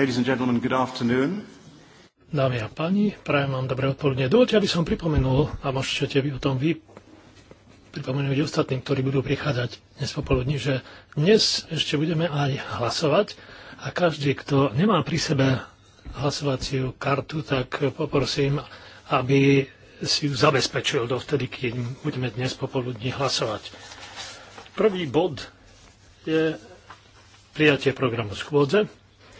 Ladies and gentlemen, good afternoon. Dámy a páni, prajem vám dobré odpoludne. Dovolte, aby som pripomenul, a môžete by o tom vy pripomenúť ostatným, ktorí budú prichádzať dnes popoludní, že dnes ešte budeme aj hlasovať a každý, kto nemá pri sebe hlasovaciu kartu, tak poprosím, aby si ju zabezpečil dovtedy, keď budeme dnes popoludní hlasovať. Prvý bod je prijatie programu schôdze.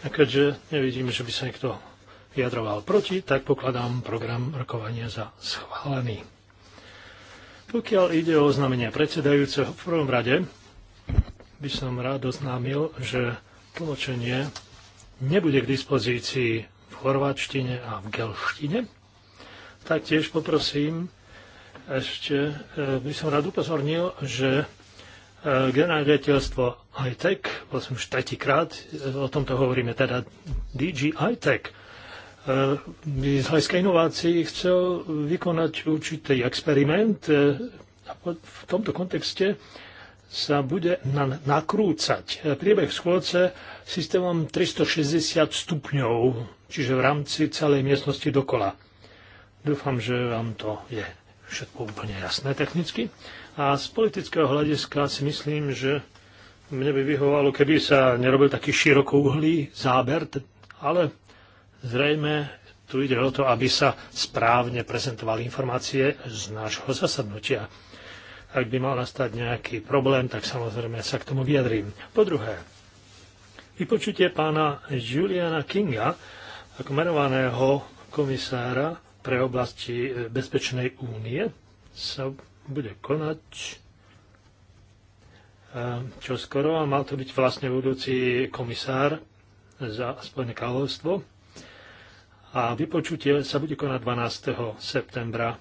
A keďže nevidím, že by sa niekto vyjadroval proti, tak pokladám program rokovania za schválený. Pokiaľ ide o oznámenie predsedajúceho, v prvom rade by som rád oznámil, že tlmočenie nebude k dispozícii v chorváčtine a v gelštine. Taktiež poprosím, ešte e, by som rád upozornil, že Eh, generálne riaditeľstvo ITEC, vlastne už tretíkrát, eh, o tomto hovoríme teda DG ITEC, eh, z hľadiska inovácií chcel vykonať určitý experiment a v tomto kontexte sa bude nakrúcať priebeh schôdce systémom 360 stupňov, čiže v rámci celej miestnosti dokola. Dúfam, že vám to je všetko úplne jasné technicky. A z politického hľadiska si myslím, že mne by vyhovalo, keby sa nerobil taký širokouhlý záber, ale zrejme tu ide o to, aby sa správne prezentovali informácie z nášho zasadnutia. Ak by mal nastať nejaký problém, tak samozrejme sa k tomu vyjadrím. Po druhé, vypočutie pána Juliana Kinga ako menovaného komisára pre oblasti e, Bezpečnej únie sa bude konať čo skoro a mal to byť vlastne budúci komisár za Spojené kráľovstvo. A vypočutie sa bude konať 12. septembra,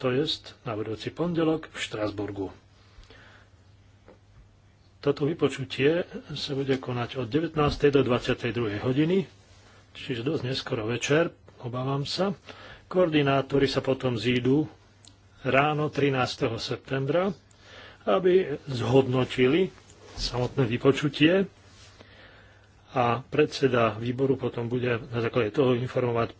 to jest na budúci pondelok v Štrasburgu. Toto vypočutie sa bude konať od 19. do 22. hodiny, čiže dosť neskoro večer, obávam sa. Koordinátori sa potom zídu ráno 13. septembra, aby zhodnotili samotné vypočutie a predseda výboru potom bude na základe toho informovať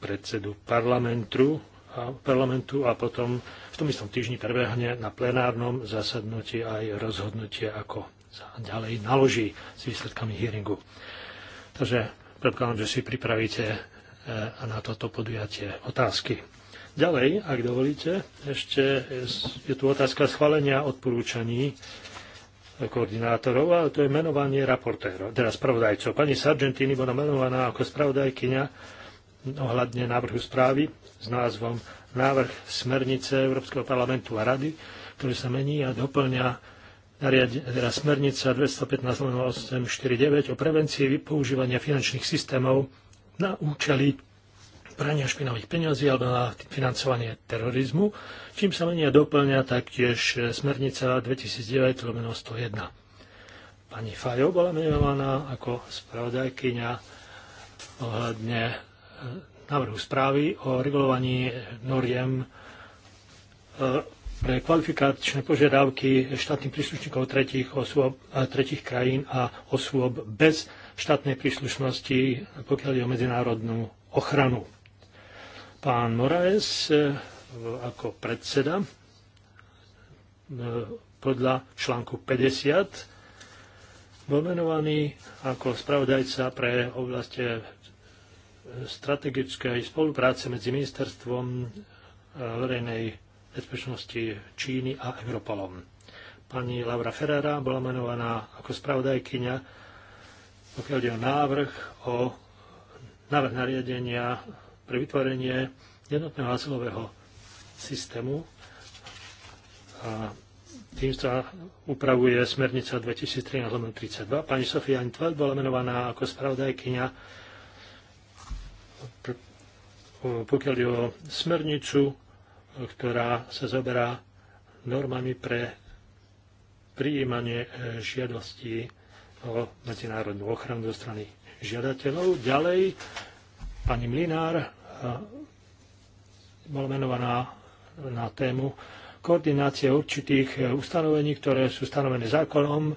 predsedu parlamentu a, parlamentu a potom v tom istom týždni prebehne na plenárnom zasadnutí aj rozhodnutie, ako sa ďalej naloží s výsledkami hearingu. Takže predpokladám, že si pripravíte e, na toto podujatie otázky. Ďalej, ak dovolíte, ešte je tu otázka schválenia odporúčaní koordinátorov, ale to je menovanie raportérov, teda spravodajcov. Pani Sargentini bola menovaná ako spravodajkyňa ohľadne návrhu správy s názvom Návrh smernice Európskeho parlamentu a rady, ktorý sa mení a doplňa teda smernica 215.849 o prevencii používania finančných systémov na účely prania špinavých peňazí alebo na financovanie terorizmu, čím sa menia doplňa taktiež e, smernica 2009-101. Pani Fajo bola menovaná ako spravodajkyňa ohľadne e, návrhu správy o regulovaní noriem e, pre kvalifikačné požiadavky štátnych príslušníkov tretich, osôb, tretich krajín a osôb bez štátnej príslušnosti, pokiaľ je o medzinárodnú ochranu. Pán Moraes e, ako predseda e, podľa článku 50 bol menovaný ako spravodajca pre oblasti e, strategickej spolupráce medzi ministerstvom verejnej bezpečnosti Číny a Europolom. Pani Laura Ferrara bola menovaná ako spravodajkyňa, pokiaľ ide o návrh o návrh nariadenia pre vytvorenie jednotného azylového systému a tým sa upravuje smernica 2013-32. Pani Sofia Antveld bola menovaná ako spravodajkynia pokiaľ je o smernicu, ktorá sa zoberá normami pre prijímanie e, žiadostí o medzinárodnú ochranu zo strany žiadateľov. Ďalej, pani Mlinár bola menovaná na tému koordinácie určitých eh, ustanovení, ktoré sú stanovené zákonom, eh,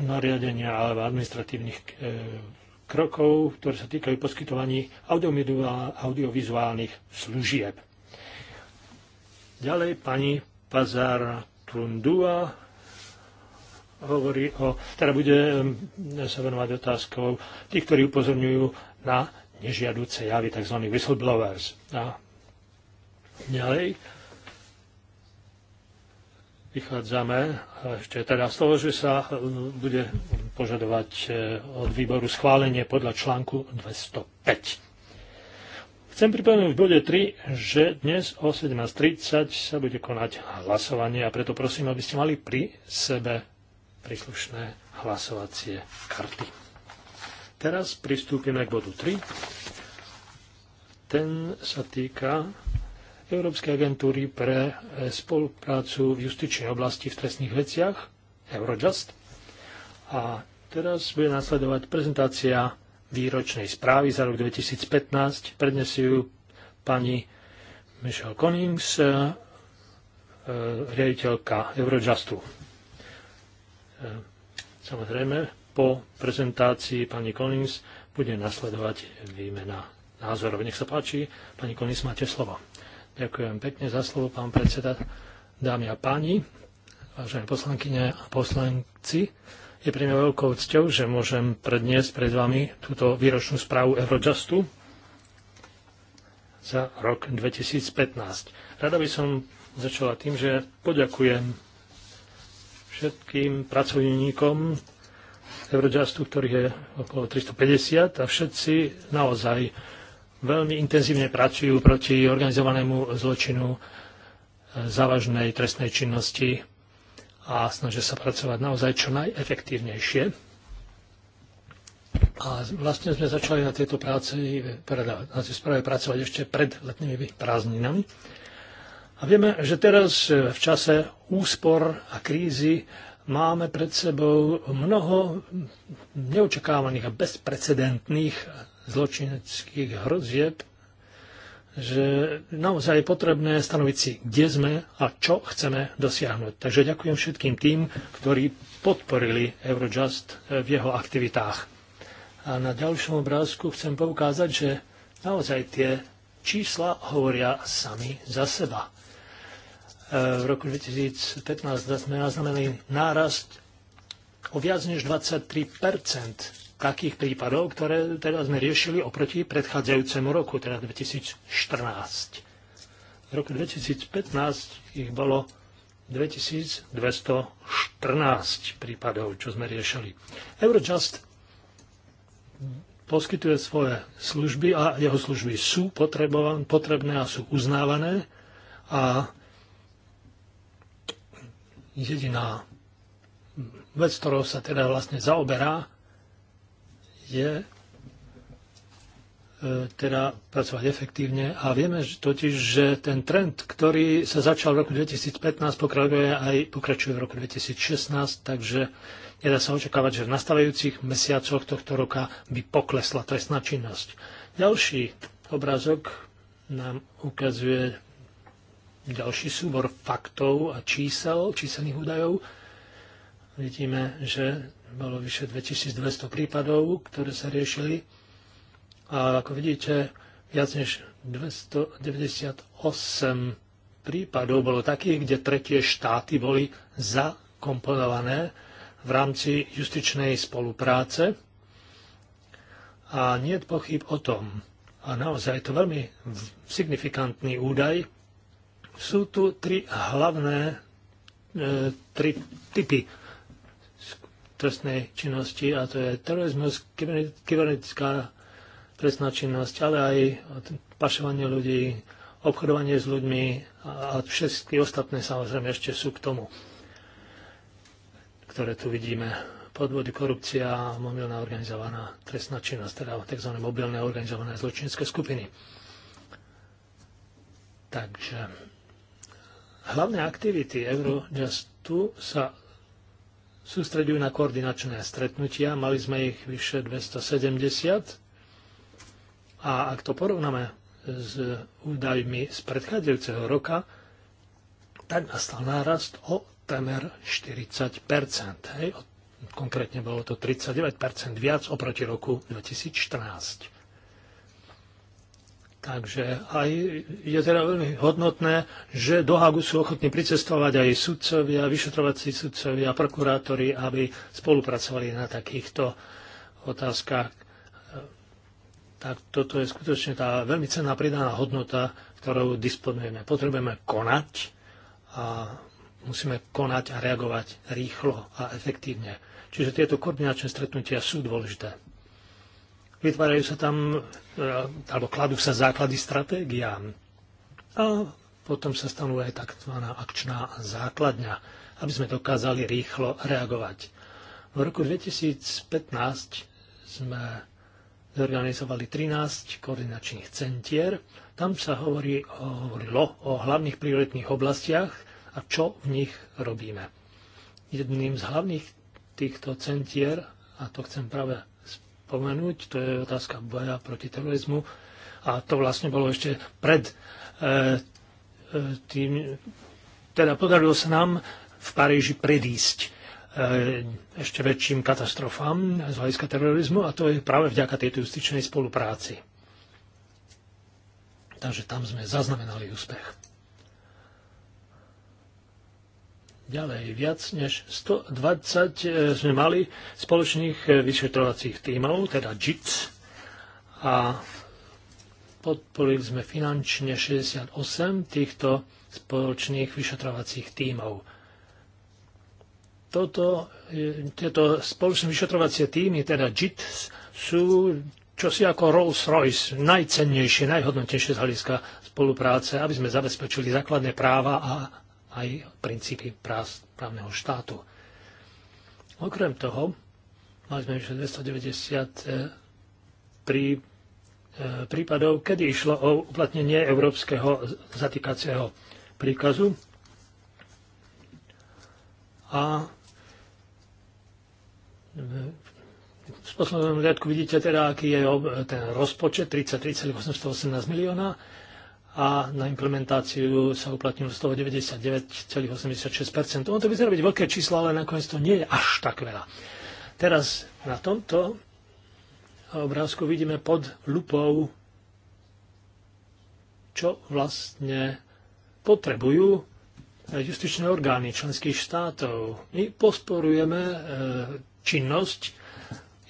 nariadenia alebo administratívnych eh, krokov, ktoré sa týkajú poskytovaní audiovizuálnych služieb. Ďalej pani Pazar Tundua hovorí o, teda bude sa venovať otázkou tých, ktorí upozorňujú na nežiaduce javy, tzv. whistleblowers. A ďalej vychádzame ešte teda z toho, že sa um, bude požadovať e, od výboru schválenie podľa článku 205. Chcem pripomenúť v bode 3, že dnes o 17.30 sa bude konať hlasovanie a preto prosím, aby ste mali pri sebe príslušné hlasovacie karty. Teraz pristúpime k bodu 3. Ten sa týka Európskej agentúry pre spoluprácu v justičnej oblasti v trestných veciach, Eurojust. A teraz bude nasledovať prezentácia výročnej správy za rok 2015. Prednesie ju pani Michelle Konings, eh, riaditeľka Eurojustu. Eh, samozrejme, po prezentácii pani Collins bude nasledovať výmena názorov. Nech sa páči, pani Collins, máte slovo. Ďakujem pekne za slovo, pán predseda, dámy a páni, vážené poslankyne a poslanci. Je pre mňa veľkou cťou, že môžem predniesť pred vami túto výročnú správu Eurojustu za rok 2015. Rada by som začala tým, že poďakujem všetkým pracovníkom Eurojustu, ktorých je okolo 350 a všetci naozaj veľmi intenzívne pracujú proti organizovanému zločinu e, závažnej trestnej činnosti a snažia sa pracovať naozaj čo najefektívnejšie. A vlastne sme začali na tejto práci, teda na tej správe pracovať ešte pred letnými prázdninami. A vieme, že teraz e, v čase úspor a krízy máme pred sebou mnoho neočakávaných a bezprecedentných zločineckých hrozieb, že naozaj je potrebné stanoviť si, kde sme a čo chceme dosiahnuť. Takže ďakujem všetkým tým, ktorí podporili Eurojust v jeho aktivitách. A na ďalšom obrázku chcem poukázať, že naozaj tie čísla hovoria sami za seba. E, v roku 2015 sme naznamenali nárast o viac než 23 takých prípadov, ktoré teda sme riešili oproti predchádzajúcemu roku, teda 2014. V roku 2015 ich bolo 2214 prípadov, čo sme riešili. Eurojust poskytuje svoje služby a jeho služby sú potrebné a sú uznávané a jediná hm, vec, ktorou sa teda vlastne zaoberá, je e, teda pracovať efektívne a vieme že totiž, že ten trend, ktorý sa začal v roku 2015, pokračuje aj pokračuje v roku 2016, takže nedá sa očakávať, že v nastavajúcich mesiacoch tohto roka by poklesla trestná činnosť. Ďalší obrázok nám ukazuje ďalší súbor faktov a čísel, číselných údajov. Vidíme, že bolo vyše 2200 prípadov, ktoré sa riešili. A ako vidíte, viac než 298 prípadov bolo takých, kde tretie štáty boli zakomponované v rámci justičnej spolupráce. A nie je pochyb o tom, a naozaj je to veľmi signifikantný údaj, sú tu tri hlavné e, tri typy trestnej činnosti a to je terorizmus, kybernetická trestná činnosť, ale aj pašovanie ľudí, obchodovanie s ľuďmi a všetky ostatné samozrejme ešte sú k tomu, ktoré tu vidíme. Podvody, korupcia, mobilná organizovaná trestná činnosť, teda tzv. mobilné organizované zločinské skupiny. Takže Hlavné aktivity Eurojustu sa sústredujú na koordinačné stretnutia. Mali sme ich vyše 270. A ak to porovnáme s údajmi z predchádzajúceho roka, tak nastal nárast o temer 40 hej? Konkrétne bolo to 39 viac oproti roku 2014. Takže aj je teda veľmi hodnotné, že do Hagu sú ochotní pricestovať aj sudcovia, vyšetrovací sudcovia, prokurátori, aby spolupracovali na takýchto otázkach. Tak toto je skutočne tá veľmi cenná pridaná hodnota, ktorou disponujeme. Potrebujeme konať a musíme konať a reagovať rýchlo a efektívne. Čiže tieto koordinačné stretnutia sú dôležité vytvárajú sa tam, e, alebo kladú sa základy stratégiám. A potom sa aj tzv. akčná základňa, aby sme dokázali rýchlo reagovať. V roku 2015 sme zorganizovali 13 koordinačných centier. Tam sa hovorí, hovorilo o hlavných prioritných oblastiach a čo v nich robíme. Jedným z hlavných týchto centier, a to chcem práve spomenúť, to je otázka boja proti terorizmu a to vlastne bolo ešte pred e, e tým, teda podarilo sa nám v Paríži predísť e, ešte väčším katastrofám z hľadiska terorizmu a to je práve vďaka tejto justičnej spolupráci. Takže tam sme zaznamenali úspech. Ďalej, viac než 120 e, sme mali spoločných e, vyšetrovacích tímov, teda JITS, a podporili sme finančne 68 týchto spoločných vyšetrovacích tímov. Toto, e, tieto spoločné vyšetrovacie týmy, teda JITS, sú čosi ako Rolls-Royce, najcennejšie, najhodnotnejšie z hľadiska spolupráce, aby sme zabezpečili základné práva a aj princípy právneho štátu. Okrem toho, mali sme ešte 290 eh, prí, eh, prípadov, kedy išlo o uplatnenie európskeho zatýkacieho príkazu. A v poslednom riadku vidíte teda, aký je ten rozpočet 33,818 milióna a na implementáciu sa uplatnilo z toho Ono to vyzerá byť veľké číslo, ale nakoniec to nie je až tak veľa. Teraz na tomto obrázku vidíme pod lupou, čo vlastne potrebujú justičné orgány členských štátov. My posporujeme e, činnosť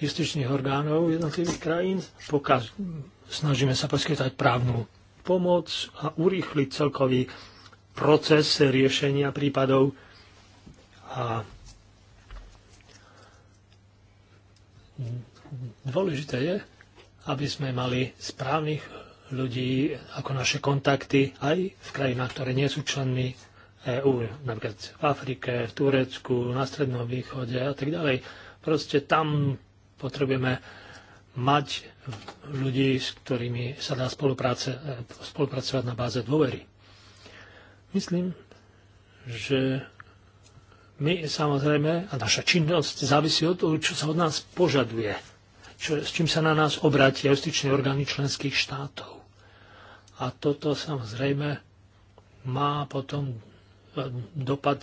justičných orgánov jednotlivých krajín, pokiaľ snažíme sa poskytať právnu pomôcť a urýchliť celkový proces riešenia prípadov a dôležité je, aby sme mali správnych ľudí ako naše kontakty aj v krajinách, ktoré nie sú členmi EÚ, napríklad v Afrike, v Turecku, na Strednom východe a tak ďalej. Proste tam potrebujeme mať ľudí, s ktorými sa dá spolupracovať na báze dôvery. Myslím, že my samozrejme, a naša činnosť závisí od toho, čo sa od nás požaduje, čo, s čím sa na nás obrátia justičné orgány členských štátov. A toto samozrejme má potom e, dopad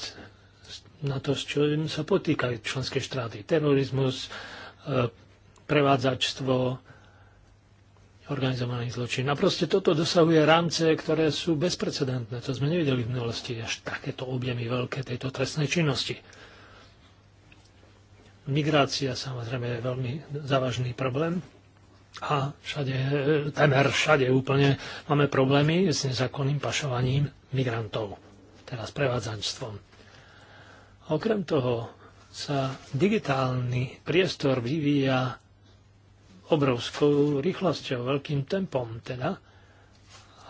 na to, s čím sa potýkajú členské štáty. Terorizmus, e, prevádzačstvo, organizovaný zločin. A proste toto dosahuje rámce, ktoré sú bezprecedentné. To sme nevideli v minulosti, až takéto objemy veľké tejto trestnej činnosti. Migrácia samozrejme je veľmi závažný problém a všade, temer všade úplne máme problémy s nezákonným pašovaním migrantov, teda s prevádzačstvom. Okrem toho sa digitálny priestor vyvíja obrovskou rýchlosťou, veľkým tempom teda.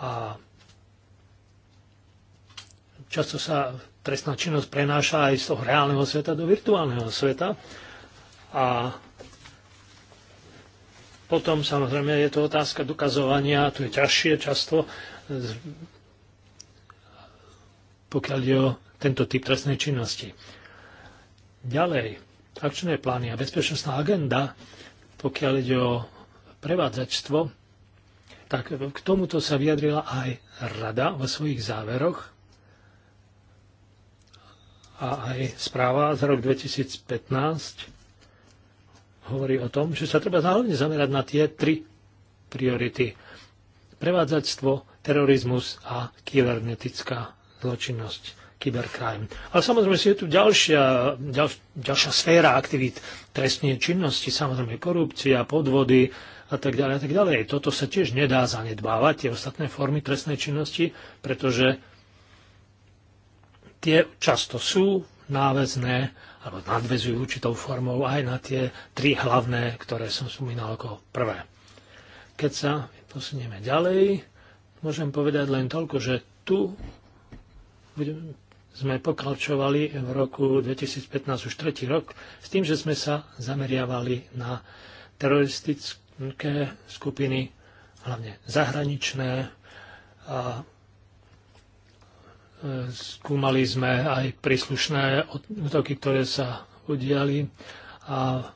A často sa trestná činnosť prenáša aj z toho reálneho sveta do virtuálneho sveta. A potom samozrejme je to otázka dokazovania, tu je ťažšie často, pokiaľ je o tento typ trestnej činnosti. Ďalej, akčné plány a bezpečnostná agenda pokiaľ ide o prevádzačstvo, tak k tomuto sa vyjadrila aj rada vo svojich záveroch a aj správa za rok 2015 hovorí o tom, že sa treba hlavne zamerať na tie tri priority. Prevádzačstvo, terorizmus a kybernetická zločinnosť cybercrime. Ale samozrejme, je tu ďalšia, ďal, ďalšia sféra aktivít trestnej činnosti, samozrejme korupcia, podvody a tak ďalej a tak ďalej. Toto sa tiež nedá zanedbávať, tie ostatné formy trestnej činnosti, pretože tie často sú náväzné alebo nadvezujú určitou formou aj na tie tri hlavné, ktoré som spomínal ako prvé. Keď sa posunieme ďalej, môžem povedať len toľko, že tu budem sme pokračovali v roku 2015 už tretí rok s tým, že sme sa zameriavali na teroristické skupiny, hlavne zahraničné. A e, skúmali sme aj príslušné útoky, ktoré sa udiali a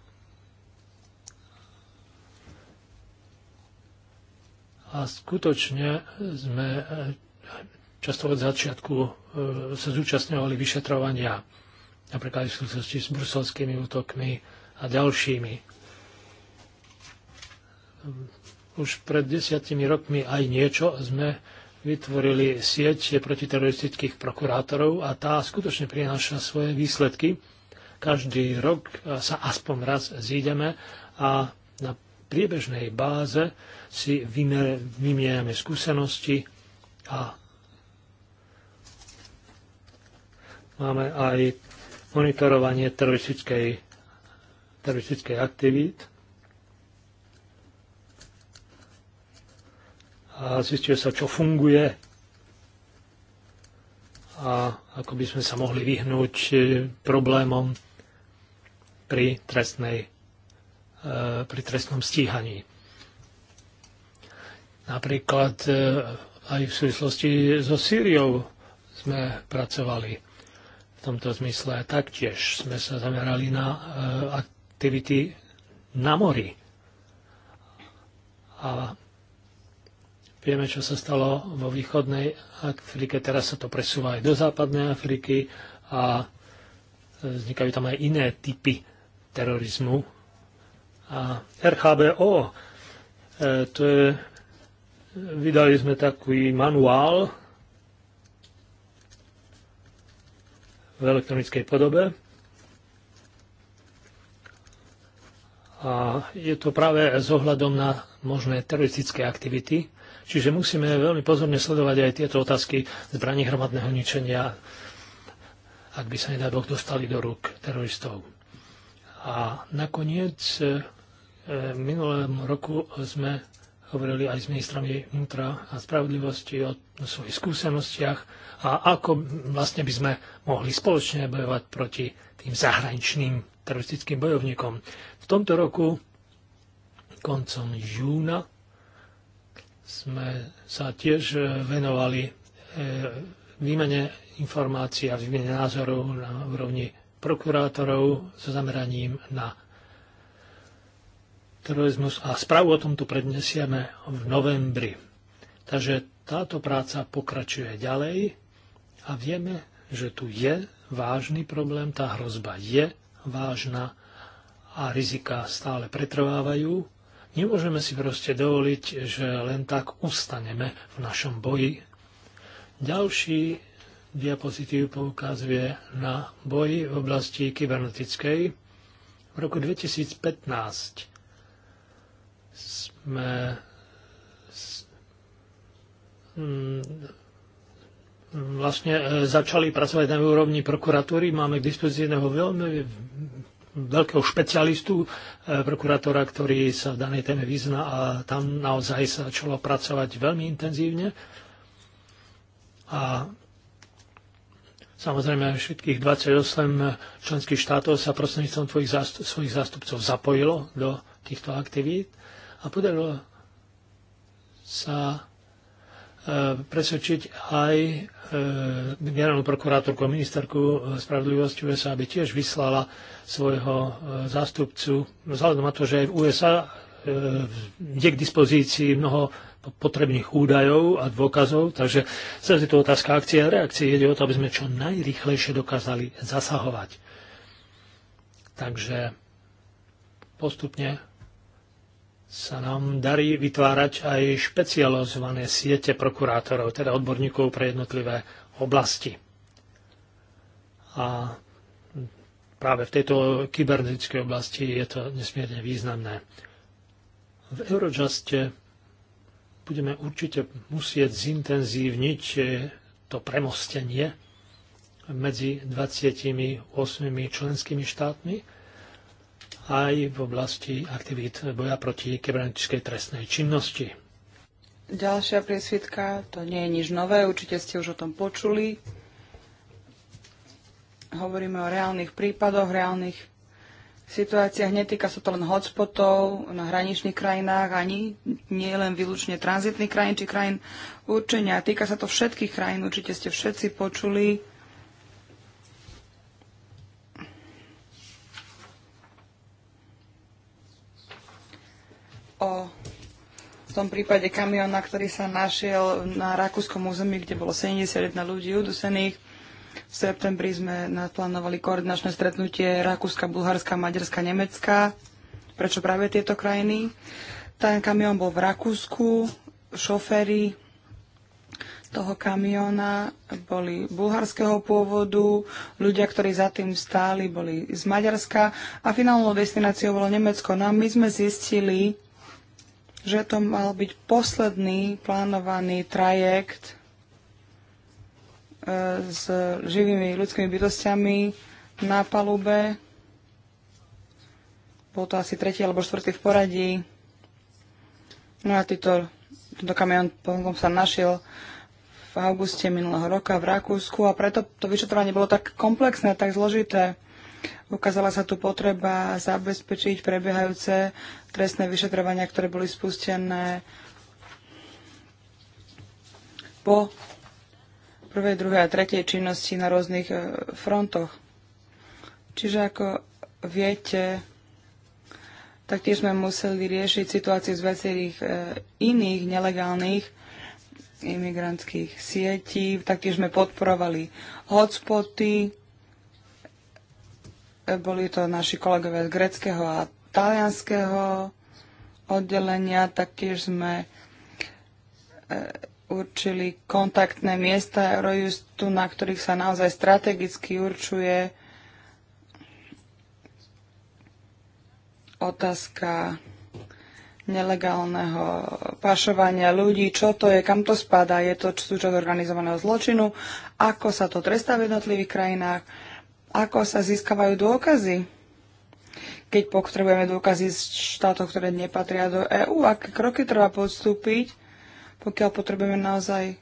A skutočne sme e, často od začiatku E, sa zúčastňovali vyšetrovania, napríklad v súvislosti s bruselskými útokmi a ďalšími. E, už pred desiatimi rokmi aj niečo sme vytvorili sieť protiteroristických prokurátorov a tá skutočne prináša svoje výsledky. Každý rok sa aspoň raz zídeme a na priebežnej báze si vymieňame skúsenosti a Máme aj monitorovanie teroristickej, teroristickej aktivít. A zistuje sa, čo funguje a ako by sme sa mohli vyhnúť e, problémom pri, trestnej, e, pri trestnom stíhaní. Napríklad e, aj v súvislosti so Sýriou sme pracovali. V tomto zmysle taktiež sme sa zamerali na eh, aktivity na mori. A vieme, čo sa stalo vo východnej Afrike, teraz sa to presúva aj do západnej Afriky a eh, vznikajú tam aj iné typy terorizmu. A RHBO, eh, to je, vydali sme taký manuál v elektronickej podobe. A je to práve s ohľadom na možné teroristické aktivity. Čiže musíme veľmi pozorne sledovať aj tieto otázky zbraní hromadného ničenia, ak by sa nedá Boh dostali do rúk teroristov. A nakoniec eh, v minulém roku sme hovorili aj s ministrami vnútra a spravodlivosti o svojich skúsenostiach a ako vlastne by sme mohli spoločne bojovať proti tým zahraničným teroristickým bojovníkom. V tomto roku, koncom júna, sme sa tiež venovali e, výmene informácií a výmene názorov na úrovni prokurátorov so zameraním na terorizmus a správu o tomto predniesieme v novembri. Takže táto práca pokračuje ďalej a vieme, že tu je vážny problém, tá hrozba je vážna a rizika stále pretrvávajú. Nemôžeme si proste dovoliť, že len tak ustaneme v našom boji. Ďalší diapozitív poukazuje na boji v oblasti kybernetickej. V roku 2015 sme mm, vlastne e, začali pracovať na úrovni prokuratúry. Máme k dispozícii jedného veľmi veľkého špecialistu, e, prokurátora, ktorý sa v danej téme vyzna a tam naozaj sa začalo pracovať veľmi intenzívne. A samozrejme všetkých 28 členských štátov sa prostredníctvom svojich zástupcov zapojilo do týchto aktivít a podarilo sa e, presvedčiť aj e, generálnu prokurátorku a ministerku spravodlivosti USA, aby tiež vyslala svojho e, zástupcu, no, vzhľadom na to, že aj v USA je k dispozícii mnoho potrebných údajov a dôkazov, takže sa je to otázka akcie a reakcie. Ide o to, aby sme čo najrychlejšie dokázali zasahovať. Takže postupne sa nám darí vytvárať aj špecializované siete prokurátorov, teda odborníkov pre jednotlivé oblasti. A práve v tejto kybernetickej oblasti je to nesmierne významné. V Eurojuste budeme určite musieť zintenzívniť eh, to premostenie medzi 28 členskými štátmi, aj v oblasti aktivít boja proti kybernetickej trestnej činnosti. Ďalšia priesvitka, to nie je nič nové, určite ste už o tom počuli. Hovoríme o reálnych prípadoch, reálnych situáciách. Netýka sa to len hotspotov na hraničných krajinách, ani nie len výlučne tranzitných krajín či krajín určenia. Týka sa to všetkých krajín, určite ste všetci počuli v tom prípade kamiona, ktorý sa našiel na rakúskom území, kde bolo 71 ľudí udusených. V septembri sme naplánovali koordinačné stretnutie Rakúska, Bulharska, Maďarska, Nemecka. Prečo práve tieto krajiny? Ten kamión bol v Rakúsku, šoféry toho kamiona boli bulharského pôvodu, ľudia, ktorí za tým stáli, boli z Maďarska a finálnou destináciou bolo Nemecko. No a my sme zistili, že to mal byť posledný plánovaný trajekt e, s živými ľudskými bytostiami na palube. Bol to asi tretí alebo štvrtý v poradí. No a týto, tento kamion potom sa našiel v auguste minulého roka v Rakúsku a preto to vyšetrovanie bolo tak komplexné, tak zložité. Ukázala sa tu potreba zabezpečiť prebiehajúce trestné vyšetrovania, ktoré boli spustené po prvej, druhej a tretej činnosti na rôznych e, frontoch. Čiže ako viete, taktiež sme museli riešiť situáciu z viacerých e, iných nelegálnych imigrantských sietí, taktiež sme podporovali hotspoty, boli to naši kolegovia z greckého a talianského oddelenia, taktiež sme e, určili kontaktné miesta Eurojustu, na ktorých sa naozaj strategicky určuje otázka nelegálneho pašovania ľudí, čo to je, kam to spadá, je to súčasť organizovaného zločinu, ako sa to trestá v jednotlivých krajinách, ako sa získavajú dôkazy? Keď potrebujeme dôkazy z štátov, ktoré nepatria do EÚ, aké kroky treba podstúpiť, pokiaľ potrebujeme naozaj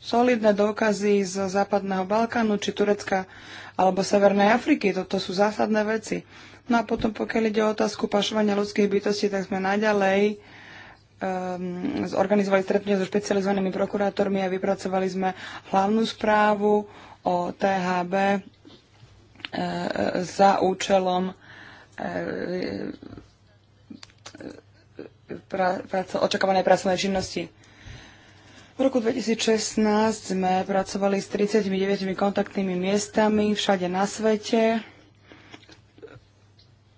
solidné dôkazy z Západného Balkánu, či Turecka, alebo Severnej Afriky. Toto sú zásadné veci. No a potom, pokiaľ ide o otázku pašovania ľudských bytostí, tak sme naďalej um, zorganizovali stretnutie so špecializovanými prokurátormi a vypracovali sme hlavnú správu o THB e, e, za účelom e, očakávanej pracovnej činnosti. V roku 2016 sme pracovali s 39 kontaktnými miestami všade na svete.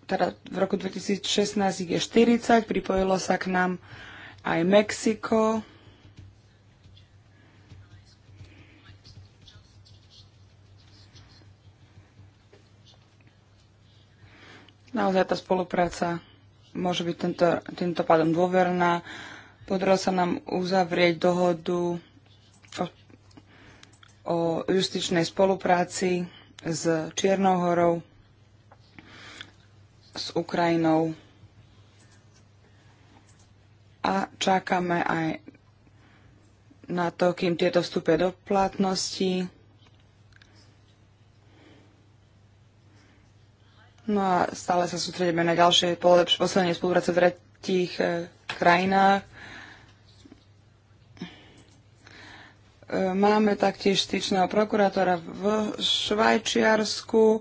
Teda v roku 2016 ich je 40, pripojilo sa k nám aj Mexiko, Naozaj tá spolupráca môže byť tento, týmto pádom dôverná. Podarilo sa nám uzavrieť dohodu o, o justičnej spolupráci s Čiernou horou, s Ukrajinou a čakáme aj na to, kým tieto vstúpia do platnosti. No a stále sa sústredíme na ďalšie polepš- posilnenie spolupráce v tretích e, krajinách. E, máme taktiež styčného prokurátora v Švajčiarsku e,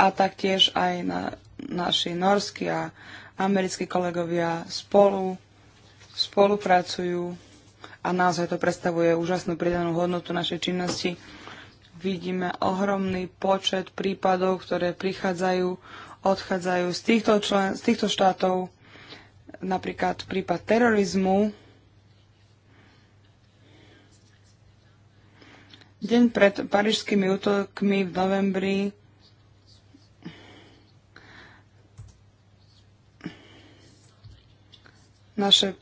a taktiež aj na, naši norskí a americkí kolegovia spolu spolupracujú a naozaj to predstavuje úžasnú pridanú hodnotu našej činnosti vidíme ohromný počet prípadov, ktoré prichádzajú, odchádzajú z týchto, člen, z týchto štátov, napríklad prípad terorizmu. Deň pred parížskými útokmi v novembri naše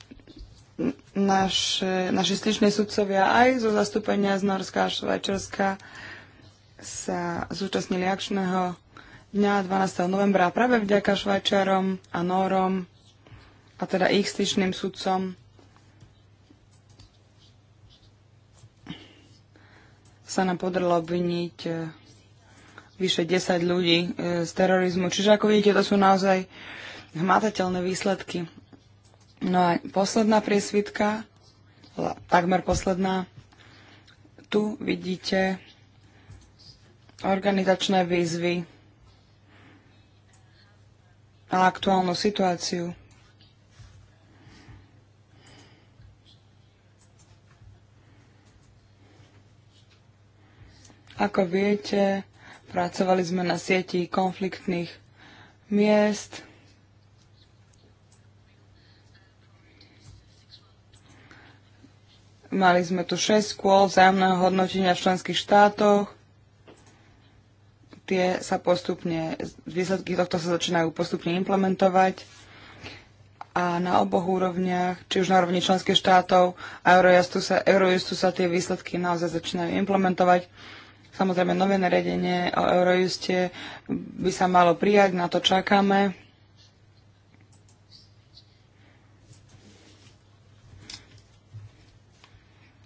naše, naši sudcovia aj zo zastúpenia z Norska a Švajčerska sa zúčastnili akčného dňa 12. novembra práve vďaka Švajčiarom a Nórom a teda ich styčným sudcom sa nám podarilo obviniť e, vyše 10 ľudí e, z terorizmu. Čiže ako vidíte, to sú naozaj hmatateľné výsledky. No a posledná priesvitka, takmer posledná, tu vidíte organizačné výzvy a aktuálnu situáciu. Ako viete, pracovali sme na sieti konfliktných miest. Mali sme tu 6 skôl vzájomného hodnotenia v členských štátoch tie sa postupne, výsledky tohto sa začínajú postupne implementovať a na oboch úrovniach, či už na úrovni členských štátov a Eurojustu sa, Eurojustu sa tie výsledky naozaj začínajú implementovať. Samozrejme, nové naredenie o Eurojuste by sa malo prijať, na to čakáme.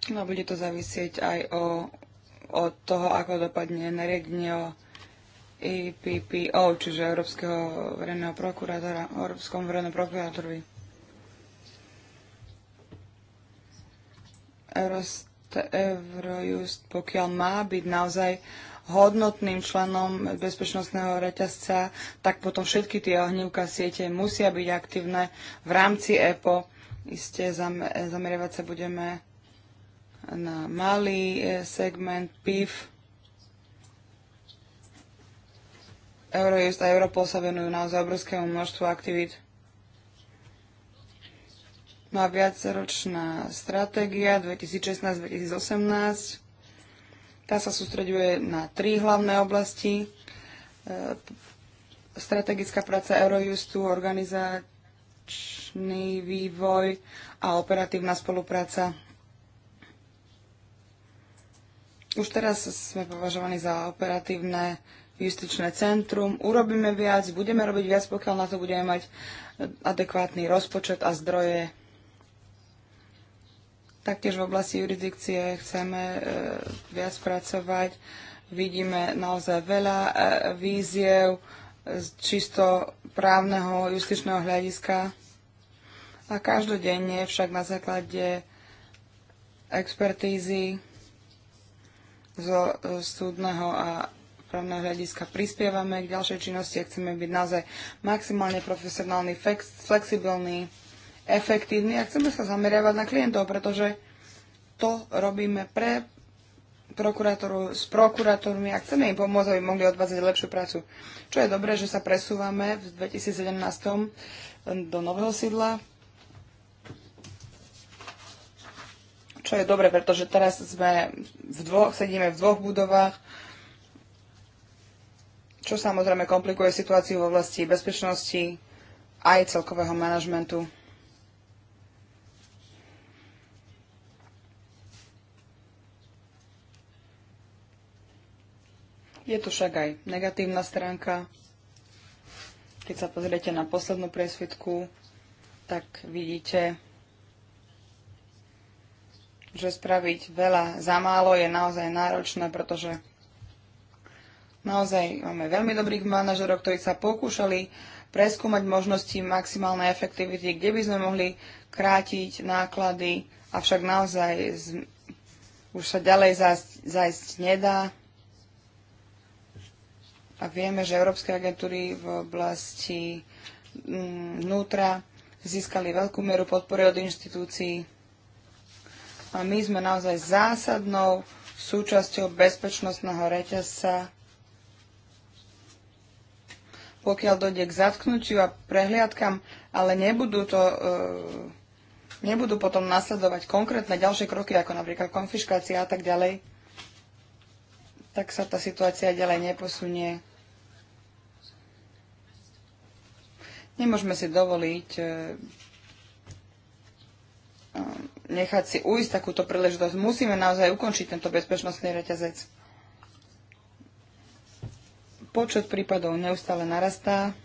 No, bude to závisieť aj o, od toho, ako dopadne nariadenie o EPPO, čiže Európskeho verejného prokurátora, Európskom verejnom prokurátorovi. Eurojust, pokiaľ má byť naozaj hodnotným členom bezpečnostného reťazca, tak potom všetky tie ohnívka siete musia byť aktívne v rámci EPO. Isté zameriavať sa budeme na malý e, segment PIF, Eurojust a Europol sa venujú naozaj obrovskému množstvu aktivít. Má viaceročná stratégia 2016-2018. Tá sa sústreďuje na tri hlavné oblasti. E, strategická práca Eurojustu, organizačný vývoj a operatívna spolupráca. Už teraz sme považovaní za operatívne justičné centrum. Urobíme viac, budeme robiť viac, pokiaľ na to budeme mať eh, adekvátny rozpočet a zdroje. Taktiež v oblasti jurisdikcie chceme eh, viac pracovať. Vidíme naozaj veľa eh, víziev z čisto právneho justičného hľadiska. A každodenne však na základe expertízy zo súdneho a právneho hľadiska prispievame k ďalšej činnosti a chceme byť naozaj maximálne profesionálni, flexibilní, efektívni a chceme sa zameriavať na klientov, pretože to robíme pre prokurátoru, s prokurátormi a chceme im pomôcť, aby mohli odvádzať lepšiu prácu. Čo je dobré, že sa presúvame v 2017 do nového sídla. Čo je dobre, pretože teraz sme v dvoch, sedíme v dvoch budovách čo samozrejme komplikuje situáciu v oblasti bezpečnosti aj celkového manažmentu. Je tu však aj negatívna stránka. Keď sa pozriete na poslednú priesvitku, tak vidíte, že spraviť veľa za málo je naozaj náročné, pretože Naozaj máme veľmi dobrých manažerov, ktorí sa pokúšali preskúmať možnosti maximálnej efektivity, kde by sme mohli krátiť náklady, avšak naozaj z, už sa ďalej zájsť, zájsť nedá. A vieme, že európske agentúry v oblasti mm, vnútra získali veľkú mieru podpory od inštitúcií. A my sme naozaj zásadnou súčasťou bezpečnostného reťazca pokiaľ dojde k zatknutiu a prehliadkam, ale nebudú to e, nebudú potom nasledovať konkrétne ďalšie kroky, ako napríklad konfiškácia a tak ďalej, tak sa tá situácia ďalej neposunie. Nemôžeme si dovoliť e, e, nechať si ujsť takúto príležitosť. Musíme naozaj ukončiť tento bezpečnostný reťazec. Počet prípadov neustále narastá.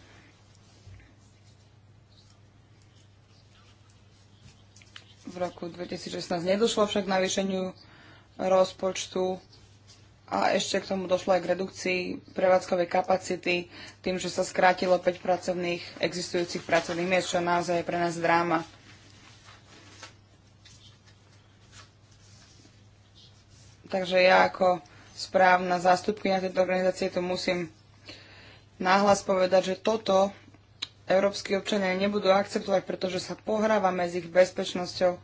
V roku 2016 nedošlo však k navýšeniu rozpočtu a ešte k tomu došlo aj k redukcii prevádzkovej kapacity tým, že sa skrátilo 5 pracovných, existujúcich pracovných miest, čo naozaj je pre nás dráma. Takže ja ako správna zástupkynia tejto organizácie, to musím náhlas povedať, že toto európsky občania nebudú akceptovať, pretože sa pohrávame s ich bezpečnosťou.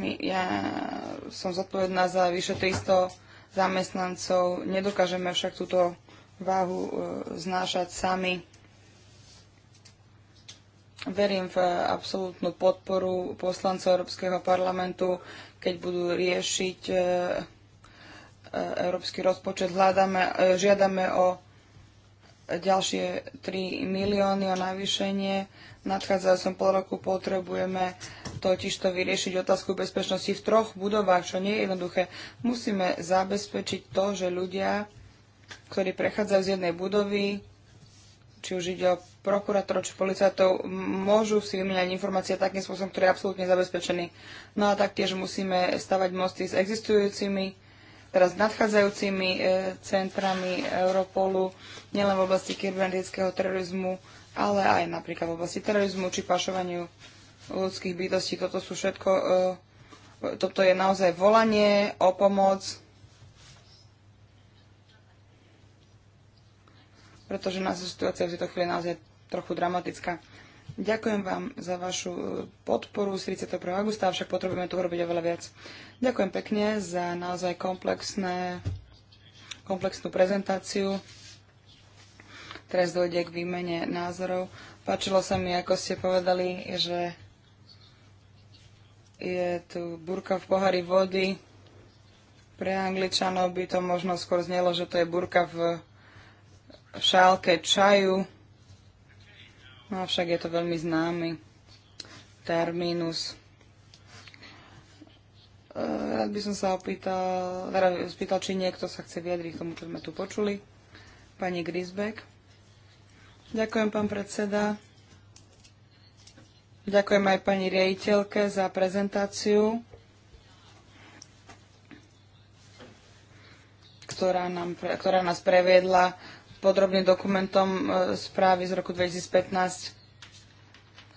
My, ja som zodpovedná za vyše 300 zamestnancov, nedokážeme však túto váhu e, znášať sami. Verím v absolútnu podporu poslancov Európskeho parlamentu, keď budú riešiť e, európsky rozpočet. E, žiadame o ďalšie 3 milióny o navýšenie. V nadchádzajúcom pol roku potrebujeme totiž to vyriešiť otázku bezpečnosti v troch budovách, čo nie je jednoduché. Musíme zabezpečiť to, že ľudia, ktorí prechádzajú z jednej budovy, či už ide o prokurátorov či policajtov, môžu si vymieňať informácie takým spôsobom, ktorý je absolútne zabezpečený. No a taktiež musíme stavať mosty s existujúcimi teraz nadchádzajúcimi e, centrami Europolu, nielen v oblasti kybernetického terorizmu, ale aj napríklad v oblasti terorizmu či pašovaniu ľudských bytostí. Toto sú všetko, e, toto je naozaj volanie o pomoc, pretože nás situácia v tejto chvíli naozaj trochu dramatická. Ďakujem vám za vašu e, podporu z 31. augusta, avšak potrebujeme tu urobiť oveľa viac. Ďakujem pekne za naozaj komplexné, komplexnú prezentáciu. Teraz dojde k výmene názorov. Páčilo sa mi, ako ste povedali, že je tu burka v pohári vody. Pre Angličanov by to možno skôr znelo, že to je burka v šálke čaju. No avšak je to veľmi známy termínus. E, rád by som sa opýtal, spýtal, či niekto sa chce vyjadriť k tomu, čo sme tu počuli. Pani Grisbeck. Ďakujem, pán predseda. Ďakujem aj pani riaditeľke za prezentáciu, ktorá, nám, ktorá nás previedla podrobným dokumentom e, správy z roku 2015.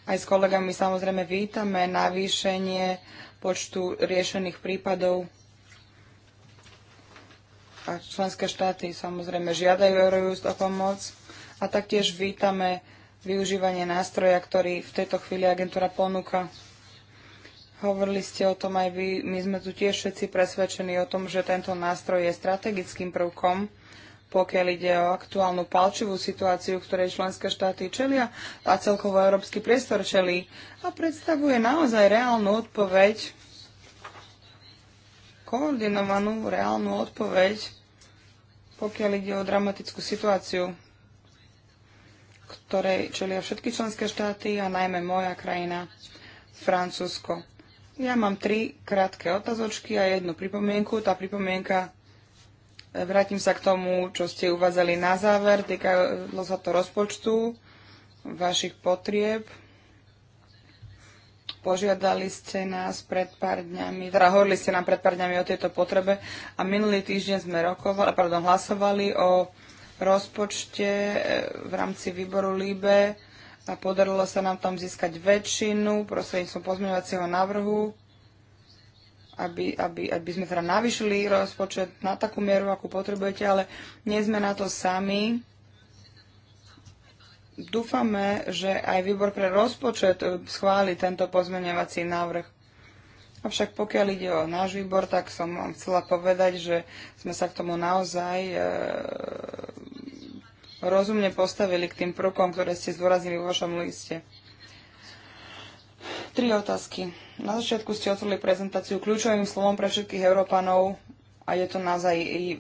Aj s kolegami samozrejme vítame navýšenie počtu riešených prípadov a členské štáty samozrejme žiadajú Eurojust o pomoc a taktiež vítame využívanie nástroja, ktorý v tejto chvíli agentúra ponúka. Hovorili ste o tom aj vy, my sme tu tiež všetci presvedčení o tom, že tento nástroj je strategickým prvkom pokiaľ ide o aktuálnu palčivú situáciu, v ktorej členské štáty čelia a celkovo európsky priestor čelí a predstavuje naozaj reálnu odpoveď, koordinovanú reálnu odpoveď, pokiaľ ide o dramatickú situáciu, ktorej čelia všetky členské štáty a najmä moja krajina, Francúzsko. Ja mám tri krátke otázočky a jednu pripomienku. Tá pripomienka Vrátim sa k tomu, čo ste uvádzali na záver. Týkalo sa to rozpočtu, vašich potrieb. Požiadali ste nás pred pár dňami, teda hovorili ste nám pred pár dňami o tejto potrebe a minulý týždeň sme rokovali, pardon, hlasovali o rozpočte eh, v rámci výboru LIBE a podarilo sa nám tam získať väčšinu prostredníctvom pozmeňovacieho návrhu aby, aby, aby sme teda navýšili rozpočet na takú mieru, akú potrebujete, ale nie sme na to sami. Dúfame, že aj výbor pre rozpočet eh, schváli tento pozmeňovací návrh. Avšak pokiaľ ide o náš výbor, tak som vám chcela povedať, že sme sa k tomu naozaj e, rozumne postavili k tým prvkom, ktoré ste zdôraznili vo vašom liste. Tri otázky. Na začiatku ste otvorili prezentáciu kľúčovým slovom pre všetkých Európanov a je to naozaj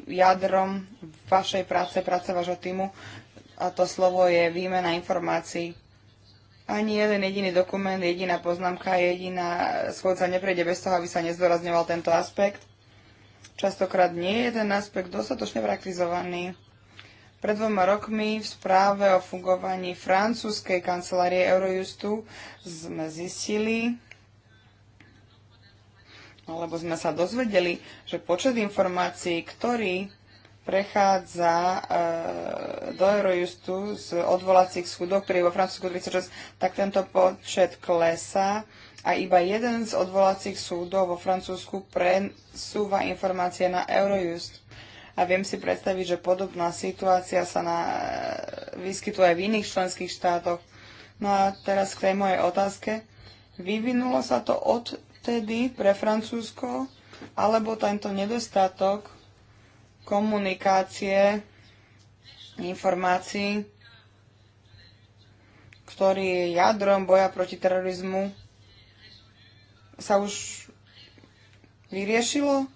jadrom vašej práce, práce vášho týmu a to slovo je výmena informácií. Ani jeden jediný dokument, jediná poznámka, jediná schôdca neprejde bez toho, aby sa nezdôrazňoval tento aspekt. Častokrát nie je ten aspekt dostatočne praktizovaný pred dvoma rokmi v správe o fungovaní francúzskej kancelárie Eurojustu sme zistili, alebo sme sa dozvedeli, že počet informácií, ktorý prechádza e, do Eurojustu z odvolacích súdov, ktorý je vo Francúzsku 36, tak tento počet klesá a iba jeden z odvolacích súdov vo Francúzsku presúva informácie na Eurojust a viem si predstaviť, že podobná situácia sa na, vyskytuje aj v iných členských štátoch. No a teraz k tej mojej otázke. Vyvinulo sa to odtedy pre Francúzsko, alebo tento nedostatok komunikácie, informácií, ktorý je jadrom boja proti terorizmu, sa už vyriešilo?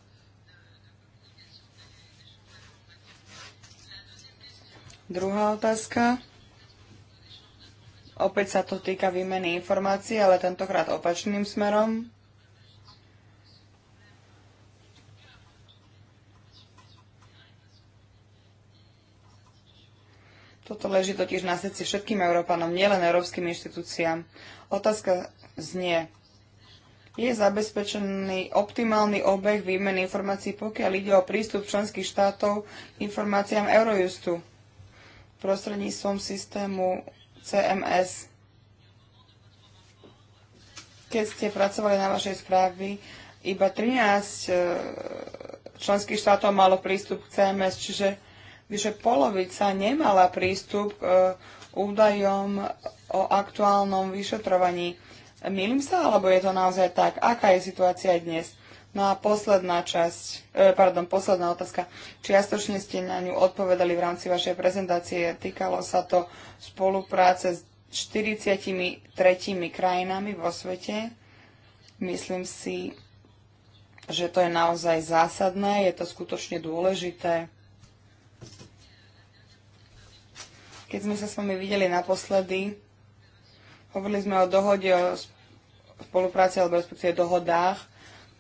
Druhá otázka. Opäť sa to týka výmeny informácií, ale tentokrát opačným smerom. Toto leží totiž na srdci všetkým Európanom, nielen európskym inštitúciám. Otázka znie, je zabezpečený optimálny obeh výmeny informácií, pokiaľ ide o prístup členských štátov k informáciám Eurojustu? prostredníctvom systému CMS. Keď ste pracovali na vašej správy, iba 13 e, členských štátov malo prístup k CMS, čiže vyše polovica nemala prístup k e, údajom o aktuálnom vyšetrovaní. Mýlim sa, alebo je to naozaj tak? Aká je situácia dnes? No a posledná časť, e, pardon, posledná otázka. Čiastočne ste na ňu odpovedali v rámci vašej prezentácie. Týkalo sa to spolupráce s 43 krajinami vo svete. Myslím si, že to je naozaj zásadné, je to skutočne dôležité. Keď sme sa s vami videli naposledy, hovorili sme o dohode o spolupráci alebo respektíve dohodách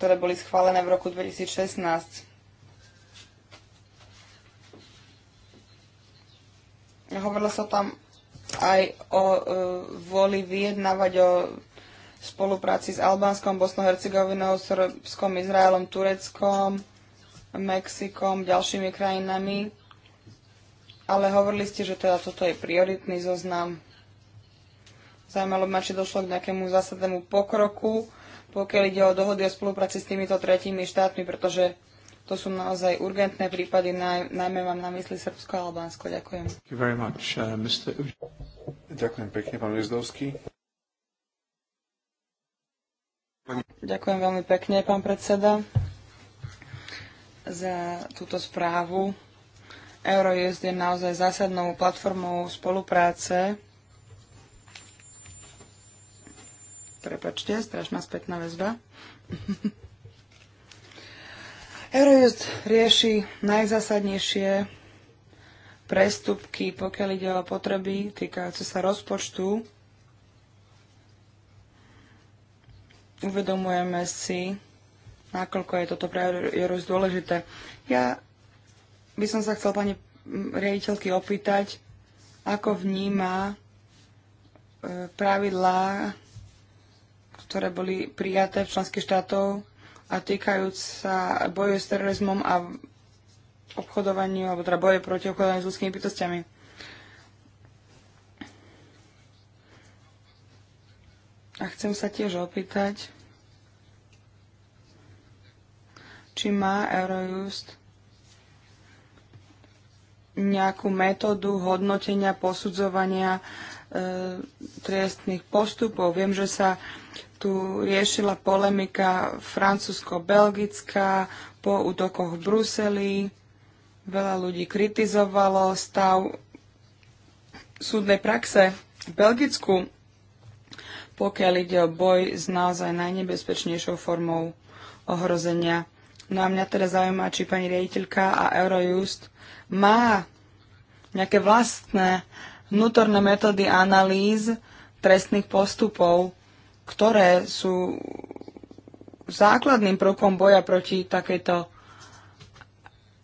ktoré boli schválené v roku 2016. Hovorilo sa tam aj o e, vôli vyjednávať o spolupráci s Albánskom, bosno hercegovinou Srbskom, Izraelom, Tureckom, Mexikom, ďalšími krajinami. Ale hovorili ste, že teda toto je prioritný zoznam. Zajímalo by ma, či došlo k nejakému zásadnému pokroku pokiaľ ide o dohody o spolupráci s týmito tretími štátmi, pretože to sú naozaj urgentné prípady, najmä mám na mysli Srbsko a Albánsko. Ďakujem. Uh, Ďakujem pekne, pán Vizdovský. Ďakujem veľmi pekne, pán predseda, za túto správu. Eurojust je naozaj zásadnou platformou spolupráce Prepačte, strašná spätná väzba. Eurojust rieši najzásadnejšie prestupky, pokiaľ ide o potreby týkajúce sa rozpočtu. Uvedomujeme si, nakoľko je toto pre Eurojust dôležité. Ja by som sa chcel pani riaditeľky opýtať, ako vníma e, pravidlá ktoré boli prijaté v členských štátov a týkajúc sa boju s terorizmom a obchodovaniu, alebo teda boje proti obchodovaniu s ľudskými bytostiami. A chcem sa tiež opýtať, či má Eurojust nejakú metódu hodnotenia, posudzovania e, trestných postupov. Viem, že sa tu riešila polemika francúzsko-belgická po útokoch v Bruseli. Veľa ľudí kritizovalo stav súdnej praxe v Belgicku, pokiaľ ide o boj s naozaj najnebezpečnejšou formou ohrozenia. No a mňa teda zaujíma, či pani riaditeľka a Eurojust má nejaké vlastné vnútorné metódy analýz trestných postupov ktoré sú základným prvkom boja proti takejto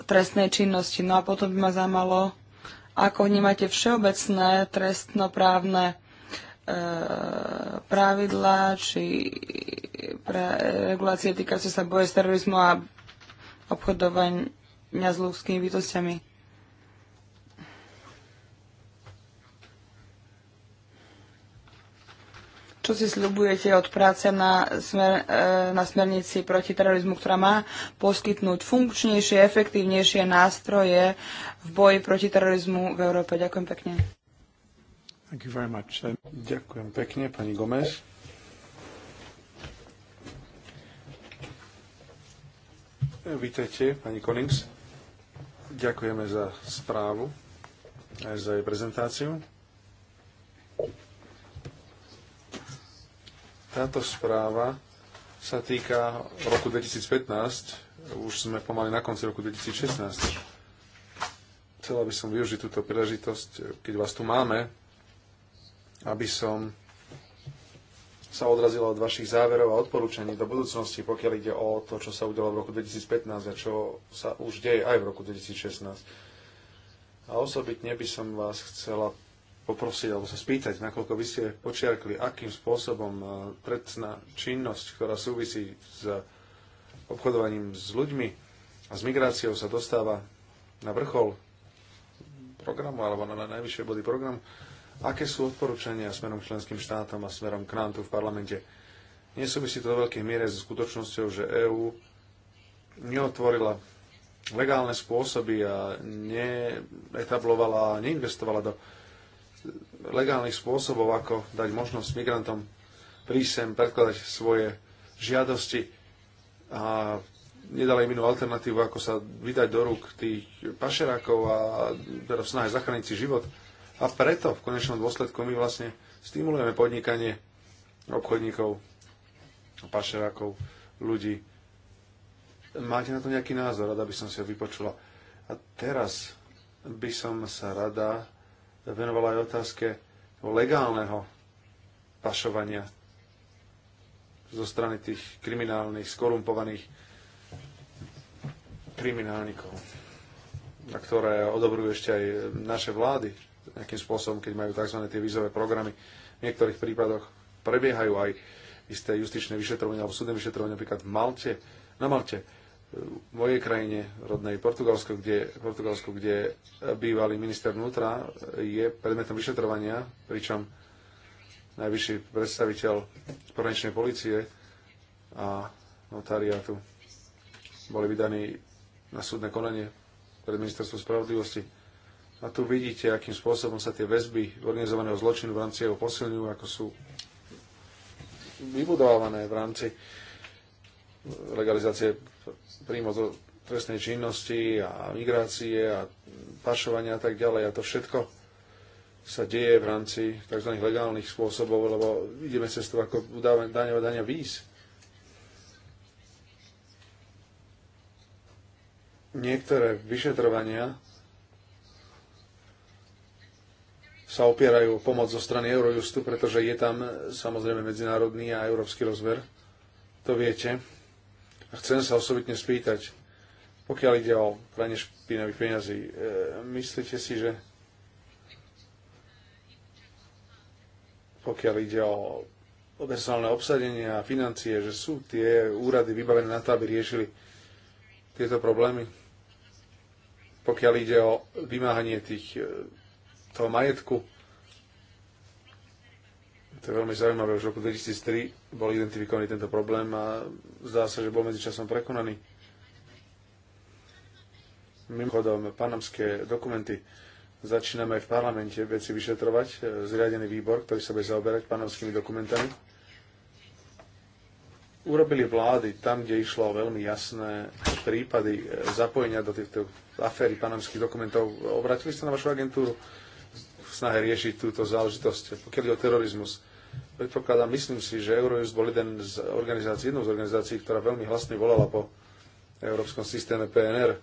trestnej činnosti. No a potom by ma zaujímalo, ako vnímate všeobecné trestnoprávne e, pravidlá či pra, e, regulácie týkajúce sa boje s terorizmu a obchodovania s ľudskými bytostiami. čo si sľubujete od práce na, smer, e, na smernici proti terorizmu, ktorá má poskytnúť funkčnejšie, efektívnejšie nástroje v boji proti terorizmu v Európe. Ďakujem pekne. Thank you very much. Ďakujem pekne, pani Gomez. Vítejte, pani Konings. Ďakujeme za správu aj za jej prezentáciu. Táto správa sa týka roku 2015, už sme pomali na konci roku 2016. Chcel by som využiť túto príležitosť, keď vás tu máme, aby som sa odrazila od vašich záverov a odporúčaní do budúcnosti, pokiaľ ide o to, čo sa udialo v roku 2015 a čo sa už deje aj v roku 2016. A osobitne by som vás chcela poprosiť alebo sa spýtať, nakoľko by ste počiarkli, akým spôsobom e, trestná činnosť, ktorá súvisí s obchodovaním s ľuďmi a s migráciou sa dostáva na vrchol programu alebo na najvyššie body programu, aké sú odporúčania smerom členským štátom a smerom k nám tu v parlamente. Nesúvisí to do veľkej miere so skutočnosťou, že EÚ neotvorila legálne spôsoby a neetablovala a neinvestovala do legálnych spôsobov, ako dať možnosť migrantom prísť sem, predkladať svoje žiadosti a nedala im inú alternatívu, ako sa vydať do rúk tých pašerákov a teda v snahe zachrániť si život. A preto v konečnom dôsledku my vlastne stimulujeme podnikanie obchodníkov, pašerákov, ľudí. Máte na to nejaký názor? Rada by som si ho vypočula. A teraz by som sa rada venovala aj otázke legálneho pašovania zo strany tých kriminálnych, skorumpovaných kriminálnikov, na ktoré odobrujú ešte aj naše vlády nejakým spôsobom, keď majú tzv. tie vízové programy. V niektorých prípadoch prebiehajú aj isté justičné vyšetrovania alebo súdne vyšetrovania napríklad v Malte, na Malte v mojej krajine, rodnej Portugalsko, kde, Portugalsko, kde bývalý minister vnútra je predmetom vyšetrovania, pričom najvyšší predstaviteľ porančnej policie a notariátu boli vydaní na súdne konanie pred ministerstvom spravodlivosti. A tu vidíte, akým spôsobom sa tie väzby organizovaného zločinu v rámci jeho posilňujú, ako sú vybudované v rámci legalizácie príjmo zo trestnej činnosti a migrácie a pašovania a tak ďalej. A to všetko sa deje v rámci tzv. legálnych spôsobov, lebo ideme to ako daňová dania víz. Niektoré vyšetrovania sa opierajú o pomoc zo strany Eurojustu, pretože je tam samozrejme medzinárodný a európsky rozmer. To viete. Chcem sa osobitne spýtať, pokiaľ ide o pranie špinavých peňazí, e, myslíte si, že pokiaľ ide o personálne obsadenie a financie, že sú tie úrady vybavené na to, aby riešili tieto problémy? Pokiaľ ide o vymáhanie tých, e, toho majetku, to je veľmi zaujímavé. Už v roku 2003 bol identifikovaný tento problém a zdá sa, že bol medzičasom prekonaný. Mimochodom, panamské dokumenty začíname aj v parlamente veci vyšetrovať, e, zriadený výbor, ktorý sa bude zaoberať panamskými dokumentami. Urobili vlády tam, kde išlo o veľmi jasné prípady e, zapojenia do týchto aféry panamských dokumentov. Obratili ste na vašu agentúru? snahe riešiť túto záležitosť, pokiaľ je o terorizmus. Predpokladám, myslím si, že Eurojust bol jeden z organizácií, jednou z organizácií, ktorá veľmi hlasne volala po európskom systéme PNR.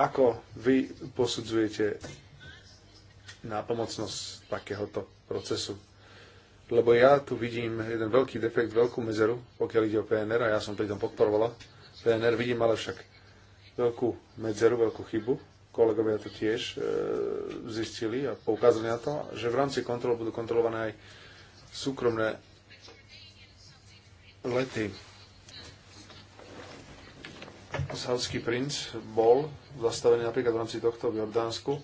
Ako vy posudzujete na pomocnosť takéhoto procesu? Lebo ja tu vidím jeden veľký defekt, veľkú medzeru, pokiaľ ide o PNR, a ja som pri tom podporovala PNR, vidím ale však veľkú medzeru, veľkú chybu, kolegovia to tiež e, zistili a poukázali na to, že v rámci kontrol budú kontrolované aj súkromné lety. Saudský princ bol zastavený napríklad v rámci tohto v Jordánsku,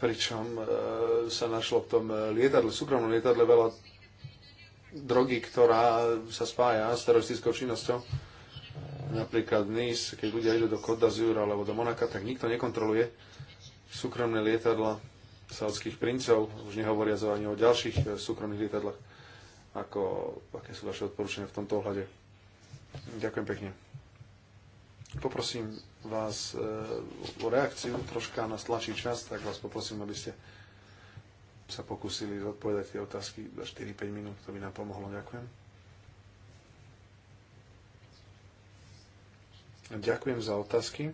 pričom e, sa našlo v tom lietadle, súkromnom lietadle veľa drogy, ktorá sa spája s teroristickou činnosťou Napríklad NIS, keď ľudia idú do Côte d'Azur alebo do Monaka, tak nikto nekontroluje súkromné lietadla saudských princov, už nehovoria ani o ďalších e, súkromných lietadlách. Ako, aké sú vaše odporúčania v tomto ohľade? Ďakujem pekne. Poprosím vás e, o reakciu, troška nás tlačí čas, tak vás poprosím, aby ste sa pokúsili zodpovedať tie otázky za 4-5 minút, to by nám pomohlo. Ďakujem. Ďakujem za otázky.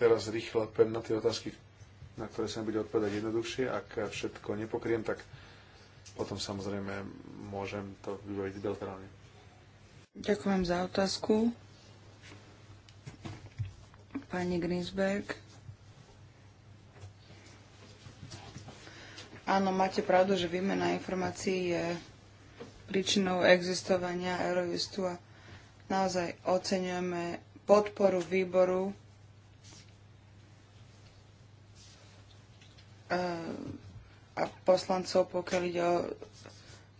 Teraz rýchlo odpoviem na tie otázky, na ktoré sa bude odpovedať jednoduchšie. Ak všetko nepokriem, tak potom samozrejme môžem to vybaviť bilaterálne. Ďakujem za otázku. Pani Grinsberg. Áno, máte pravdu, že výmena informácií je príčinou existovania Eurovistu a naozaj oceňujeme podporu výboru e, a poslancov, pokiaľ ide o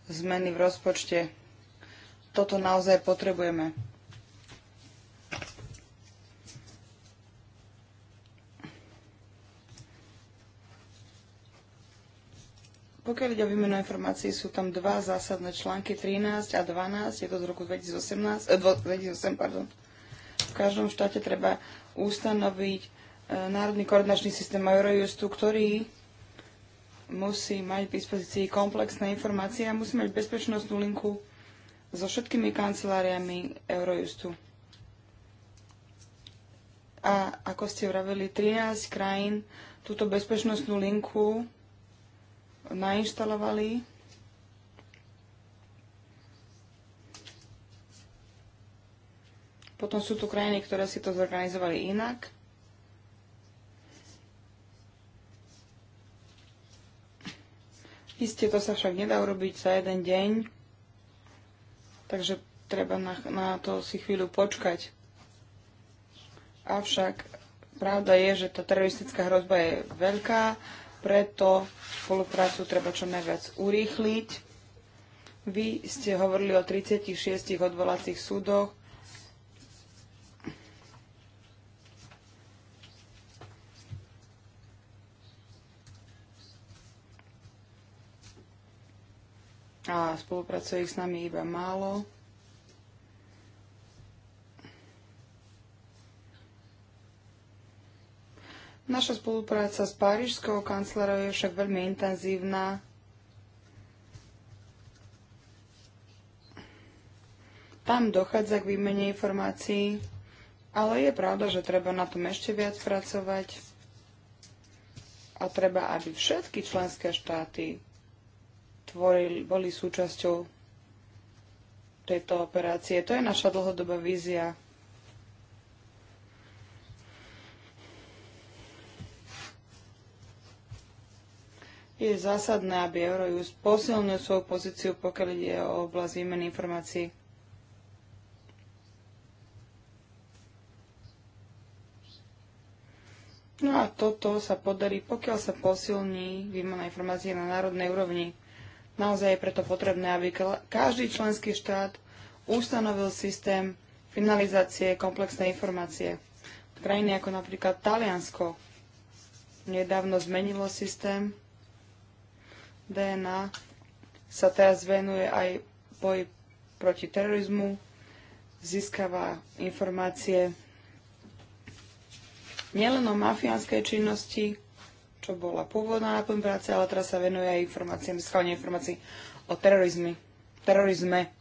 zmeny v rozpočte. Toto naozaj potrebujeme. Pokiaľ ide o výmenu informácií, sú tam dva zásadné články, 13 a 12, je to z roku 2018, eh, 2008, pardon. V každom štáte treba ustanoviť eh, Národný koordinačný systém Eurojustu, ktorý musí mať k dispozícii komplexné informácie a musí mať bezpečnostnú linku so všetkými kanceláriami Eurojustu. A ako ste vravili, 13 krajín túto bezpečnostnú linku nainštalovali. Potom sú tu krajiny, ktoré si to zorganizovali inak. Isté to sa však nedá urobiť za jeden deň, takže treba na, na to si chvíľu počkať. Avšak pravda je, že tá teroristická hrozba je veľká, preto spoluprácu treba čo najviac urýchliť. Vy ste hovorili o 36 odvolacích súdoch. A spolupracuje ich s nami iba málo. Naša spolupráca s Parížskou kancelárou je však veľmi intenzívna. Tam dochádza k výmene informácií, ale je pravda, že treba na tom ešte viac pracovať a treba, aby všetky členské štáty tvorili, boli súčasťou tejto operácie. To je naša dlhodobá vízia. je zásadné, aby Eurojust posilnil svoju pozíciu, pokiaľ ide o oblasť výmeny informácií. No a toto sa podarí, pokiaľ sa posilní výmena informácií na národnej úrovni. Naozaj je preto potrebné, aby každý členský štát ustanovil systém finalizácie komplexnej informácie. Krajiny ako napríklad Taliansko nedávno zmenilo systém DNA sa teraz venuje aj boji proti terorizmu, získava informácie nielen o mafiánskej činnosti, čo bola pôvodná náplň práce, ale teraz sa venuje aj informáciám, získavanie informácií o terorizmi, terorizme.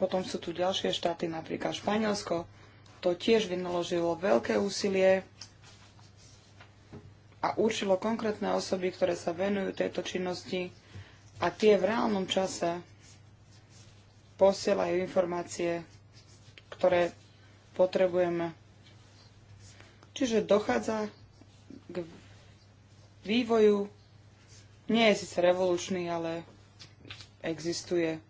Potom sú tu ďalšie štáty, napríklad Španielsko. To tiež vynaložilo veľké úsilie a určilo konkrétne osoby, ktoré sa venujú tejto činnosti a tie v reálnom čase posielajú informácie, ktoré potrebujeme. Čiže dochádza k vývoju, nie je síce revolučný, ale existuje.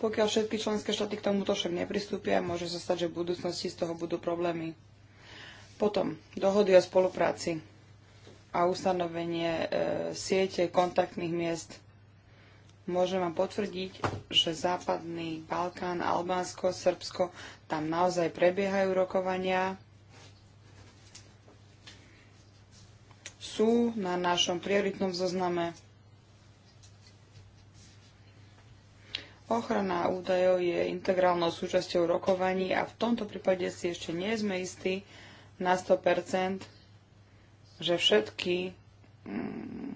Pokiaľ všetky členské štáty k tomuto však nepristúpia, môže sa stať, že v budúcnosti z toho budú problémy. Potom dohody o spolupráci a ustanovenie e, siete kontaktných miest. Môžem vám potvrdiť, že Západný Balkán, Albánsko, Srbsko, tam naozaj prebiehajú rokovania. Sú na našom prioritnom zozname Ochrana údajov je integrálnou súčasťou rokovaní a v tomto prípade si ešte nie sme istí na 100%, že všetky mm,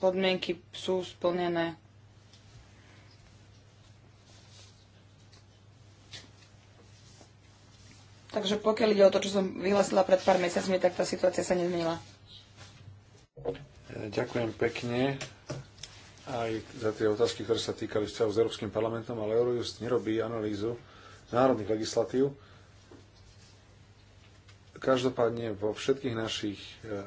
podmienky sú splnené. Takže pokiaľ ide o to, čo som vyhlasila pred pár mesiacmi, tak tá situácia sa nezmenila. Ďakujem pekne aj za tie otázky, ktoré sa týkali vzťahu s Európskym parlamentom, ale Eurojust nerobí analýzu národných legislatív. Každopádne vo všetkých našich e,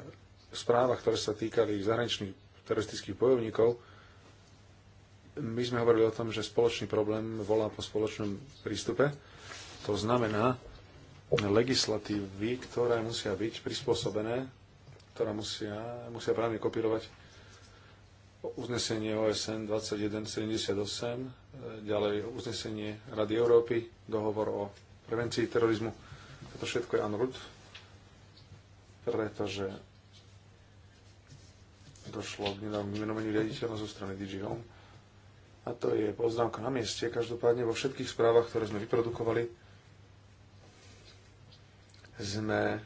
správach, ktoré sa týkali zahraničných teroristických bojovníkov, my sme hovorili o tom, že spoločný problém volá po spoločnom prístupe. To znamená legislatívy, ktoré musia byť prispôsobené, ktoré musia, musia právne kopírovať uznesenie OSN 2178, e, ďalej uznesenie Rady Európy, dohovor o prevencii terorizmu. Toto všetko je unrut, pretože došlo k nedávnom vymenovaniu riaditeľa zo strany DG Home. A to je poznámka na mieste. Každopádne vo všetkých správach, ktoré sme vyprodukovali, sme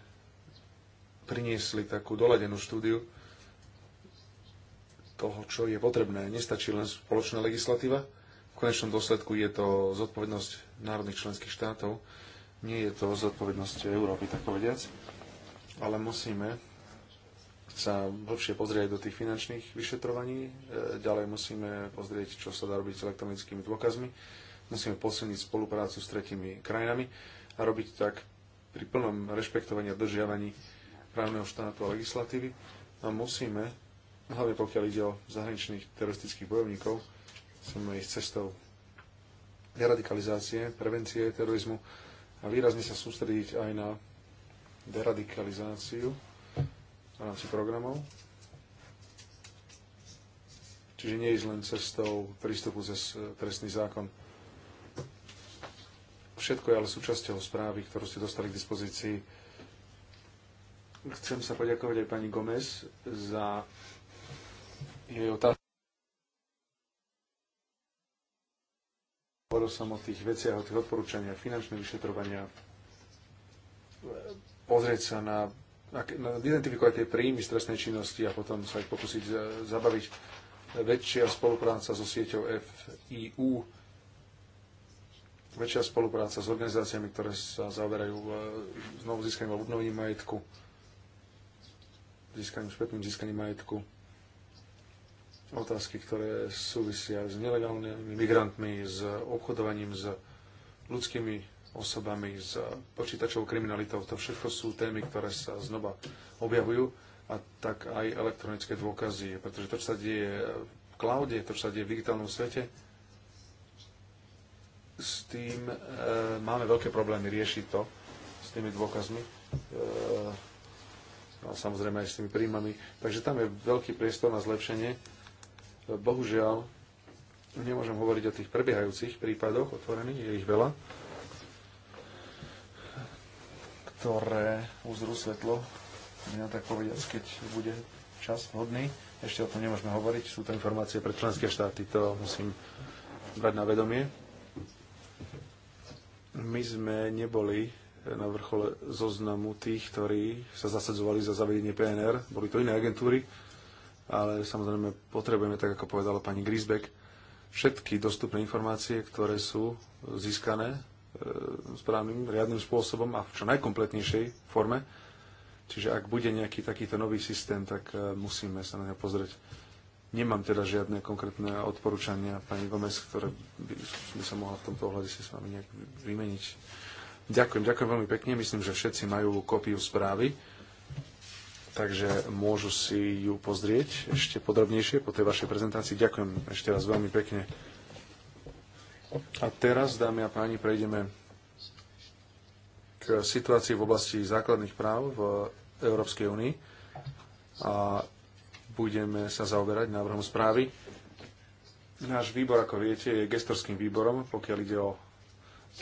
priniesli takú doladenú štúdiu, toho, čo je potrebné. Nestačí len spoločná legislatíva. V konečnom dôsledku je to zodpovednosť národných členských štátov. Nie je to zodpovednosť Európy, tak povediac. Ale musíme sa vlhšie pozrieť do tých finančných vyšetrovaní. E, ďalej musíme pozrieť, čo sa dá robiť s elektronickými dôkazmi. Musíme posilniť spoluprácu s tretimi krajinami a robiť tak pri plnom rešpektovaní a držiavaní právneho štátu a legislatívy. A musíme hlavne pokiaľ ide o zahraničných teroristických bojovníkov, sme ich cestou deradikalizácie, prevencie terorizmu a výrazne sa sústrediť aj na deradikalizáciu v rámci programov. Čiže nie ísť len cestou prístupu cez e, trestný zákon. Všetko je ale súčasťou správy, ktorú ste dostali k dispozícii. Chcem sa poďakovať aj pani Gomez za je otázka. Hovoril som o tých veciach, o tých odporúčaniach, finančné vyšetrovania, pozrieť sa na, na identifikovať tie príjmy z trestnej činnosti a potom sa ich pokúsiť zabaviť. Väčšia spolupráca so sieťou FIU, väčšia spolupráca s organizáciami, ktoré sa zaoberajú e, znovu získaním a obnovením majetku, získaním, spätným získaním majetku otázky, ktoré súvisia s nelegálnymi migrantmi, s obchodovaním s ľudskými osobami, s počítačovou kriminalitou. To všetko sú témy, ktoré sa znova objavujú a tak aj elektronické dôkazy, pretože to, čo sa deje v cloude, to, čo sa deje v digitálnom svete, s tým e, máme veľké problémy riešiť to s tými dôkazmi. E, no a samozrejme aj s tými príjmami. Takže tam je veľký priestor na zlepšenie Bohužiaľ, nemôžem hovoriť o tých prebiehajúcich prípadoch otvorených, je ich veľa, ktoré uzrú svetlo, mňa no tak povediac, keď bude čas hodný. Ešte o tom nemôžeme hovoriť, sú to informácie pre členské štáty, to musím brať na vedomie. My sme neboli na vrchole zoznamu tých, ktorí sa zasadzovali za zavedenie PNR, boli to iné agentúry, ale samozrejme potrebujeme, tak ako povedala pani Grisbeck, všetky dostupné informácie, ktoré sú získané e, správnym, riadnym spôsobom a v čo najkompletnejšej forme. Čiže ak bude nejaký takýto nový systém, tak e, musíme sa na ňa pozrieť. Nemám teda žiadne konkrétne odporúčania, pani Gomez, ktoré by, by sa mohla v tomto ohľade si s vami nejak vymeniť. Ďakujem, ďakujem veľmi pekne. Myslím, že všetci majú kópiu správy takže môžu si ju pozrieť ešte podrobnejšie po tej vašej prezentácii. Ďakujem ešte raz veľmi pekne. A teraz, dámy a páni, prejdeme k situácii v oblasti základných práv v Európskej únii a budeme sa zaoberať návrhom správy. Náš výbor, ako viete, je gestorským výborom, pokiaľ ide o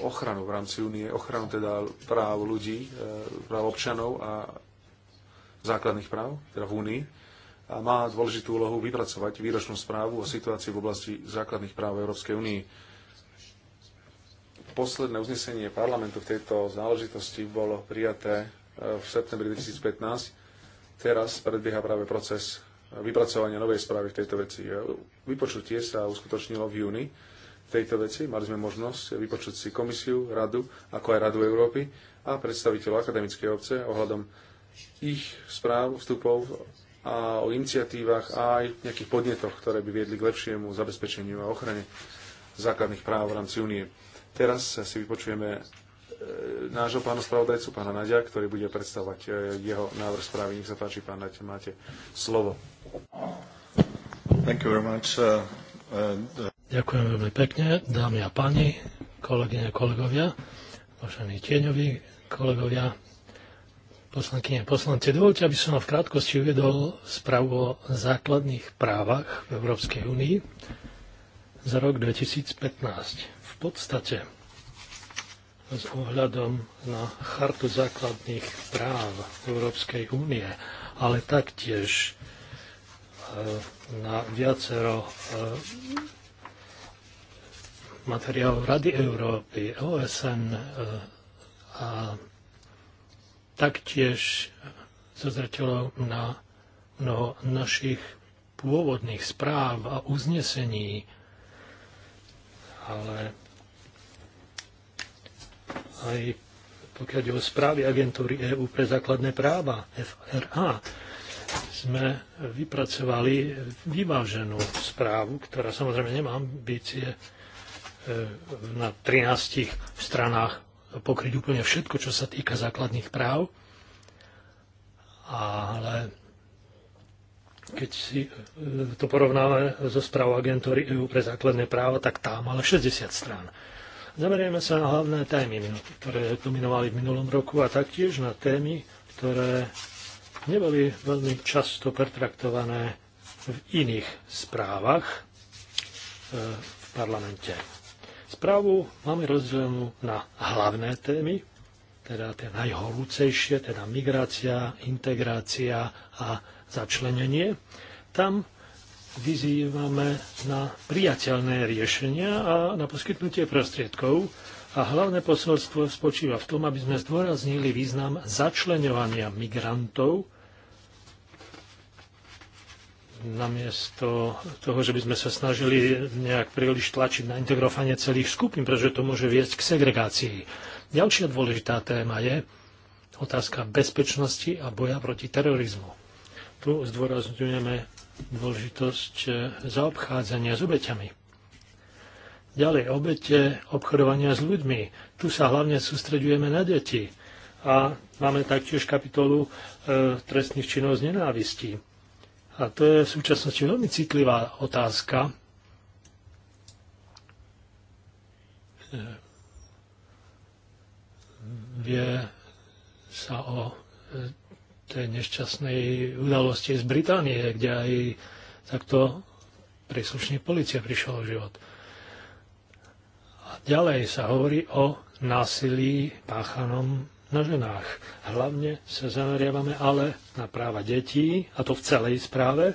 ochranu v rámci únie, ochranu teda práv ľudí, e, práv občanov a základných práv, teda v Únii, a má dôležitú úlohu vypracovať výročnú správu o situácii v oblasti základných práv Európskej únii. Posledné uznesenie parlamentu v tejto záležitosti bolo prijaté e, v septembri 2015. Teraz predbieha práve proces vypracovania novej správy v tejto veci. E, vypočutie sa uskutočnilo v júni tejto veci. Mali sme možnosť vypočuť si komisiu, radu, ako aj Radu Európy a predstaviteľov akademickej obce ohľadom ich správ, vstupov a o iniciatívach a aj nejakých podnetoch, ktoré by viedli k lepšiemu zabezpečeniu a ochrane základných práv v rámci únie. Teraz si vypočujeme e, nášho pána spravodajcu, pána Nadia, ktorý bude predstavovať e, jeho návrh správy. Nech sa páči, pán Nadia, máte slovo. Thank you very much. Uh, uh, uh Ďakujem veľmi pekne, dámy a páni, kolegyne, kolegovia, vašení tieňoví kolegovia, poslankyne poslanci, dovolte, aby som vám v krátkosti uvedol správu o základných právach v Európskej únii za rok 2015. V podstate s ohľadom na chartu základných práv Európskej únie, ale taktiež eh, na viacero eh, materiálov Rady Európy, OSN eh, a taktiež so zreteľom na mnoho našich pôvodných správ a uznesení, ale aj pokiaľ ide o správy agentúry EÚ pre základné práva, FRA, sme vypracovali vyváženú správu, ktorá samozrejme nemá ambície e, na 13 stranách pokryť úplne všetko, čo sa týka základných práv, ale keď si e, to porovnáme so správou agentúry EU pre základné práva, tak tá mala 60 strán. Zamerieme sa na hlavné témy, ktoré dominovali v minulom roku a taktiež na témy, ktoré neboli veľmi často pertraktované v iných správach e, v parlamente. Správu máme rozdelenú na hlavné témy, teda tie najhorúcejšie, teda migrácia, integrácia a začlenenie. Tam vyzývame na priateľné riešenia a na poskytnutie prostriedkov. A hlavné posolstvo spočíva v tom, aby sme zdôraznili význam začlenovania migrantov namiesto toho, že by sme sa snažili nejak príliš tlačiť na integrovanie celých skupín, pretože to môže viesť k segregácii. Ďalšia dôležitá téma je otázka bezpečnosti a boja proti terorizmu. Tu zdôrazňujeme dôležitosť e, zaobchádzania s obeťami. Ďalej, obete obchodovania s ľuďmi. Tu sa hlavne sústredujeme na deti. A máme taktiež kapitolu e, trestných činov z nenávistí. A to je v súčasnosti veľmi citlivá otázka. Vie sa o e, tej nešťastnej udalosti z Británie, kde aj takto príslušný policia prišiel o život. A ďalej sa hovorí o násilí páchanom na ženách. Hlavne sa zameriavame ale na práva detí, a to v celej správe.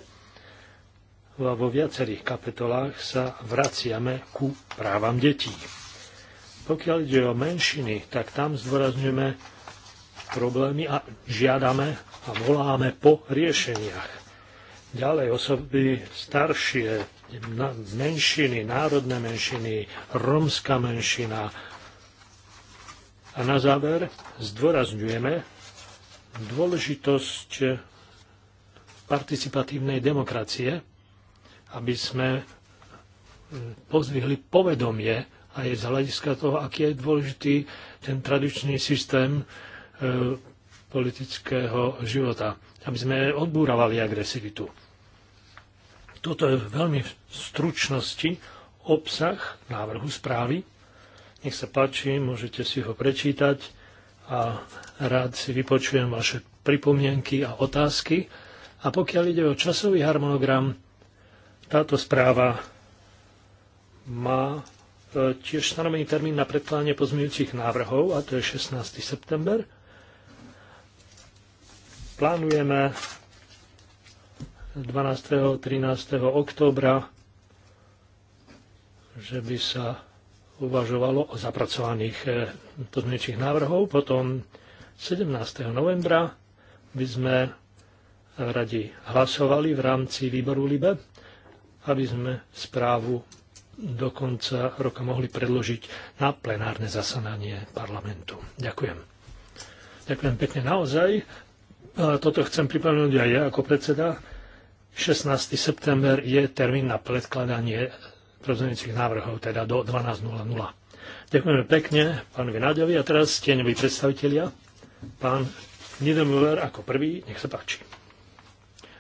Vo viacerých kapitolách sa vraciame ku právam detí. Pokiaľ ide o menšiny, tak tam zdôrazňujeme problémy a žiadame a voláme po riešeniach. Ďalej osoby staršie, menšiny, národné menšiny, rómska menšina a na záver zdôrazňujeme dôležitosť participatívnej demokracie, aby sme pozvihli povedomie a je z hľadiska toho, aký je dôležitý ten tradičný systém e, politického života, aby sme odbúravali agresivitu. Toto je veľmi v stručnosti obsah návrhu správy. Nech sa páči, môžete si ho prečítať a rád si vypočujem vaše pripomienky a otázky. A pokiaľ ide o časový harmonogram, táto správa má e, tiež stanovený termín na predkladanie pozmeňujúcich návrhov, a to je 16. september. Plánujeme 12. 13. októbra, že by sa uvažovalo o zapracovaných e, pozmeňujúcich návrhov. Potom 17. novembra by sme radi hlasovali v rámci výboru LIBE, aby sme správu do konca roka mohli predložiť na plenárne zasananie parlamentu. Ďakujem. Ďakujem pekne naozaj. Toto chcem pripomenúť aj ja ako predseda. 16. september je termín na predkladanie rozhodujúcich návrhov, teda do 12.00. Ďakujeme pekne pánovi Náďovi a teraz tieňoví predstavitelia. Pán Niedermüller ako prvý, nech sa páči.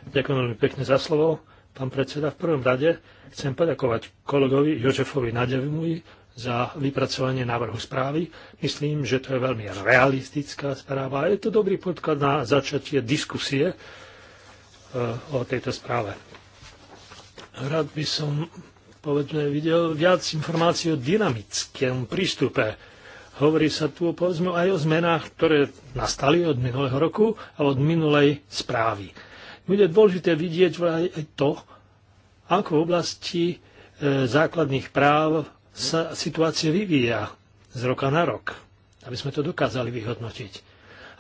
Ďakujem veľmi pekne za slovo. Pán predseda, v prvom rade chcem poďakovať kolegovi Jožefovi Nadevimu za vypracovanie návrhu správy. Myslím, že to je veľmi realistická správa. Je to dobrý podklad na začatie diskusie e, o tejto správe. Rád by som povedzme, videl viac informácií o dynamickom prístupe. Hovorí sa tu povedzme aj o zmenách, ktoré nastali od minulého roku a od minulej správy. Bude dôležité vidieť aj to, ako v oblasti e, základných práv sa situácia vyvíja z roka na rok, aby sme to dokázali vyhodnotiť.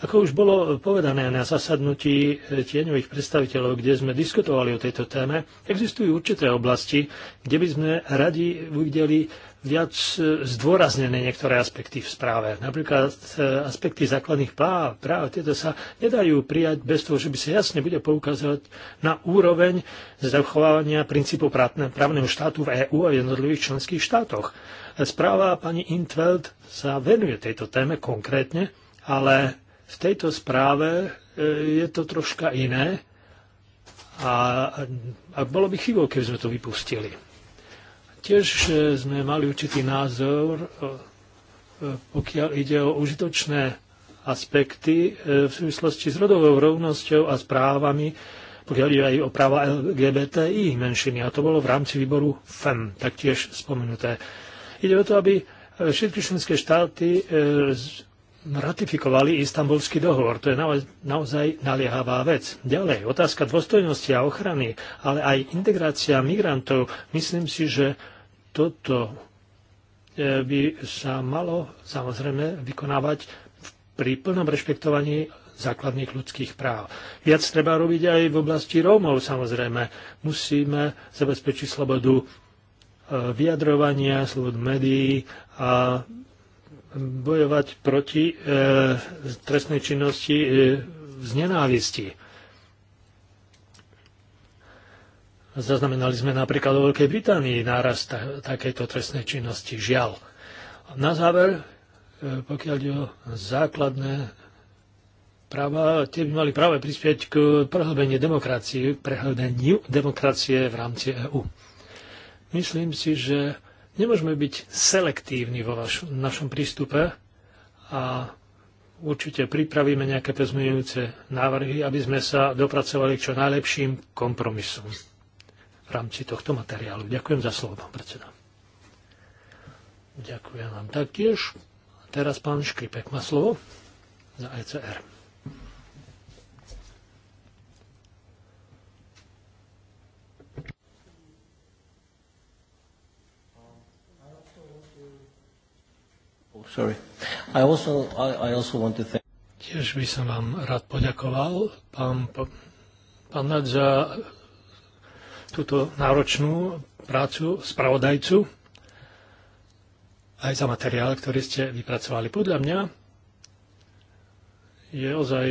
Ako už bolo povedané na zasadnutí eh, tieňových predstaviteľov, kde sme diskutovali o tejto téme, existujú určité oblasti, kde by sme radi uvideli viac eh, zdôraznené niektoré aspekty v správe. Napríklad eh, aspekty základných práv, práv tieto sa nedajú prijať bez toho, že by sa jasne bude poukazovať na úroveň zachovávania princípu právneho štátu v EÚ a v jednotlivých členských štátoch. Správa pani Intveld sa venuje tejto téme konkrétne, ale v tejto správe e, je to troška iné a, a bolo by chybou, keby sme to vypustili. Tiež e, sme mali určitý názor, e, pokiaľ ide o užitočné aspekty v súvislosti s rodovou rovnosťou a právami, pokiaľ ide aj o práva LGBTI menšiny. A to bolo v rámci výboru FEM, taktiež spomenuté. Ide o to, aby všetky členské štáty ratifikovali istambulský dohovor. To je naozaj, naozaj naliehavá vec. Ďalej, otázka dôstojnosti a ochrany, ale aj integrácia migrantov. Myslím si, že toto e, by sa malo samozrejme vykonávať pri plnom rešpektovaní základných ľudských práv. Viac treba robiť aj v oblasti Rómov, samozrejme. Musíme zabezpečiť slobodu e, vyjadrovania, slobodu médií a bojovať proti e, trestnej činnosti e, z nenávisti. Zaznamenali sme napríklad vo Veľkej Británii nárast ta, takejto trestnej činnosti, žiaľ. Na záver, e, pokiaľ ide o základné práva, tie by mali práve prispieť k prehlbeniu demokracie, prehlbeniu demokracie v rámci EÚ. Myslím si, že Nemôžeme byť selektívni vo vaš- našom prístupe a určite pripravíme nejaké pozmeňujúce návrhy, aby sme sa dopracovali k čo najlepším kompromisom v rámci tohto materiálu. Ďakujem za slovo, pán predseda. Ďakujem vám taktiež. A teraz pán Škripek má slovo za ECR. sorry. I also, I, I also want to thank... Tiež by som vám rád poďakoval, pán, pán Nad, za túto náročnú prácu spravodajcu, aj za materiál, ktorý ste vypracovali. Podľa mňa je ozaj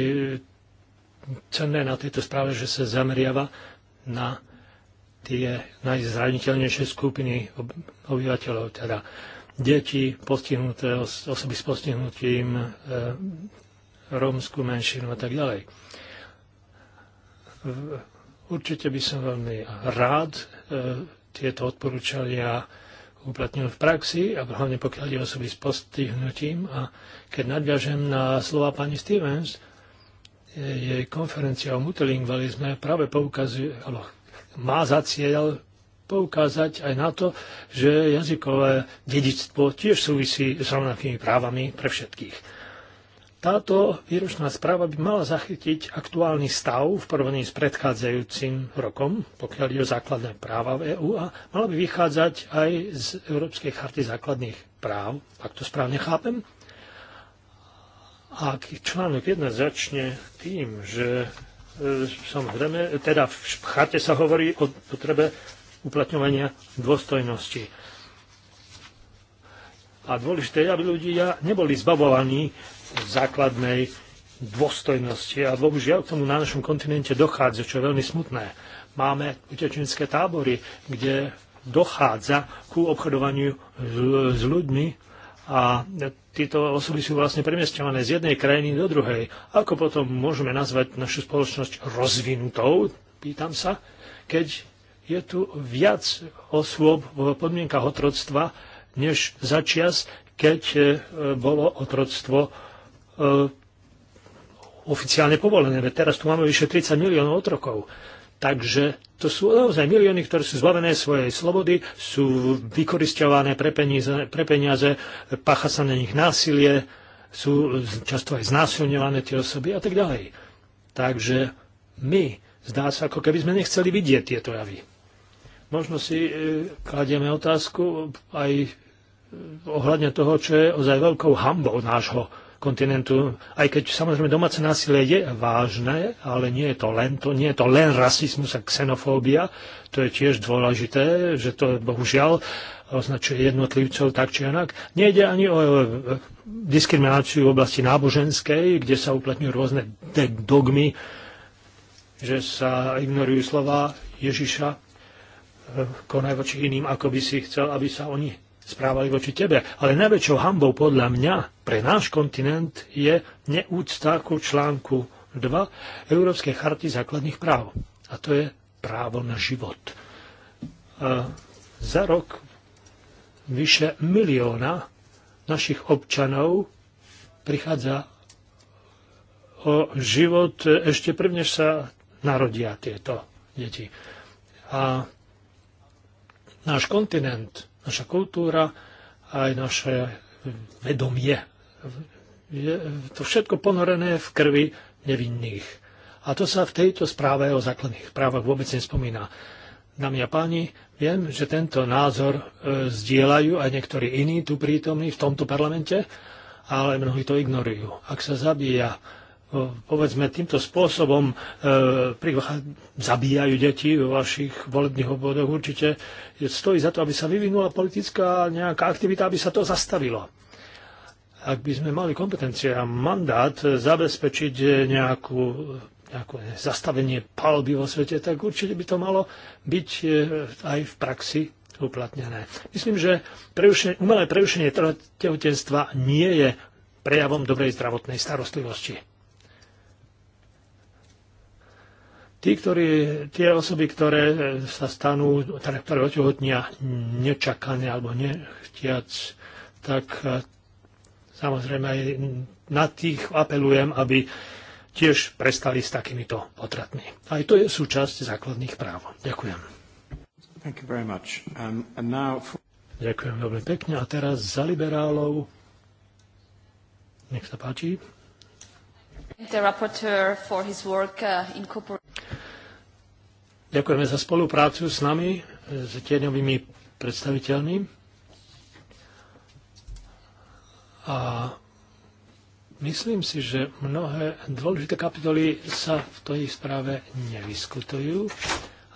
cenné na tejto správe, že sa zameriava na tie najzraniteľnejšie skupiny obyvateľov, teda deti postihnuté, osoby s postihnutím, e, rómskú menšinu a tak ďalej. Určite by som veľmi rád e, tieto odporúčania uplatnil v praxi a hlavne pokiaľ je osoby s postihnutím. A keď nadviažem na slova pani Stevens, e, jej konferencia o multilingvalizme práve poukazuje, alebo má za cieľ poukázať aj na to, že jazykové dedictvo tiež súvisí s rovnakými právami pre všetkých. Táto výročná správa by mala zachytiť aktuálny stav v porovnaní s predchádzajúcim rokom, pokiaľ je o základné práva v EÚ a mala by vychádzať aj z Európskej charty základných práv, ak to správne chápem. Ak článok 1 začne tým, že e, samozrejme, teda v charte sa hovorí o potrebe uplatňovania dôstojnosti. A dôležité je, aby ľudia neboli zbavovaní základnej dôstojnosti. A bohužiaľ k tomu na našom kontinente dochádza, čo je veľmi smutné. Máme utečenské tábory, kde dochádza ku obchodovaniu s ľuďmi a tieto osoby sú vlastne premiestňované z jednej krajiny do druhej. Ako potom môžeme nazvať našu spoločnosť rozvinutou, pýtam sa, keď je tu viac osôb v podmienkach otroctva, než začias, keď e, bolo otroctvo e, oficiálne povolené. teraz tu máme vyše 30 miliónov otrokov. Takže to sú naozaj milióny, ktoré sú zbavené svojej slobody, sú vykoristované pre peniaze, pre peniaze pacha sa na nich násilie, sú často aj znásilňované tie osoby a tak ďalej. Takže my, zdá sa, ako keby sme nechceli vidieť tieto javy. Možno si e, kladieme otázku aj e, ohľadne toho, čo je ozaj veľkou hambou nášho kontinentu. Aj keď samozrejme domáce násilie je vážne, ale nie je to len to, nie je to len rasizmus a xenofóbia. To je tiež dôležité, že to bohužiaľ označuje jednotlivcov tak či onak. Nejde ani o e, diskrimináciu v oblasti náboženskej, kde sa uplatňujú rôzne dogmy, že sa ignorujú slova Ježiša konaj voči iným, ako by si chcel, aby sa oni správali voči tebe. Ale najväčšou hambou podľa mňa pre náš kontinent je neúcta ku článku 2 Európskej charty základných práv. A to je právo na život. A za rok vyše milióna našich občanov prichádza o život ešte prvnež sa narodia tieto deti. A náš kontinent, naša kultúra, aj naše vedomie. Je to všetko ponorené v krvi nevinných. A to sa v tejto správe o základných právach vôbec nespomína. Dámy a páni, viem, že tento názor e, zdieľajú aj niektorí iní tu prítomní v tomto parlamente, ale mnohí to ignorujú. Ak sa zabíja povedzme týmto spôsobom e, zabíjajú deti vo vašich volebných obvodoch, určite stojí za to, aby sa vyvinula politická nejaká aktivita, aby sa to zastavilo. Ak by sme mali kompetencie a mandát zabezpečiť nejakú, nejakú zastavenie palby vo svete, tak určite by to malo byť e, aj v praxi uplatnené. Myslím, že preušenie, umelé prerušenie tehotenstva nie je prejavom dobrej zdravotnej starostlivosti. Tí, ktorí, tie osoby, ktoré e, sa stanú, teda, ktoré otehotnia nečakane alebo nechtiac, tak e, samozrejme aj na tých apelujem, aby tiež prestali s takýmito potratmi. Aj to je súčasť základných práv. Ďakujem. Thank you very much. Um, and now for... Ďakujem veľmi pekne. A teraz za liberálov. Nech sa páči. The rapporteur for his work uh, in corporate... Ďakujeme za spoluprácu s nami, s tieňovými predstaviteľmi. A myslím si, že mnohé dôležité kapitoly sa v tej správe nevyskutujú,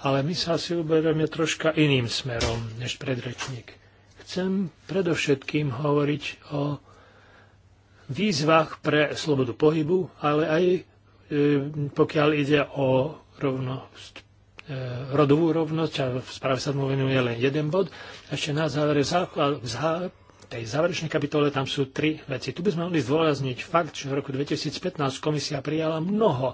ale my sa asi uberieme troška iným smerom než predrečník. Chcem predovšetkým hovoriť o výzvach pre slobodu pohybu, ale aj e, pokiaľ ide o rovnosť E, rodovú rovnosť a v správe sa mu venuje len jeden bod. Ešte na závere tej záverečnej kapitole tam sú tri veci. Tu by sme mohli zdôrazniť fakt, že v roku 2015 komisia prijala mnoho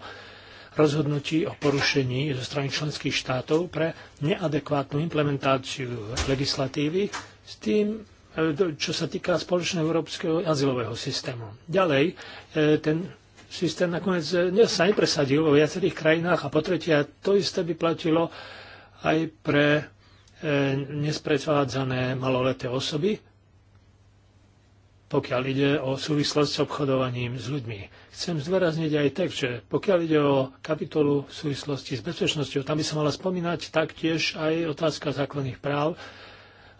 rozhodnutí o porušení zo strany členských štátov pre neadekvátnu implementáciu legislatívy s tým, e, čo sa týka spoločného európskeho azylového systému. Ďalej, e, ten systém nakoniec eh, sa nepresadil vo viacerých krajinách a po tretie to isté by platilo aj pre eh, nesprevádzané maloleté osoby, pokiaľ ide o súvislosť s obchodovaním s ľuďmi. Chcem zdôrazniť aj tak, že pokiaľ ide o kapitolu v súvislosti s bezpečnosťou, tam by sa mala spomínať taktiež aj otázka základných práv.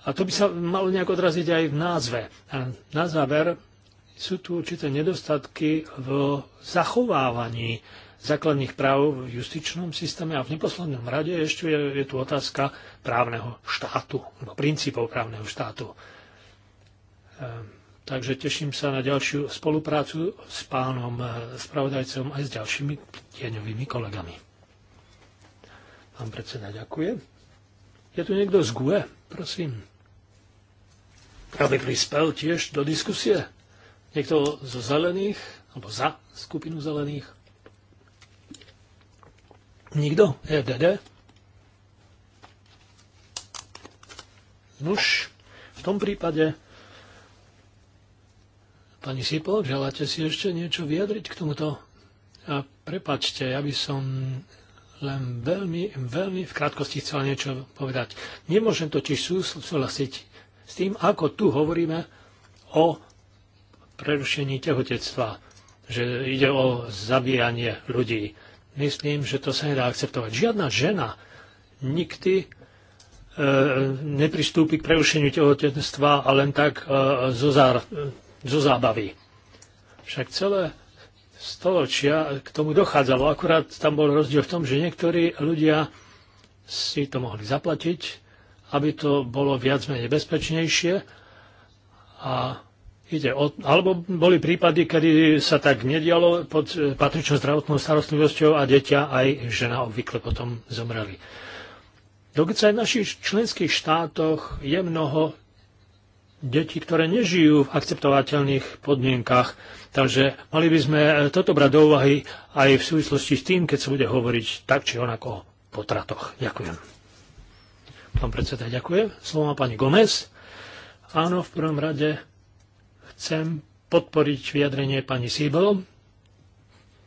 A to by sa malo nejak odraziť aj v názve. A na záver sú tu určité nedostatky v zachovávaní základných práv v justičnom systéme a v neposlednom rade ešte je, je tu otázka právneho štátu, alebo princípov právneho štátu. Ehm, takže teším sa na ďalšiu spoluprácu s pánom eh, spravodajcom aj s ďalšími tieňovými kolegami. Pán predseda, ďakuje. Je tu niekto z GUE, prosím. Aby prispel tiež do diskusie. Niekto zo zelených, alebo za skupinu zelených? Nikto? EDD? Nuž, v tom prípade, pani Sipo, želáte si ešte niečo vyjadriť k tomuto? A prepačte, ja by som len veľmi, veľmi v krátkosti chcela niečo povedať. Nemôžem totiž súhlasiť s tým, ako tu hovoríme o prerušení tehotectva, že ide o zabíjanie ľudí. Myslím, že to sa nedá akceptovať. Žiadna žena nikdy e, nepristúpi k prerušeniu tehotenstva a len tak e, zo, zár, e, zo zábavy. Však celé storočia k tomu dochádzalo. Akurát tam bol rozdiel v tom, že niektorí ľudia si to mohli zaplatiť, aby to bolo viac menej bezpečnejšie a Ide o, alebo boli prípady, kedy sa tak nedialo pod e, patričnou zdravotnou starostlivosťou a deťa aj žena obvykle potom zomreli. sa aj v našich členských štátoch je mnoho detí, ktoré nežijú v akceptovateľných podmienkach. Takže mali by sme e, toto brať do úvahy aj v súvislosti s tým, keď sa bude hovoriť tak či onako o potratoch. Ďakujem. Pán predseda, ďakujem. Slovo má pani Gomez. Áno, v prvom rade Chcem podporiť vyjadrenie pani Siebel,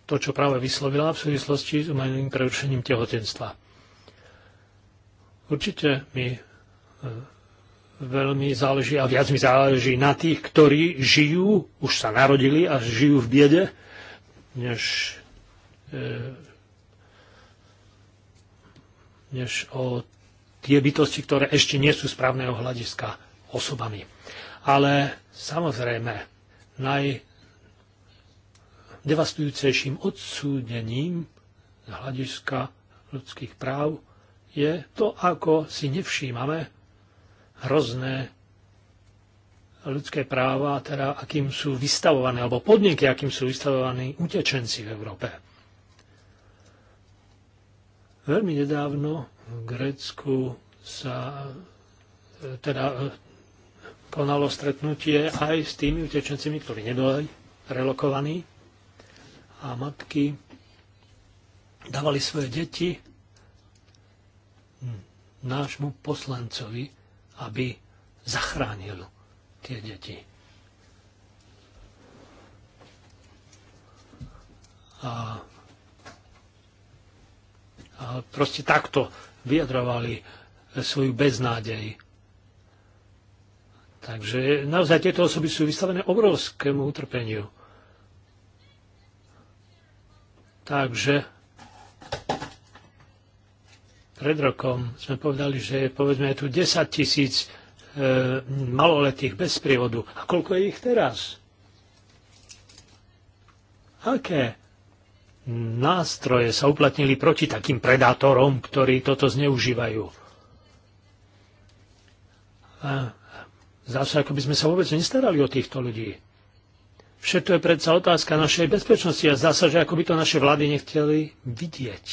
to, čo práve vyslovila v súvislosti s umelým prerušením tehotenstva. Určite mi e, veľmi záleží a viac mi záleží na tých, ktorí žijú, už sa narodili a žijú v biede, než, e, než o tie bytosti, ktoré ešte nie sú správneho hľadiska osobami ale samozrejme najdevastujúcejším odsúdením z hľadiska ľudských práv je to, ako si nevšímame hrozné ľudské práva, teda akým sú vystavované, alebo podmienky, akým sú vystavovaní utečenci v Európe. Veľmi nedávno v Grécku sa e, teda e, konalo stretnutie aj s tými utečencami, ktorí neboli relokovaní a matky dávali svoje deti nášmu poslancovi, aby zachránil tie deti. A, a proste takto vyjadrovali svoju beznádej Takže naozaj tieto osoby sú vystavené obrovskému utrpeniu. Takže pred rokom sme povedali, že povedzme je tu 10 tisíc e, maloletých bez prievodu. A koľko je ich teraz? Aké nástroje sa uplatnili proti takým predátorom, ktorí toto zneužívajú? Zdá sa, ako by sme sa vôbec nestarali o týchto ľudí. Všetko je predsa otázka našej bezpečnosti a zdá sa, že ako by to naše vlády nechceli vidieť.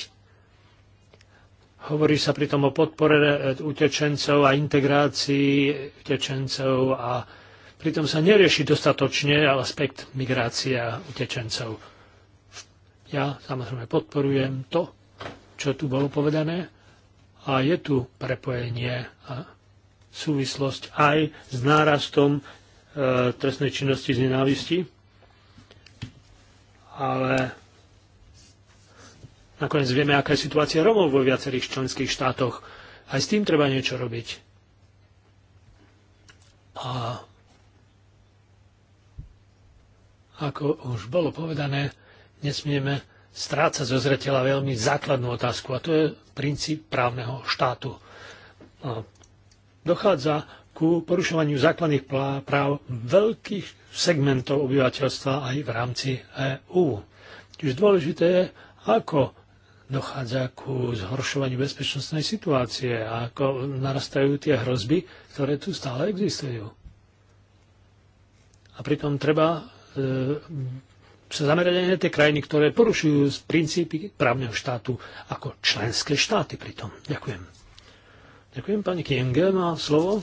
Hovorí sa pritom o podpore e, utečencov a integrácii utečencov a pritom sa nerieši dostatočne aspekt migrácia utečencov. Ja samozrejme podporujem to, čo tu bolo povedané a je tu prepojenie a súvislosť aj s nárastom e, trestnej činnosti z nenávisti. Ale nakoniec vieme, aká je situácia Romov vo viacerých členských štátoch. Aj s tým treba niečo robiť. A ako už bolo povedané, nesmieme strácať zo zretela veľmi základnú otázku, a to je princíp právneho štátu dochádza ku porušovaniu základných práv veľkých segmentov obyvateľstva aj v rámci EÚ. Čiže dôležité je, ako dochádza ku zhoršovaniu bezpečnostnej situácie a ako narastajú tie hrozby, ktoré tu stále existujú. A pritom treba e, sa zamerať aj na tie krajiny, ktoré porušujú princípy právneho štátu ako členské štáty pritom. Ďakujem. Ďakujem. Pani Kienge má slovo.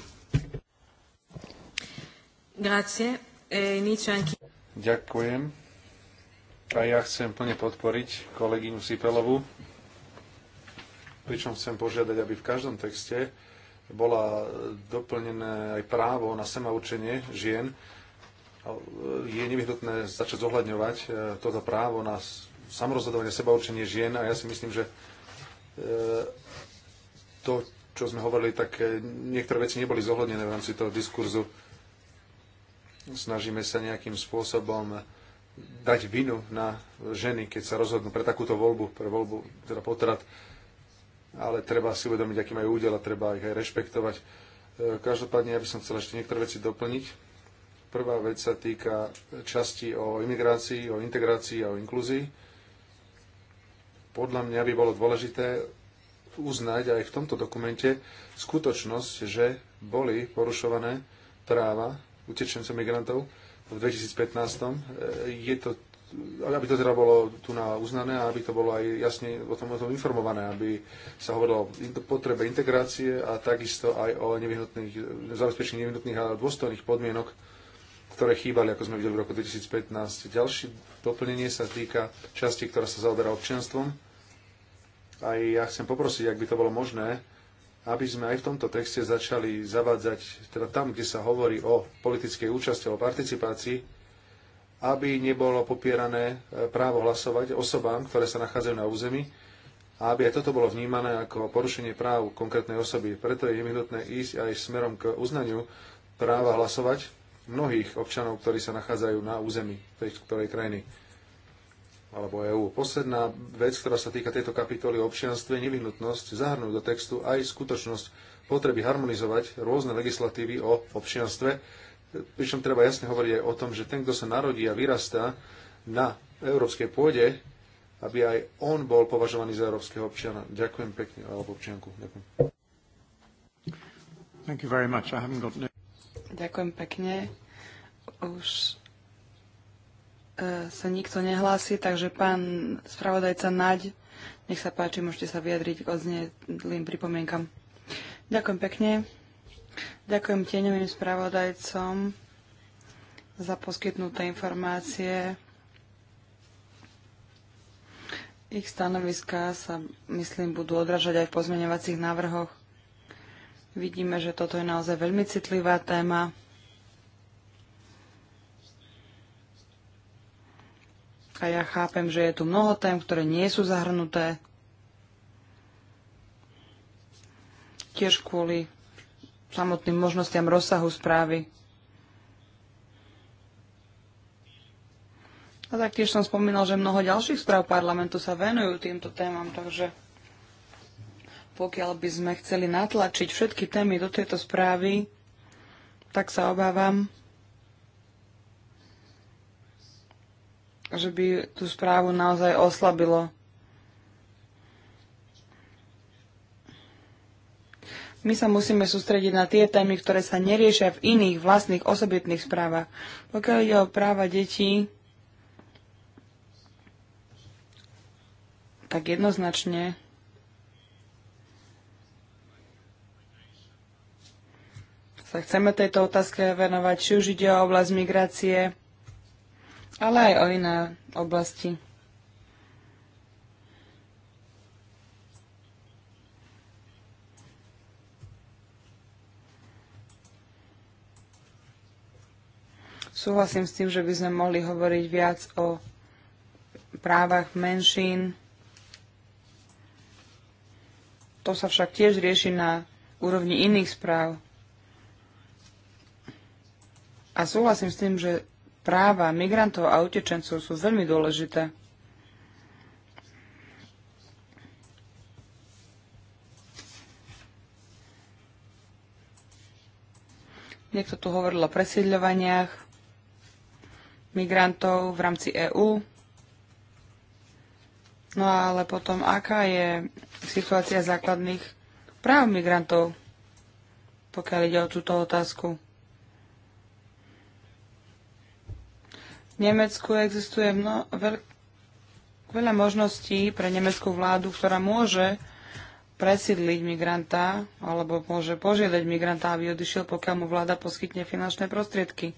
E, Ďakujem. A ja chcem plne podporiť kolegyňu Sipelovu, pričom chcem požiadať, aby v každom texte bola doplnené aj právo na sema určenie žien. Je nevyhnutné začať zohľadňovať e, toto právo na samorozhodovanie, seba určenie žien a ja si myslím, že e, to, čo sme hovorili, tak eh, niektoré veci neboli zohľadnené v rámci toho diskurzu. Snažíme sa nejakým spôsobom dať vinu na ženy, keď sa rozhodnú pre takúto voľbu, pre voľbu, teda potrat. Ale treba si uvedomiť, aký majú údel a treba ich aj rešpektovať. Eh, každopádne ja by som chcel ešte niektoré veci doplniť. Prvá vec sa týka časti o imigrácii, o integrácii a o inklúzii. Podľa mňa by bolo dôležité uznať aj v tomto dokumente skutočnosť, že boli porušované práva utečencov migrantov v 2015. E, je to, aby to teda bolo tu na uznané a aby to bolo aj jasne o tom, o tom informované, aby sa hovorilo o potrebe integrácie a takisto aj o nevyhnutných, zabezpečení nevyhnutných a dôstojných podmienok, ktoré chýbali, ako sme videli v roku 2015. Ďalšie doplnenie sa týka časti, ktorá sa zaoberá občianstvom aj ja chcem poprosiť, ak by to bolo možné, aby sme aj v tomto texte začali zavádzať, teda tam, kde sa hovorí o politickej účasti, o participácii, aby nebolo popierané e, právo hlasovať osobám, ktoré sa nachádzajú na území, a aby aj toto bolo vnímané ako porušenie práv konkrétnej osoby. Preto je nevyhnutné ísť aj smerom k uznaniu práva hlasovať mnohých občanov, ktorí sa nachádzajú na území tej ktorej krajiny alebo EÚ. Posledná vec, ktorá sa týka tejto kapitoly o občianstve, je nevyhnutnosť zahrnúť do textu aj skutočnosť potreby harmonizovať rôzne legislatívy o občianstve, pričom treba jasne hovoriť aj o tom, že ten, kto sa narodí a vyrastá na európskej pôde, aby aj on bol považovaný za európskeho občana. Ďakujem pekne, alebo občianku. Ďakujem. Thank you very much. I haven't got... No- Ďakujem pekne. Už E, sa nikto nehlási, takže pán spravodajca Naď, nech sa páči, môžete sa vyjadriť k odznelým pripomienkam. Ďakujem pekne. Ďakujem tieňovým spravodajcom za poskytnuté informácie. Ich stanoviská sa, myslím, budú odražať aj v pozmeňovacích návrhoch. Vidíme, že toto je naozaj veľmi citlivá téma a ja chápem, že je tu mnoho tém, ktoré nie sú zahrnuté. Tiež kvôli samotným možnostiam rozsahu správy. A taktiež som spomínal, že mnoho ďalších správ parlamentu sa venujú týmto témam, takže pokiaľ by sme chceli natlačiť všetky témy do tejto správy, tak sa obávam, že by tú správu naozaj oslabilo. My sa musíme sústrediť na tie témy, ktoré sa neriešia v iných vlastných osobitných správach. Pokiaľ ide o práva detí, tak jednoznačne sa chceme tejto otázke venovať, či už ide o oblasť migrácie, ale aj o iné oblasti. Súhlasím s tým, že by sme mohli hovoriť viac o právach menšín. To sa však tiež rieši na úrovni iných správ. A súhlasím s tým, že práva migrantov a utečencov sú veľmi dôležité. Niekto tu hovoril o presiedľovaniach migrantov v rámci EÚ. No ale potom, aká je situácia základných práv migrantov, pokiaľ ide o túto otázku? Nemecku existuje mno, veľ, veľa možností pre nemeckú vládu, ktorá môže presídliť migranta alebo môže požiadať migranta, aby odišiel, pokiaľ mu vláda poskytne finančné prostriedky.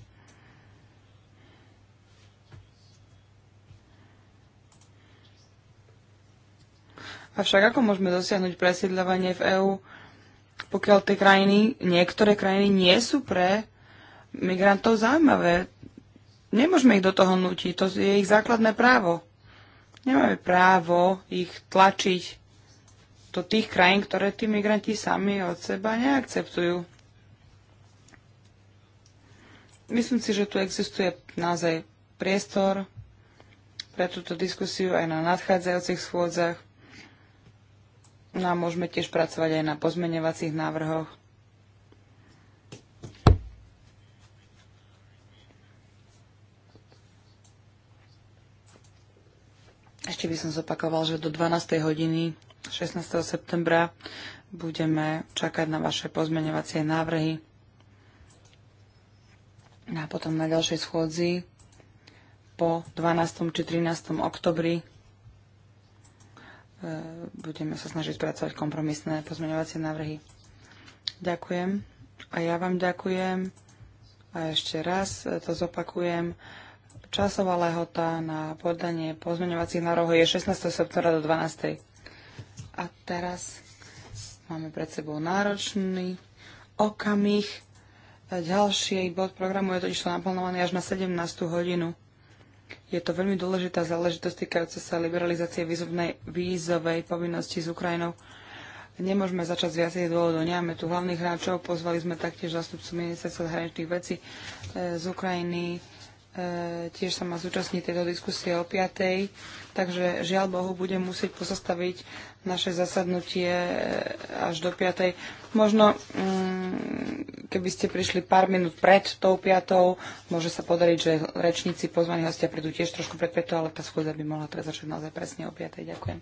Avšak ako môžeme dosiahnuť presídľovanie v EÚ, pokiaľ tie krajiny, niektoré krajiny nie sú pre migrantov zaujímavé? Nemôžeme ich do toho nutiť, to je ich základné právo. Nemáme právo ich tlačiť do tých krajín, ktoré tí migranti sami od seba neakceptujú. Myslím si, že tu existuje naozaj priestor pre túto diskusiu aj na nadchádzajúcich schôdzach. No a môžeme tiež pracovať aj na pozmeňovacích návrhoch Ešte by som zopakoval, že do 12. hodiny 16. septembra budeme čakať na vaše pozmeňovacie návrhy a potom na ďalšej schôdzi po 12. či 13. oktobri e, budeme sa snažiť pracovať kompromisné pozmeňovacie návrhy. Ďakujem. A ja vám ďakujem. A ešte raz to zopakujem. Časová lehota na podanie pozmeňovacích nárohov je 16. septembra do 12. A teraz máme pred sebou náročný okamih. Ďalší bod programu je totiž naplánovaný až na 17. hodinu. Je to veľmi dôležitá záležitosť týkajúca sa liberalizácie vízovnej, vízovej povinnosti s Ukrajinou. Nemôžeme začať z viacej dôvodov. Nemáme tu hlavných hráčov, pozvali sme taktiež zastupcu ministerstva zahraničných vecí eh, z Ukrajiny, E, tiež sa má zúčastniť tejto diskusie o 5. Takže žiaľ Bohu, budem musieť pozastaviť naše zasadnutie e, až do 5. Možno, mm, keby ste prišli pár minút pred tou 5. môže sa podariť, že rečníci pozvaní hostia prídu tiež trošku pred 5. ale tá schôdza by mohla teraz začať naozaj presne o 5. Ďakujem.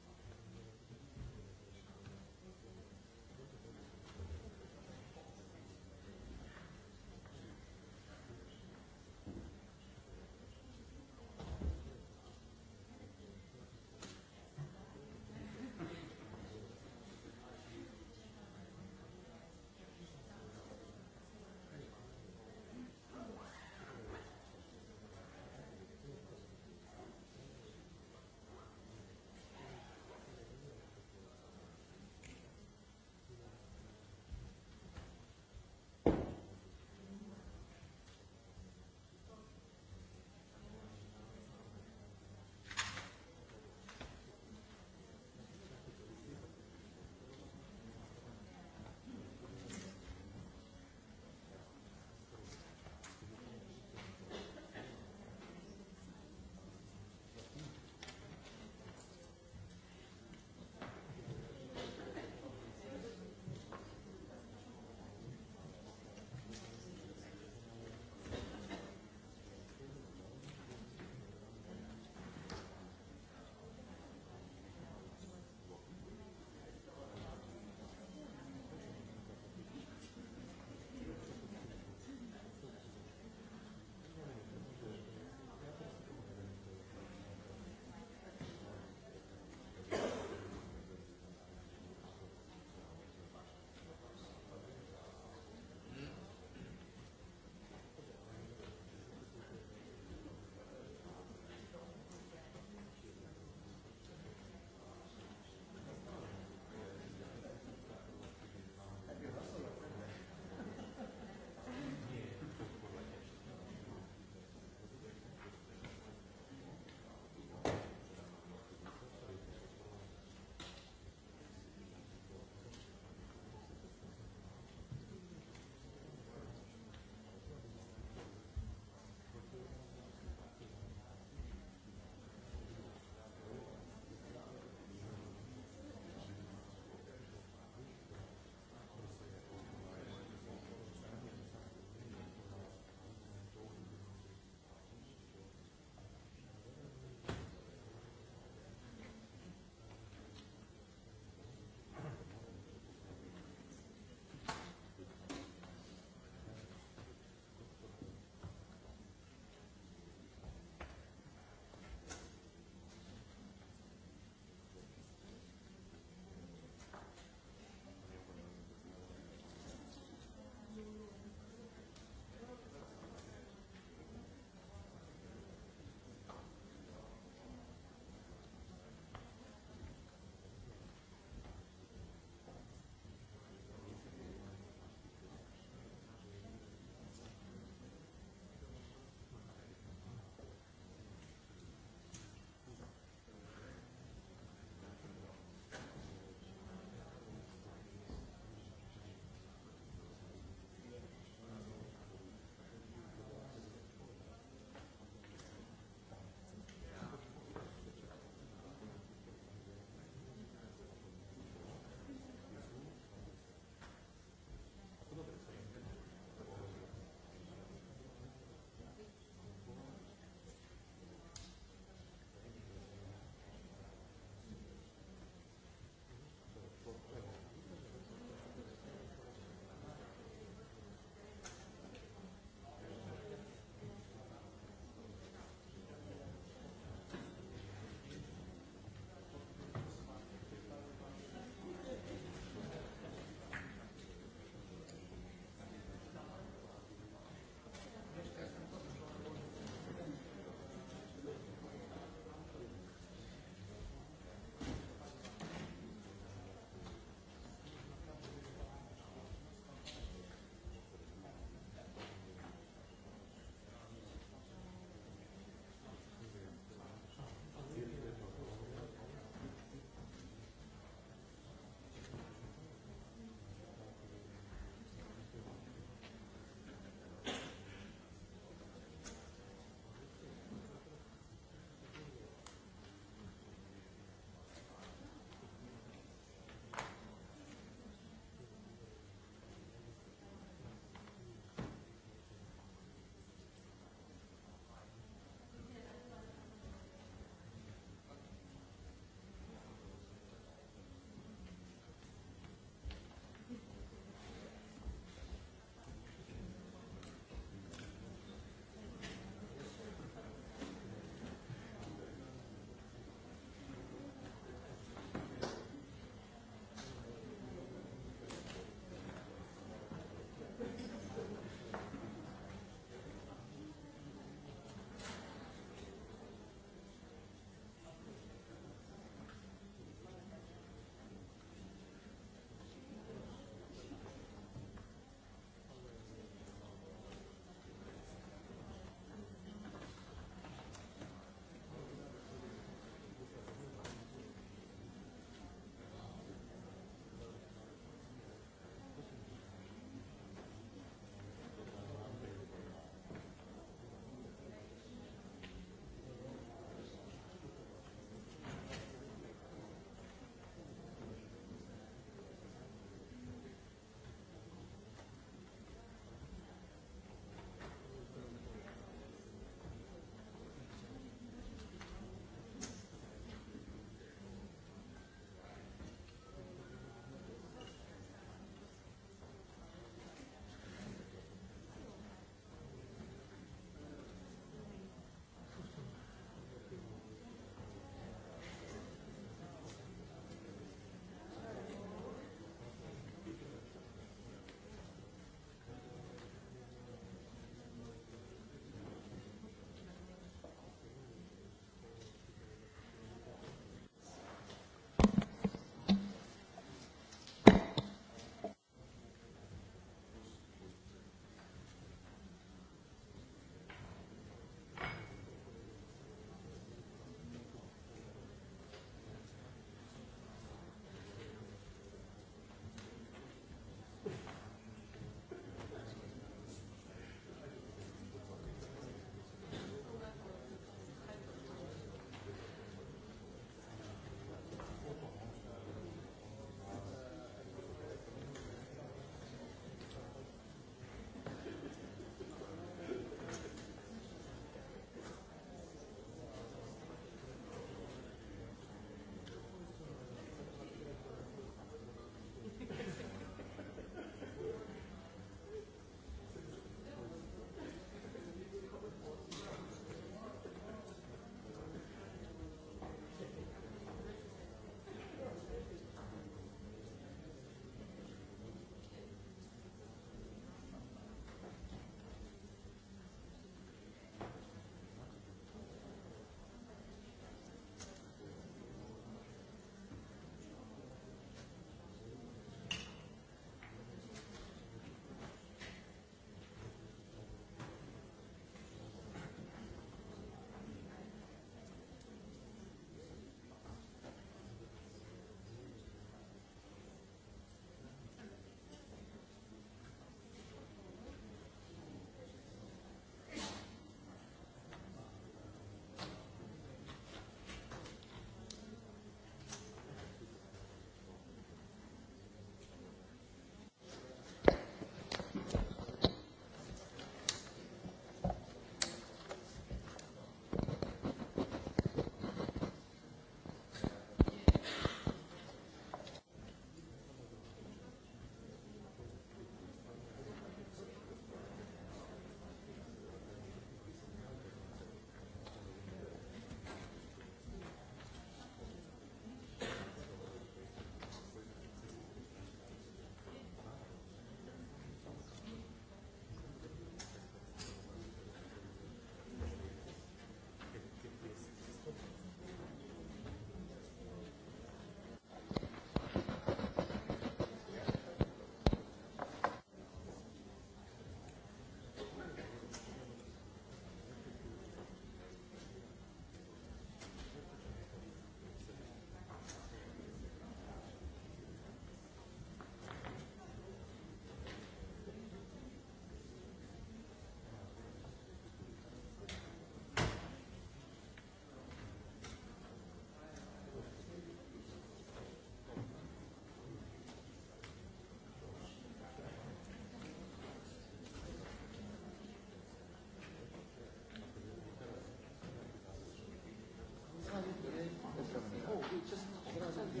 zrazu,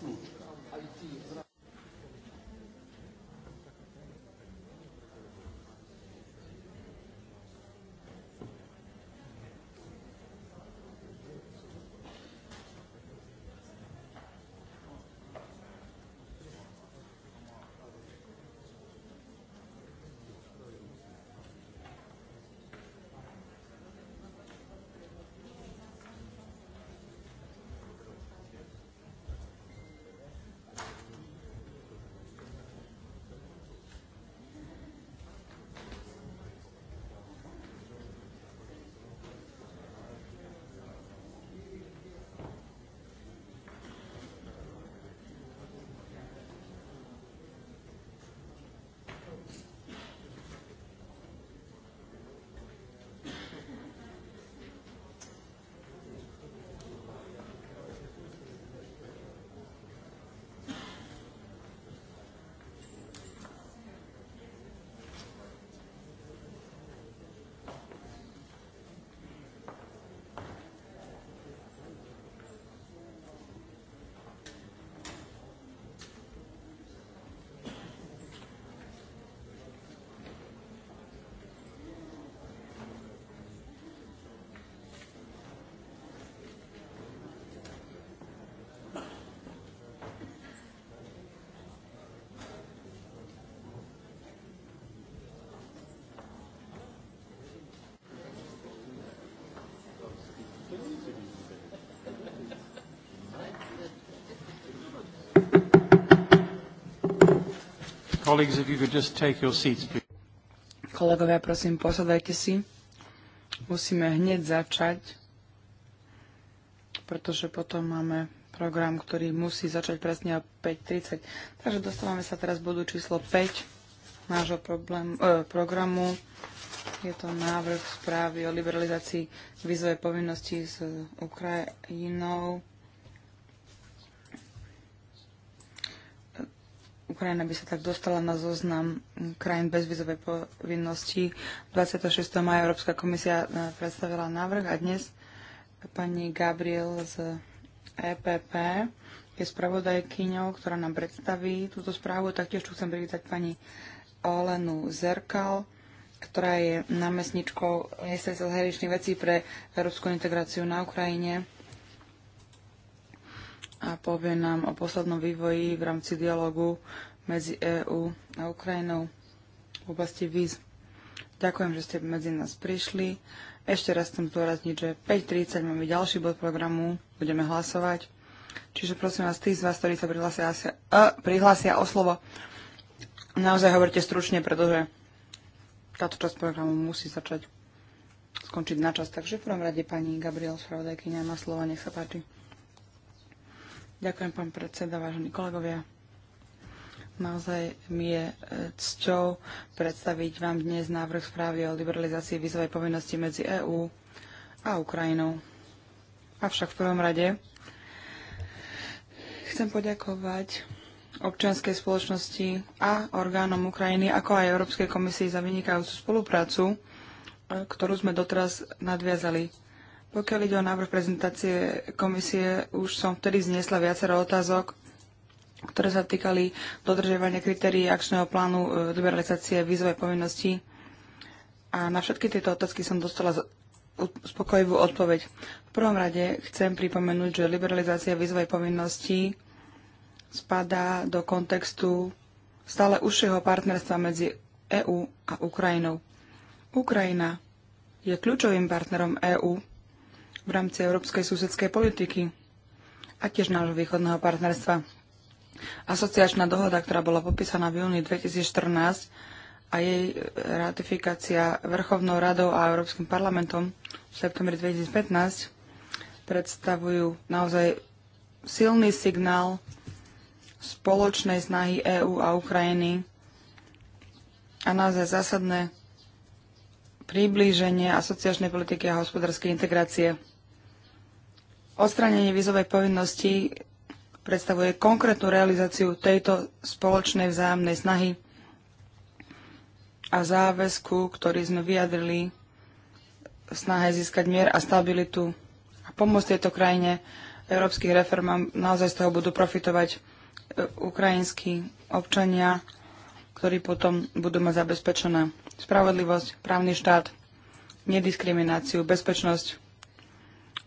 zrazu, colleagues, if you could just take your seats, please. Kolegovia, prosím, posadajte si. Musíme hneď začať, pretože potom máme program, ktorý musí začať presne o 5.30. Takže dostávame sa teraz bodu číslo 5 nášho problém, eh, programu. Je to návrh správy o liberalizácii vízovej povinnosti s Ukrajinou. Ukrajina by sa tak dostala na zoznam krajín bezvizovej povinnosti. 26. maja Európska komisia e, predstavila návrh a dnes pani Gabriel z EPP je spravodajkyňou, ktorá nám predstaví túto správu. Taktiež tu chcem privítať pani Olenu Zerkal, ktorá je námestničkou ministerstva zahraničných vecí pre európsku integráciu na Ukrajine a povie nám o poslednom vývoji v rámci dialogu medzi EÚ a Ukrajinou v oblasti víz. Ďakujem, že ste medzi nás prišli. Ešte raz chcem zdôrazniť, že 5.30 máme ďalší bod programu, budeme hlasovať. Čiže prosím vás, tí z vás, ktorí sa prihlásia, uh, prihlásia o slovo, naozaj hovorte stručne, pretože táto časť programu musí začať skončiť na čas. Takže v prvom rade pani Gabriel Spravodajkyňa má slovo, nech sa páči. Ďakujem, pán predseda, vážení kolegovia. Naozaj mi je e, cťou predstaviť vám dnes návrh správy o liberalizácii vízovej povinnosti medzi EÚ a Ukrajinou. Avšak v prvom rade chcem poďakovať občianskej spoločnosti a orgánom Ukrajiny, ako aj Európskej komisii za vynikajúcu spoluprácu, e, ktorú sme doteraz nadviazali. Pokiaľ ide o návrh prezentácie komisie, už som vtedy zniesla viacero otázok, ktoré sa týkali dodržiavania kritérií akčného plánu e, liberalizácie výzovej povinnosti. A na všetky tieto otázky som dostala spokojivú odpoveď. V prvom rade chcem pripomenúť, že liberalizácia výzvej povinnosti spadá do kontextu stále užšieho partnerstva medzi EÚ a Ukrajinou. Ukrajina je kľúčovým partnerom EÚ v rámci európskej susedskej politiky a tiež nášho východného partnerstva. Asociačná dohoda, ktorá bola popísaná v júni 2014 a jej ratifikácia Vrchovnou radou a Európskym parlamentom v septembri 2015 predstavujú naozaj silný signál spoločnej snahy EÚ a Ukrajiny a naozaj zásadné priblíženie asociačnej politiky a hospodárskej integrácie. Odstránenie vízovej povinnosti predstavuje konkrétnu realizáciu tejto spoločnej vzájomnej snahy a záväzku, ktorý sme vyjadrili v snahe získať mier a stabilitu a pomôcť tejto krajine európskych reformám. Naozaj z toho budú profitovať e, ukrajinskí občania, ktorí potom budú mať zabezpečená spravodlivosť, právny štát, nediskrimináciu, bezpečnosť.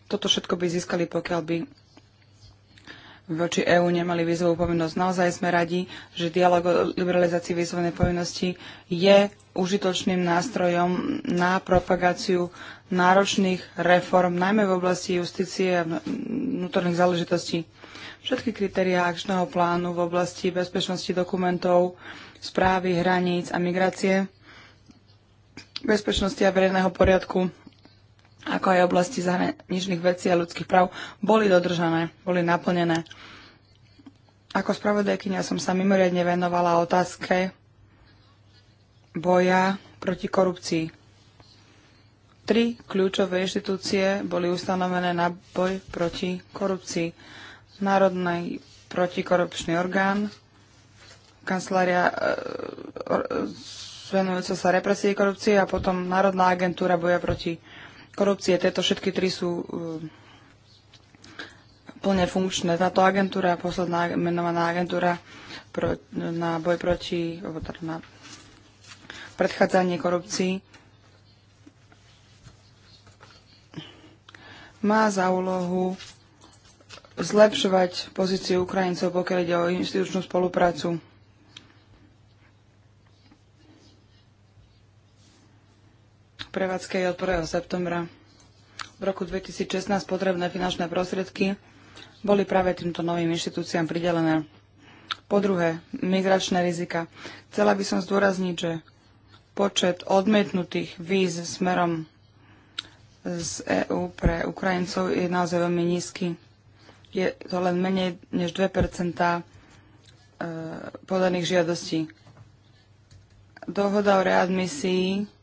Toto všetko by získali, pokiaľ by voči EÚ nemali výzovú povinnosť. Naozaj sme radi, že dialog o liberalizácii výzovnej povinnosti je užitočným nástrojom na propagáciu náročných reform, najmä v oblasti justície a vnútorných záležitostí. Všetky kritériá akčného plánu v oblasti bezpečnosti dokumentov, správy hraníc a migrácie, bezpečnosti a verejného poriadku ako aj oblasti zahraničných vecí a ľudských práv, boli dodržané, boli naplnené. Ako spravodajkynia som sa mimoriadne venovala otázke boja proti korupcii. Tri kľúčové inštitúcie boli ustanovené na boj proti korupcii. Národný protikorupčný orgán, kancelária e, e venujúca sa represii korupcie a potom Národná agentúra boja proti korupcii korupcie. Tieto všetky tri sú e, plne funkčné. Táto agentúra, posledná menovaná agentúra pro, na boj proti, teda na predchádzanie korupcii, má za úlohu zlepšovať pozíciu Ukrajincov, pokiaľ ide o inštitučnú spoluprácu. prevádzke je od 1. septembra. V roku 2016 potrebné finančné prostriedky boli práve týmto novým inštitúciám pridelené. Po druhé, migračné rizika. Chcela by som zdôrazniť, že počet odmietnutých víz smerom z EÚ pre Ukrajincov je naozaj veľmi nízky. Je to len menej než 2 e, podaných žiadostí. Dohoda o readmisii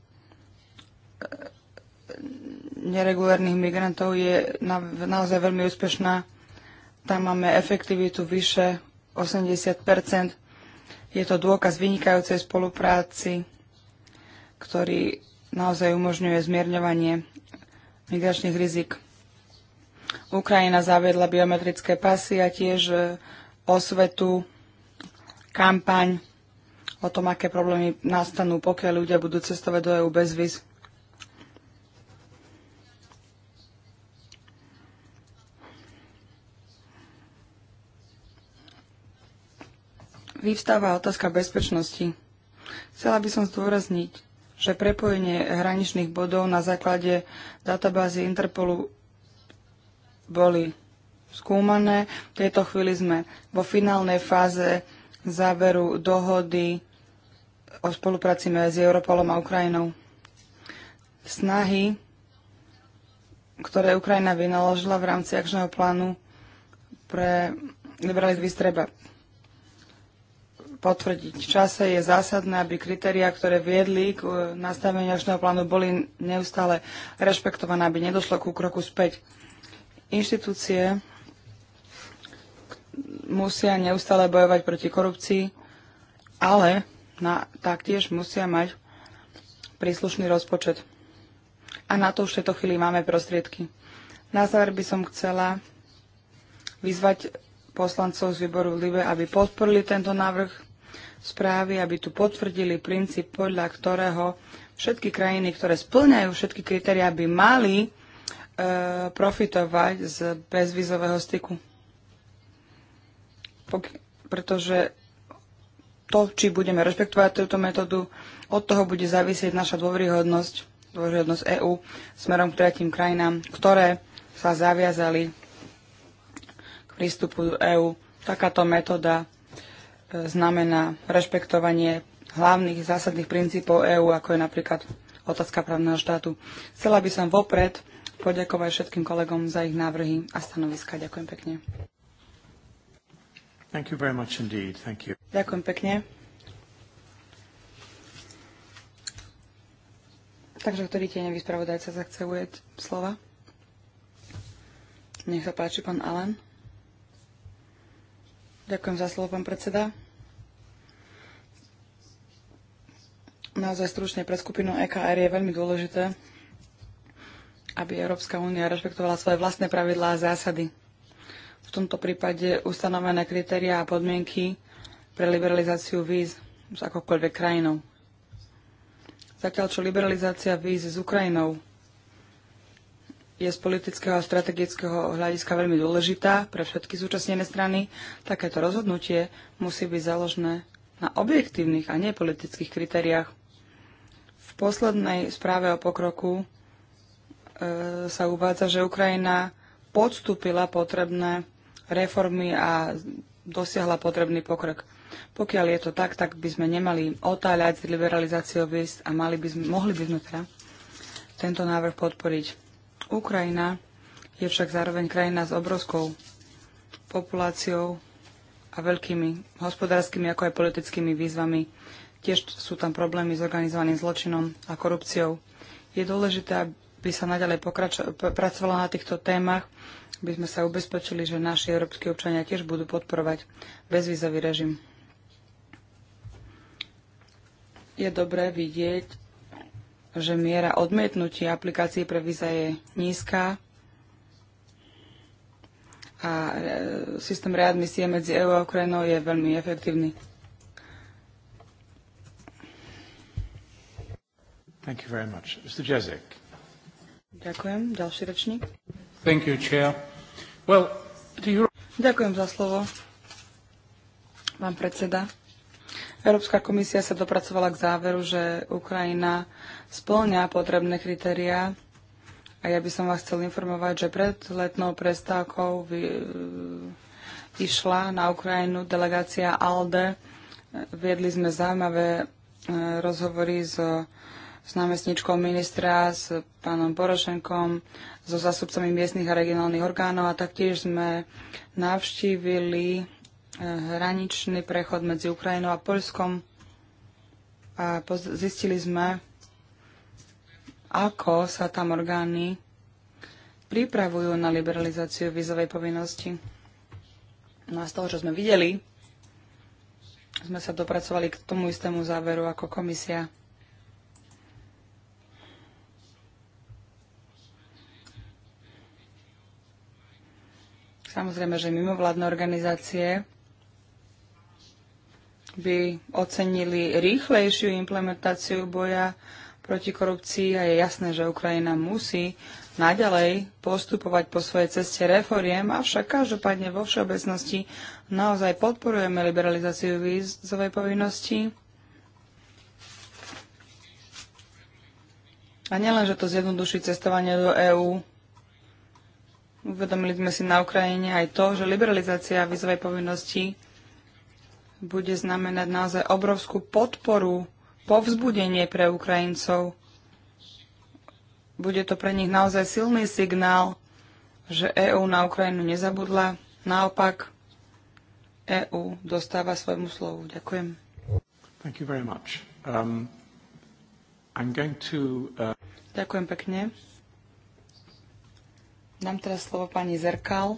neregulárnych migrantov je na, naozaj veľmi úspešná. Tam máme efektivitu vyše 80 Je to dôkaz vynikajúcej spolupráci, ktorý naozaj umožňuje zmierňovanie migračných rizik. Ukrajina zaviedla biometrické pasy a tiež e, osvetu, kampaň o tom, aké problémy nastanú, pokiaľ ľudia budú cestovať do EU bez víz. vyvstáva otázka bezpečnosti. Chcela by som zdôrazniť, že prepojenie hraničných bodov na základe databázy Interpolu boli skúmané. V tejto chvíli sme vo finálnej fáze záveru dohody o spolupráci medzi Europolom a Ukrajinou. Snahy, ktoré Ukrajina vynaložila v rámci akčného plánu pre liberalizmus treba potvrdiť. V čase je zásadné, aby kritériá, ktoré viedli k e, nastaveniu akčného plánu, boli neustále rešpektované, aby nedošlo ku kroku späť. Inštitúcie musia neustále bojovať proti korupcii, ale na, taktiež musia mať príslušný rozpočet. A na to už v tejto chvíli máme prostriedky. Na záver by som chcela vyzvať poslancov z výboru LIBE, aby podporili tento návrh správy, aby tu potvrdili princíp, podľa ktorého všetky krajiny, ktoré splňajú všetky kritériá, by mali e, profitovať z bezvizového styku. Pok- pretože to, či budeme rešpektovať túto metódu, od toho bude závisieť naša dôveryhodnosť, dôveryhodnosť EÚ smerom k tretím krajinám, ktoré sa zaviazali k prístupu EÚ. Takáto metóda znamená rešpektovanie hlavných zásadných princípov EÚ, ako je napríklad otázka právneho štátu. Chcela by som vopred poďakovať všetkým kolegom za ich návrhy a stanoviska. Ďakujem pekne. Thank you very much indeed. Thank you. Ďakujem pekne. Takže ktorý tie nevyspravodajca zachce ujeť slova? Nech sa páči, pán Allen. Ďakujem za slovo, pán predseda. Naozaj stručne pre skupinu EKR je veľmi dôležité, aby Európska únia rešpektovala svoje vlastné pravidlá a zásady. V tomto prípade ustanovené kritéria a podmienky pre liberalizáciu víz s akokoľvek krajinou. Zatiaľ, čo liberalizácia víz s Ukrajinou je z politického a strategického hľadiska veľmi dôležitá pre všetky zúčastnené strany. Takéto rozhodnutie musí byť založené na objektívnych a nepolitických kritériách. V poslednej správe o pokroku e, sa uvádza, že Ukrajina podstúpila potrebné reformy a dosiahla potrebný pokrok. Pokiaľ je to tak, tak by sme nemali otáľať s liberalizáciou výst a mali by sme, mohli by sme teda tento návrh podporiť. Ukrajina je však zároveň krajina s obrovskou populáciou a veľkými hospodárskymi ako aj politickými výzvami. Tiež sú tam problémy s organizovaným zločinom a korupciou. Je dôležité, aby sa naďalej pracovalo na týchto témach, aby sme sa ubezpečili, že naši európsky občania tiež budú podporovať bezvízový režim. Je dobré vidieť, že miera odmietnutia aplikácií pre víza je nízka a e, systém readmisie medzi EU a Ukrajinou je veľmi efektívny. Thank you very much. Mr. Jezek. Ďakujem. Ďalší rečník. Thank you, Chair. Well, do you... Ďakujem za slovo, pán predseda. Európska komisia sa dopracovala k záveru, že Ukrajina splňa potrebné kritériá. A ja by som vás chcel informovať, že pred letnou prestávkou vy, e, išla na Ukrajinu delegácia ALDE. Viedli sme zaujímavé e, rozhovory s, s námestničkou ministra, s pánom Porošenkom, so zastupcami miestnych a regionálnych orgánov a taktiež sme navštívili e, hraničný prechod medzi Ukrajinou a Polskom a zistili sme, ako sa tam orgány pripravujú na liberalizáciu vízovej povinnosti. No a z toho, čo sme videli, sme sa dopracovali k tomu istému záveru ako komisia. Samozrejme, že mimovládne organizácie by ocenili rýchlejšiu implementáciu boja proti korupcii a je jasné, že Ukrajina musí naďalej postupovať po svojej ceste reforiem, avšak každopádne vo všeobecnosti naozaj podporujeme liberalizáciu vízovej povinnosti. A nielen, že to zjednoduší cestovanie do EÚ, uvedomili sme si na Ukrajine aj to, že liberalizácia vízovej povinnosti bude znamenať naozaj obrovskú podporu povzbudenie pre Ukrajincov. Bude to pre nich naozaj silný signál, že EÚ na Ukrajinu nezabudla. Naopak, EÚ dostáva svojmu slovu. Ďakujem. Thank you very much. Um, I'm going to, uh... Ďakujem pekne. Dám teraz slovo pani Zerkal.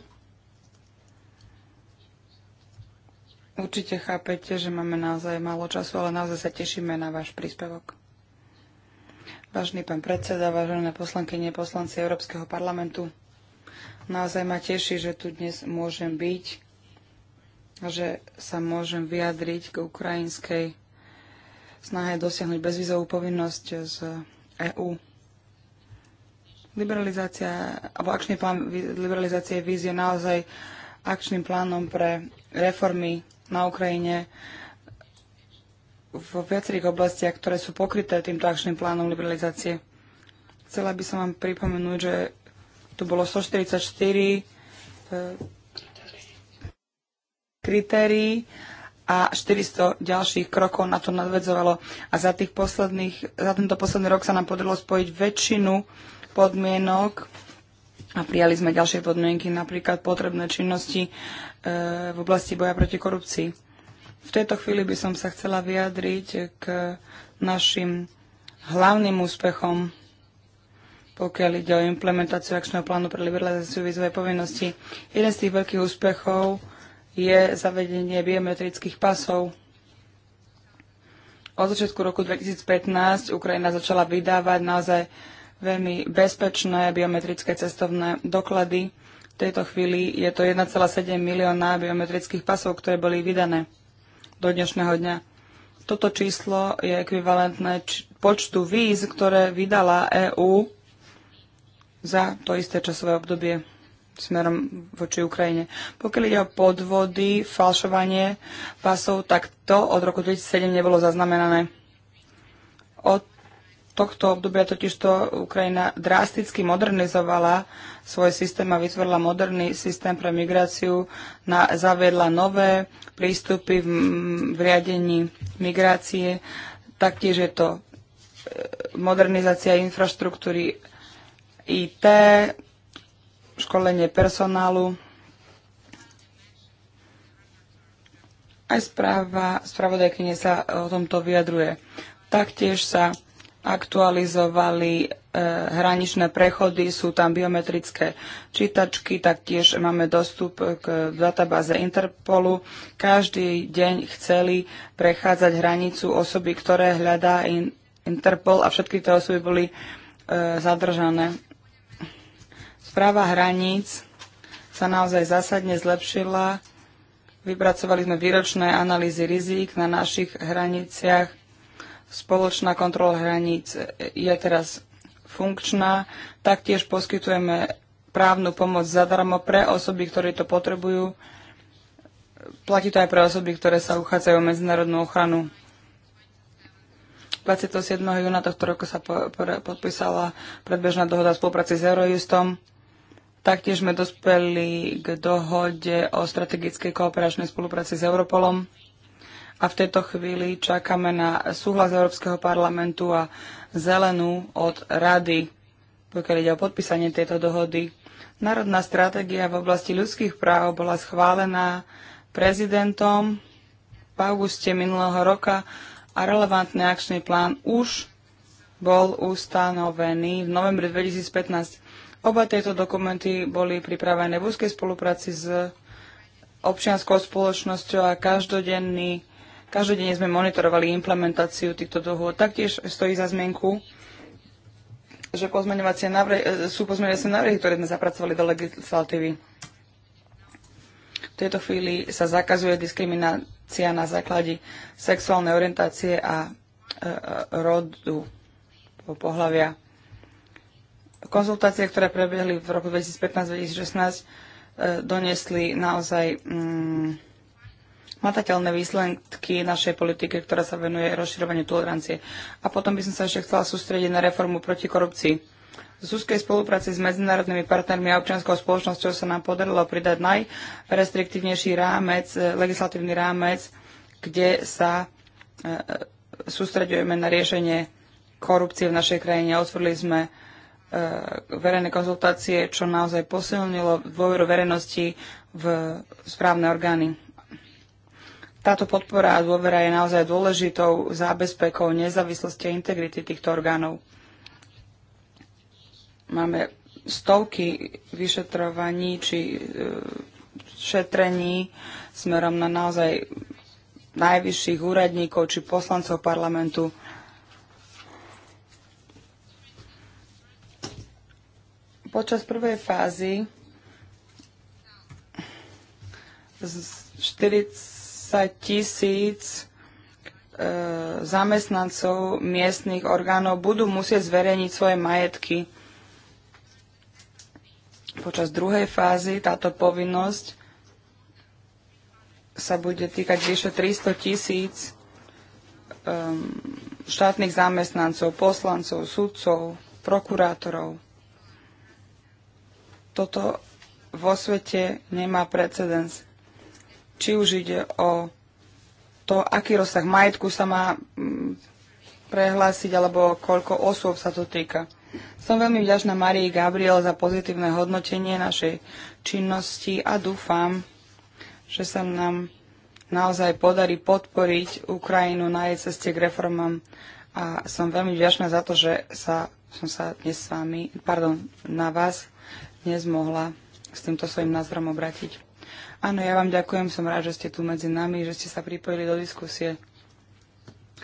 Určite chápete, že máme naozaj málo času, ale naozaj sa tešíme na váš príspevok. Vážny pán predseda, vážené poslankyne, poslanci Európskeho parlamentu, naozaj ma teší, že tu dnes môžem byť a že sa môžem vyjadriť k ukrajinskej snahe dosiahnuť bezvizovú povinnosť z EÚ. Liberalizácia, alebo akčný plán liberalizácie je vízie naozaj akčným plánom pre reformy na Ukrajine v viacerých oblastiach, ktoré sú pokryté týmto akčným plánom liberalizácie. Chcela by som vám pripomenúť, že tu bolo 144 e, kritérií a 400 ďalších krokov na to nadvedzovalo. A za, tých posledných, za tento posledný rok sa nám podarilo spojiť väčšinu podmienok a prijali sme ďalšie podmienky, napríklad potrebné činnosti e, v oblasti boja proti korupcii. V tejto chvíli by som sa chcela vyjadriť k našim hlavným úspechom, pokiaľ ide o implementáciu akčného plánu pre liberalizáciu vízovej povinnosti. Jeden z tých veľkých úspechov je zavedenie biometrických pasov. Od začiatku roku 2015 Ukrajina začala vydávať naozaj veľmi bezpečné biometrické cestovné doklady. V tejto chvíli je to 1,7 milióna biometrických pasov, ktoré boli vydané do dnešného dňa. Toto číslo je ekvivalentné počtu víz, ktoré vydala EÚ za to isté časové obdobie smerom voči Ukrajine. Pokiaľ ide o podvody, falšovanie pasov, tak to od roku 2007 nebolo zaznamenané. Od tohto obdobia totižto Ukrajina drasticky modernizovala svoj systém a vytvorila moderný systém pre migráciu, na, zaviedla nové prístupy v, v riadení migrácie, taktiež je to e, modernizácia infraštruktúry IT, školenie personálu. Aj správa, spravodajkyne sa o tomto vyjadruje. Taktiež sa aktualizovali e, hraničné prechody, sú tam biometrické čítačky, taktiež máme dostup k databáze Interpolu. Každý deň chceli prechádzať hranicu osoby, ktoré hľadá Interpol a všetky tie osoby boli e, zadržané. Správa hraníc sa naozaj zásadne zlepšila. Vypracovali sme výročné analýzy rizík na našich hraniciach Spoločná kontrola hraníc je teraz funkčná. Taktiež poskytujeme právnu pomoc zadarmo pre osoby, ktoré to potrebujú. Platí to aj pre osoby, ktoré sa uchádzajú o medzinárodnú ochranu. 27. júna tohto roku sa po, po, podpísala predbežná dohoda spolupráci s Eurojustom. Taktiež sme dospeli k dohode o strategickej kooperačnej spolupráci s Europolom a v tejto chvíli čakáme na súhlas Európskeho parlamentu a zelenú od Rady, pokiaľ ide o podpísanie tejto dohody. Národná stratégia v oblasti ľudských práv bola schválená prezidentom v auguste minulého roka a relevantný akčný plán už bol ustanovený v novembri 2015. Oba tieto dokumenty boli pripravené v úzkej spolupráci s občianskou spoločnosťou a každodenný Každodenne sme monitorovali implementáciu týchto dohôd. Taktiež stojí za zmienku, že pozmeňovacie návrhy, e, sú pozmeňovacie návrhy, ktoré sme zapracovali do legislatívy. V tejto chvíli sa zakazuje diskriminácia na základe sexuálnej orientácie a e, e rodu pohľavia. Konzultácie, ktoré prebiehli v roku 2015-2016, e, doniesli naozaj mm, matateľné výsledky našej politiky, ktorá sa venuje rozširovaniu tolerancie. A potom by som sa ešte chcela sústrediť na reformu proti korupcii. Z úzkej spolupráci s medzinárodnými partnermi a občianskou spoločnosťou sa nám podarilo pridať najrestriktívnejší rámec, eh, legislatívny rámec, kde sa eh, sústreďujeme na riešenie korupcie v našej krajine. Otvorili sme eh, verejné konzultácie, čo naozaj posilnilo dôveru verejnosti v správne orgány. Táto podpora a dôvera je naozaj dôležitou zábezpekou nezávislosti a integrity týchto orgánov. Máme stovky vyšetrovaní či e, šetrení smerom na naozaj najvyšších úradníkov či poslancov parlamentu. Počas prvej fázy 40 tisíc e, zamestnancov miestnych orgánov budú musieť zverejniť svoje majetky. Počas druhej fázy táto povinnosť sa bude týkať vyše 300 tisíc ehm, štátnych zamestnancov, poslancov, sudcov, prokurátorov. Toto vo svete nemá precedens či už ide o to, aký rozsah majetku sa má mm, prehlásiť, alebo koľko osôb sa to týka. Som veľmi vďačná Marii Gabriel za pozitívne hodnotenie našej činnosti a dúfam, že sa nám naozaj podarí podporiť Ukrajinu na jej ceste k reformám a som veľmi vďačná za to, že sa, som sa dnes s vami, pardon, na vás dnes mohla s týmto svojim názorom obratiť. Áno, ja vám ďakujem, som rád, že ste tu medzi nami, že ste sa pripojili do diskusie.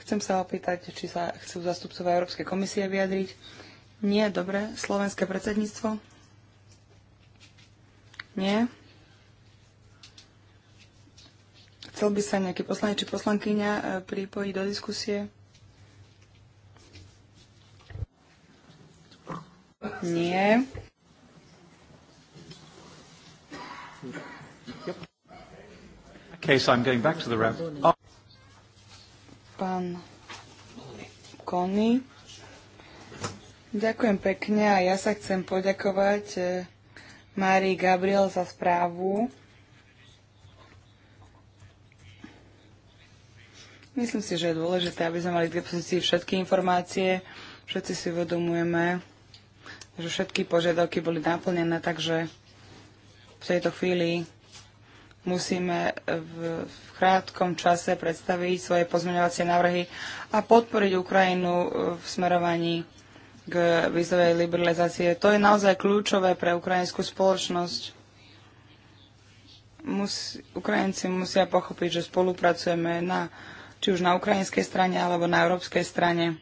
Chcem sa opýtať, či sa chcú zastupcovia Európskej komisie vyjadriť. Nie, dobre. Slovenské predsedníctvo? Nie. Chcel by sa nejaký poslanec či poslankyňa e, pripojiť do diskusie? Nie. Thank you. Pán Kony. Ďakujem pekne a ja sa chcem poďakovať eh, Márii Gabriel za správu. Myslím si, že je dôležité, aby sme mali k dispozícii všetky informácie. Všetci si uvedomujeme, že všetky požiadavky boli naplnené, takže v tejto chvíli musíme v, v krátkom čase predstaviť svoje pozmeňovacie návrhy a podporiť Ukrajinu v smerovaní k vízovej liberalizácie. To je naozaj kľúčové pre ukrajinskú spoločnosť. Mus, Ukrajinci musia pochopiť, že spolupracujeme na, či už na ukrajinskej strane alebo na európskej strane.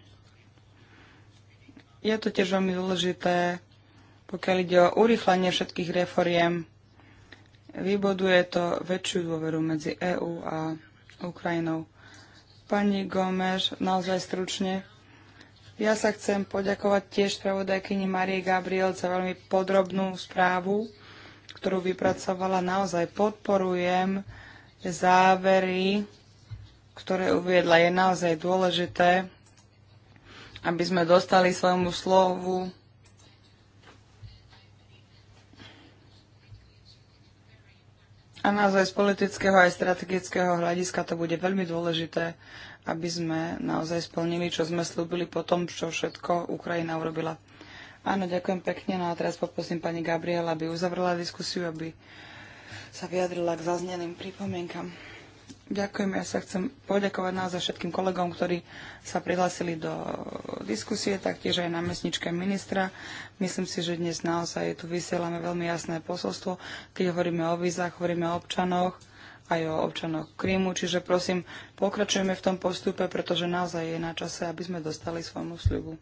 Je to tiež veľmi dôležité, pokiaľ ide o urychlenie všetkých reforiem Vyboduje to väčšiu dôveru medzi EÚ a Ukrajinou. Pani Gomer, naozaj stručne. Ja sa chcem poďakovať tiež spravodajkyni Marie Gabriel za veľmi podrobnú správu, ktorú vypracovala. Naozaj podporujem závery, ktoré uviedla. Je naozaj dôležité, aby sme dostali svojmu slovu A naozaj z politického aj strategického hľadiska to bude veľmi dôležité, aby sme naozaj splnili, čo sme slúbili po tom, čo všetko Ukrajina urobila. Áno, ďakujem pekne. No a teraz poprosím pani Gabriela, aby uzavrela diskusiu, aby sa vyjadrila k zazneným pripomienkam. Ďakujem, ja sa chcem poďakovať naozaj všetkým kolegom, ktorí sa prihlásili do diskusie, taktiež aj námestničke ministra. Myslím si, že dnes naozaj tu vysielame veľmi jasné posolstvo, keď hovoríme o vízach, hovoríme o občanoch, aj o občanoch Krímu, čiže prosím, pokračujeme v tom postupe, pretože naozaj je na čase, aby sme dostali svojmu sľubu.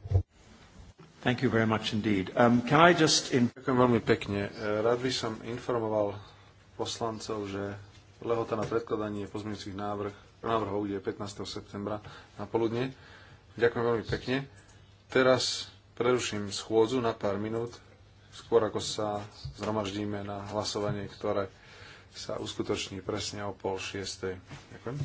Thank you very much indeed. Um, can I just... In... Ďakujem veľmi pekne. Rád by som informoval poslancov, že Lehota na predkladanie pozmeňujúcich návrh, návrhov je 15. septembra na poludne. Ďakujem veľmi pekne. Teraz preruším schôdzu na pár minút, skôr ako sa zhromaždíme na hlasovanie, ktoré sa uskutoční presne o pol šiestej. Ďakujem.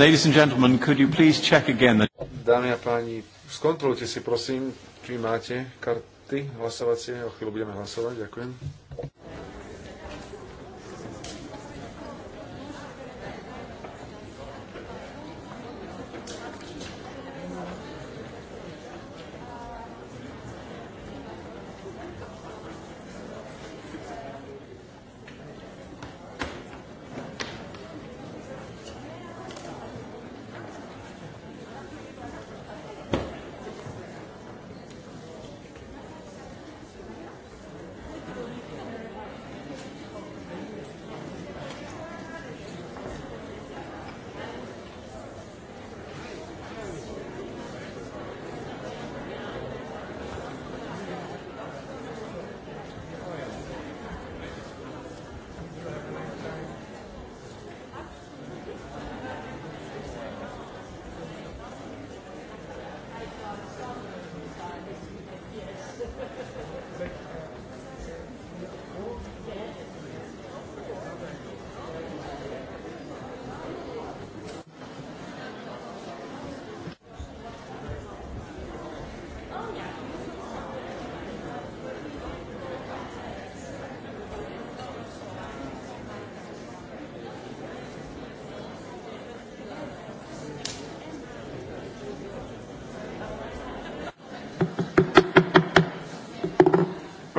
Ladies and gentlemen, could you please check again that... Dámy a páni, skontrolujte si prosím, či máte karty hlasovacie. O chvíľu budeme hlasovať. Ďakujem.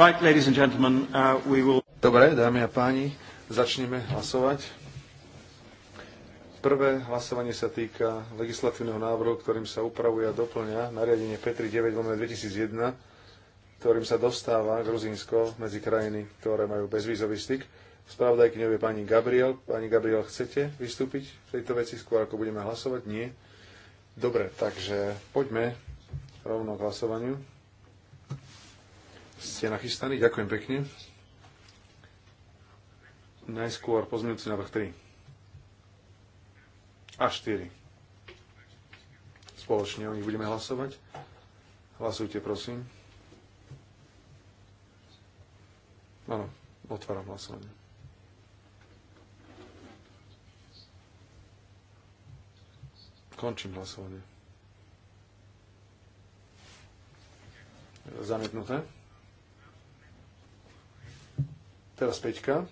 Right, ladies and gentlemen, uh, we will... Dobre, dámy a páni, začneme hlasovať. Prvé hlasovanie sa týka legislatívneho návrhu, ktorým sa upravuje a doplňa nariadenie p 9 2001, ktorým sa dostáva Gruzínsko medzi krajiny, ktoré majú bezvízový styk. Spravodajkyňou je pani Gabriel. Pani Gabriel, chcete vystúpiť v tejto veci skôr, ako budeme hlasovať? Nie? Dobre, takže poďme rovno k hlasovaniu ste nachystaní. Ďakujem pekne. Najskôr pozmeňujúci návrh 3 a 4. Spoločne o nich budeme hlasovať. Hlasujte, prosím. Áno, otváram hlasovanie. Končím hlasovanie. Zamietnuté. Teraz Peťka.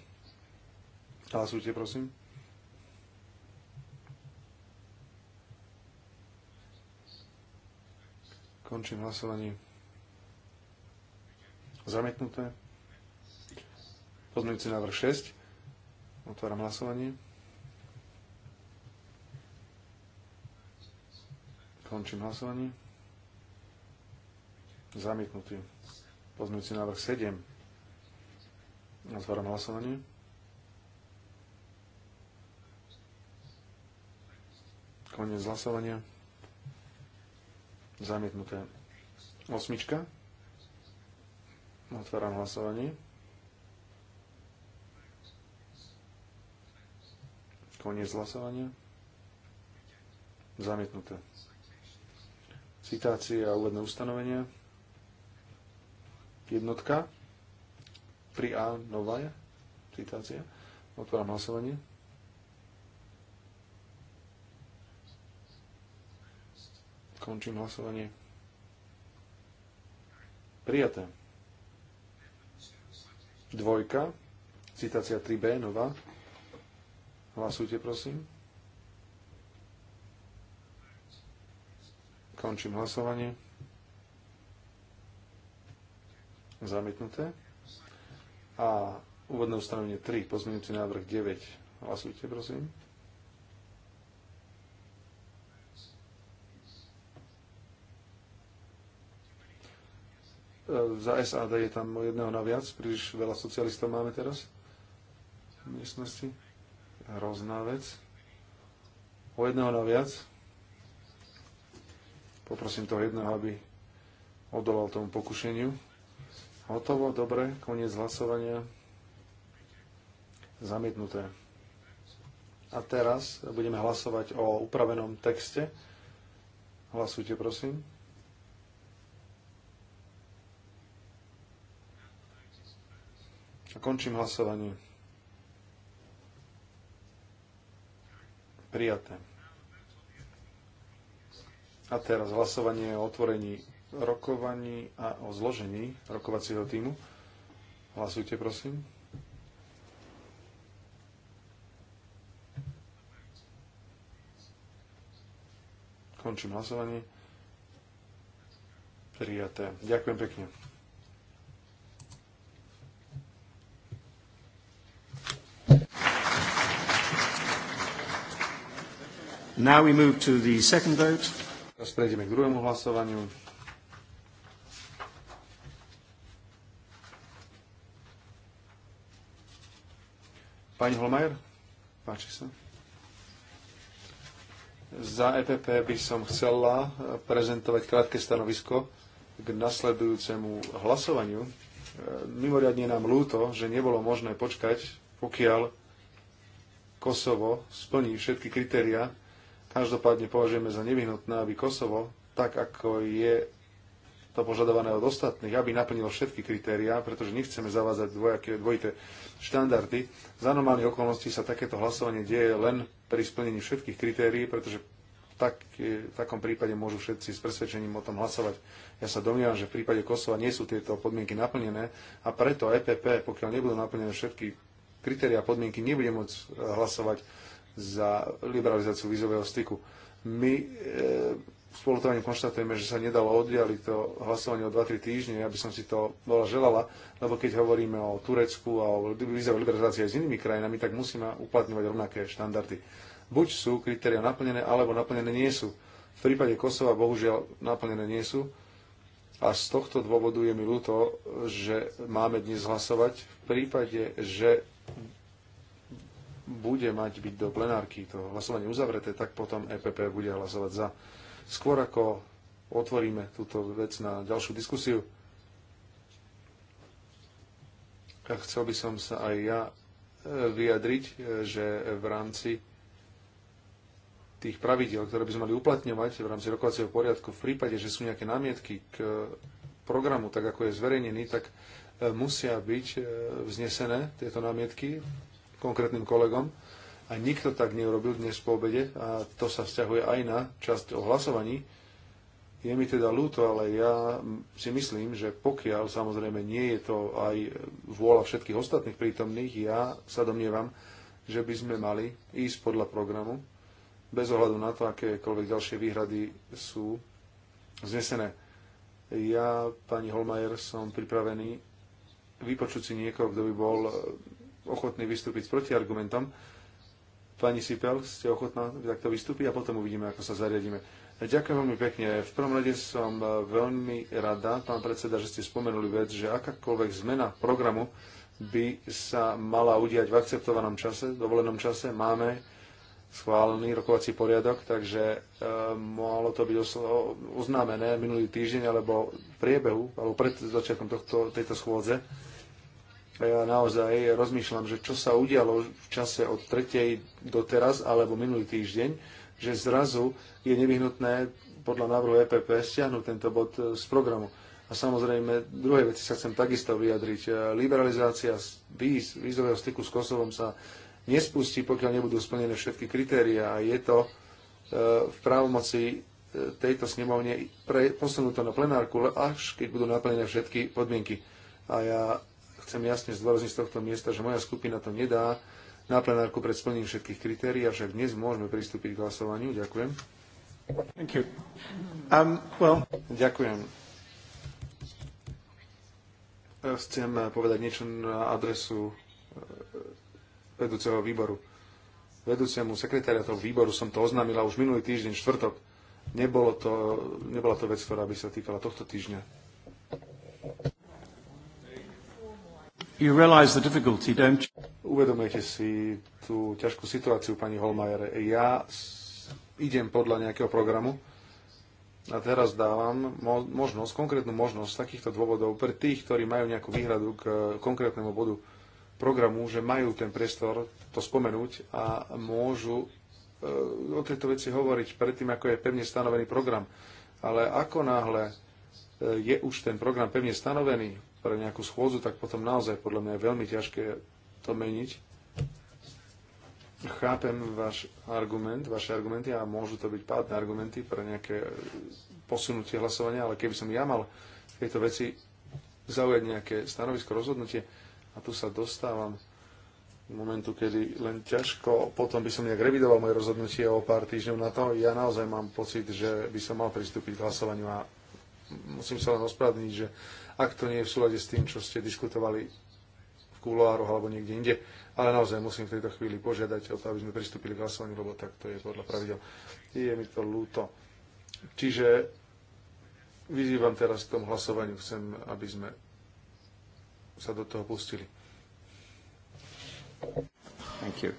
Hlasujte, prosím. Končím hlasovanie. Zamietnuté. Pozmeňujúci návrh 6. Otváram hlasovanie. Končím hlasovanie. Zamietnutý. Pozmeňujúci návrh 7. Otváram hlasovanie. Koniec hlasovania. Zamietnuté. Osmička. Otváram hlasovanie. Koniec hlasovania. Zamietnuté. Citácie a úvodné ustanovenia. Jednotka. Pri A nová citácia. Otváram hlasovanie. Končím hlasovanie. Prijaté. Dvojka. Citácia 3b, nová. Hlasujte, prosím. Končím hlasovanie. Zamietnuté. A úvodné ustanovenie 3, pozmeňujúci návrh 9. Hlasujte, prosím. E, za SAD je tam jedného na viac, príliš veľa socialistov máme teraz v miestnosti. Hrozná vec. O jedného na viac. Poprosím toho jedného, aby odolal tomu pokušeniu. Hotovo, dobre, koniec hlasovania. Zamietnuté. A teraz budeme hlasovať o upravenom texte. Hlasujte, prosím. A končím hlasovanie. Prijaté. A teraz hlasovanie o otvorení rokovaní a o zložení rokovacieho týmu. Hlasujte, prosím. Končím hlasovanie. Prijaté. Ďakujem pekne. Now we move to the second vote. Teraz prejdeme k druhému hlasovaniu. Pani Holmajer, páči sa. Za EPP by som chcela eh, prezentovať krátke stanovisko k nasledujúcemu hlasovaniu. Eh, mimoriadne nám ľúto, že nebolo možné počkať, pokiaľ Kosovo splní všetky kritéria. Každopádne považujeme za nevyhnutné, aby Kosovo, tak ako je to požadované od ostatných, aby naplnilo všetky kritériá, pretože nechceme zavázať dvojaké, dvojité štandardy. Za normálnych okolností sa takéto hlasovanie deje len pri splnení všetkých kritérií, pretože tak, e, v takom prípade môžu všetci s presvedčením o tom hlasovať. Ja sa domnievam, že v prípade Kosova nie sú tieto podmienky naplnené a preto EPP, pokiaľ nebudú naplnené všetky kritéria a podmienky, nebude môcť e, hlasovať za liberalizáciu vízového styku. My e, spolutovaním konštatujeme, že sa nedalo oddialiť to hlasovanie o 2-3 týždne, by som si to bola želala, lebo keď hovoríme o Turecku a o vízovej liberalizácii aj s inými krajinami, tak musíme uplatňovať rovnaké štandardy. Buď sú kritéria naplnené, alebo naplnené nie sú. V prípade Kosova bohužiaľ naplnené nie sú. A z tohto dôvodu je mi ľúto, že máme dnes hlasovať v prípade, že bude mať byť do plenárky to hlasovanie uzavreté, tak potom EPP bude hlasovať za. Skôr ako otvoríme túto vec na ďalšiu diskusiu, chcel by som sa aj ja e, vyjadriť, e, že v rámci tých pravidel, ktoré by sme mali uplatňovať v rámci rokovacieho poriadku, v prípade, že sú nejaké námietky k programu, tak ako je zverejnený, tak e, musia byť vznesené tieto námietky konkrétnym kolegom a nikto tak neurobil dnes po obede a to sa vzťahuje aj na časť o hlasovaní. Je mi teda ľúto, ale ja si myslím, že pokiaľ samozrejme nie je to aj vôľa všetkých ostatných prítomných, ja sa domnievam, že by sme mali ísť podľa programu, bez ohľadu na to, akékoľvek ďalšie výhrady sú znesené. Ja, pani Holmajer, som pripravený vypočuť si niekoho, kto by bol ochotný vystúpiť s protiargumentom, Pani Sipel, ste ochotná takto vystúpiť a potom uvidíme, ako sa zariadíme. Ďakujem veľmi pekne. V prvom rade som veľmi rada, pán predseda, že ste spomenuli vec, že akákoľvek zmena programu by sa mala udiať v akceptovanom čase, dovolenom čase. Máme schválený rokovací poriadok, takže e, mohlo to byť oznámené minulý týždeň alebo v priebehu, alebo pred začiatkom tohto, tejto schôdze ja naozaj rozmýšľam, že čo sa udialo v čase od tretej do teraz, alebo minulý týždeň, že zrazu je nevyhnutné podľa návrhu EPP stiahnuť tento bod e, z programu. A samozrejme, druhé veci sa chcem takisto vyjadriť. E, liberalizácia víz, vízového styku s Kosovom sa nespustí, pokiaľ nebudú splnené všetky kritéria. A je to e, v právomoci tejto snemovne posunúť to na plenárku, až keď budú naplnené všetky podmienky. A ja chcem jasne zdôrazniť z tohto miesta, že moja skupina to nedá na plenárku pred splnením všetkých kritérií, avšak dnes môžeme pristúpiť k hlasovaniu. Ďakujem. Um, well... Ďakujem. Chcem povedať niečo na adresu eh, vedúceho výboru. Vedúcemu sekretariatu výboru som to oznámila už minulý týždeň, štvrtok. Nebolo to, nebola to vec, ktorá by sa týkala tohto týždňa. You realize the difficulty, don't you? Uvedomujete si tú ťažkú situáciu, pani Holmajer. Ja idem podľa nejakého programu a teraz dávam možnosť, konkrétnu možnosť takýchto dôvodov pre tých, ktorí majú nejakú výhradu k eh, konkrétnemu bodu programu, že majú ten priestor to spomenúť a môžu eh, o tejto veci hovoriť predtým, ako je pevne stanovený program. Ale ako náhle eh, je už ten program pevne stanovený, pre nejakú schôdzu, tak potom naozaj podľa mňa je veľmi ťažké to meniť. Chápem váš argument, vaše argumenty a môžu to byť pádne argumenty pre nejaké posunutie hlasovania, ale keby som ja mal v tejto veci zaujať nejaké stanovisko, rozhodnutie a tu sa dostávam momentu, kedy len ťažko, potom by som nejak revidoval moje rozhodnutie o pár týždňov na to. Ja naozaj mám pocit, že by som mal pristúpiť k hlasovaniu a musím sa len ospravedlniť, že ak to nie je v súlade s tým, čo ste diskutovali v kuloároch alebo niekde inde. Ale naozaj musím v tejto chvíli požiadať o to, aby sme pristúpili k hlasovaniu, lebo tak to je podľa pravidel. Je mi to ľúto. Čiže vyzývam teraz k tomu hlasovaniu. Chcem, aby sme sa do toho pustili. Thank you.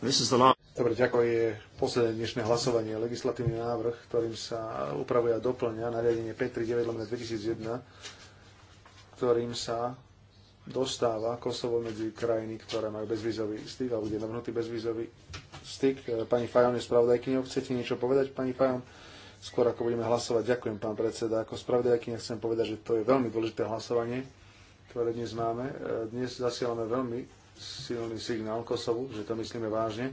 This is the last... Dobre, ďakujem. Je posledné dnešné hlasovanie. Legislatívny návrh, ktorým sa upravuje a doplňa nariadenie P39 2001 ktorým sa dostáva Kosovo medzi krajiny, ktoré majú bezvízový styk a bude navrhnutý bezvízový styk. E, pani Fajon je spravodajkyňou. Chcete niečo povedať, pani Fajon? Skôr ako budeme hlasovať, ďakujem, pán predseda. Ako spravodajkyňa chcem povedať, že to je veľmi dôležité hlasovanie, ktoré dnes máme. E, dnes zasielame veľmi silný signál Kosovu, že to myslíme vážne.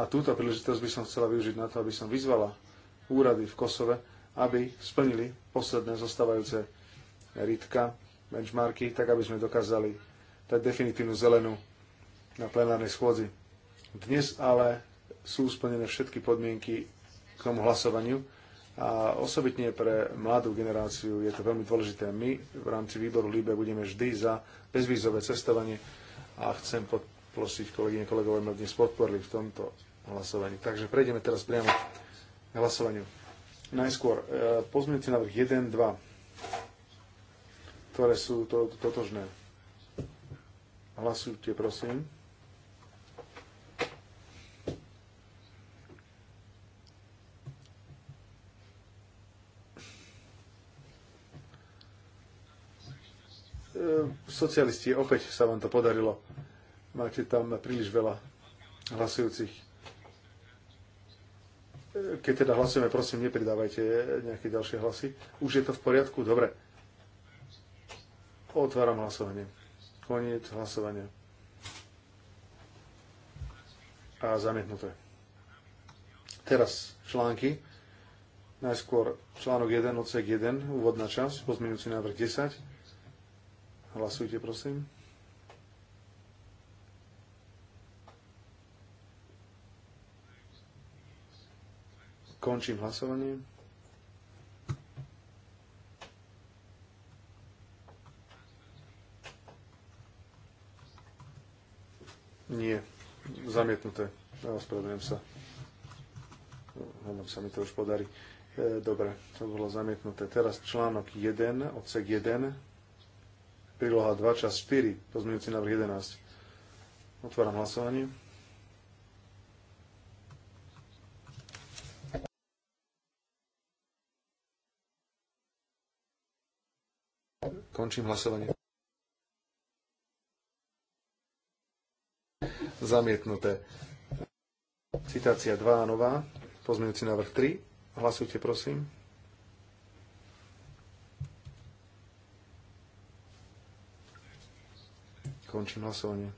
A túto príležitosť by som chcela využiť na to, aby som vyzvala úrady v Kosove, aby splnili posledné zostávajúce ritka benchmarky, tak aby sme dokázali dať definitívnu zelenú na plenárnej schôdzi. Dnes ale sú splnené všetky podmienky k tomu hlasovaniu a osobitne pre mladú generáciu je to veľmi dôležité. My v rámci výboru LIBE budeme vždy za bezvízové cestovanie a chcem poprosiť kolegyne kolegov, aby ma dnes podporili v tomto hlasovaní. Takže prejdeme teraz priamo k hlasovaniu. Najskôr e, pozmienci návrh 1, 2 ktoré sú to, totožné. Hlasujte, prosím. E, socialisti, opäť sa vám to podarilo. Máte tam príliš veľa hlasujúcich. E, keď teda hlasujeme, prosím, nepridávajte nejaké ďalšie hlasy. Už je to v poriadku? Dobre. Otváram hlasovanie. Koniec hlasovania. A zamietnuté. Teraz články. Najskôr článok 1, odsek 1, úvodná časť, pozmeňujúci návrh 10. Hlasujte, prosím. Končím hlasovanie. Nie. Zamietnuté. Ospravedlňujem sa. Hľadám sa mi to už podarí. E, dobre, to bolo zamietnuté. Teraz článok 1, odsek 1, príloha 2, čas 4, pozmeňujúci návrh 11. Otváram hlasovanie. Končím hlasovanie. zamietnuté. Citácia 2 nová, pozmeňujúci návrh 3. Hlasujte, prosím. Končím hlasovanie.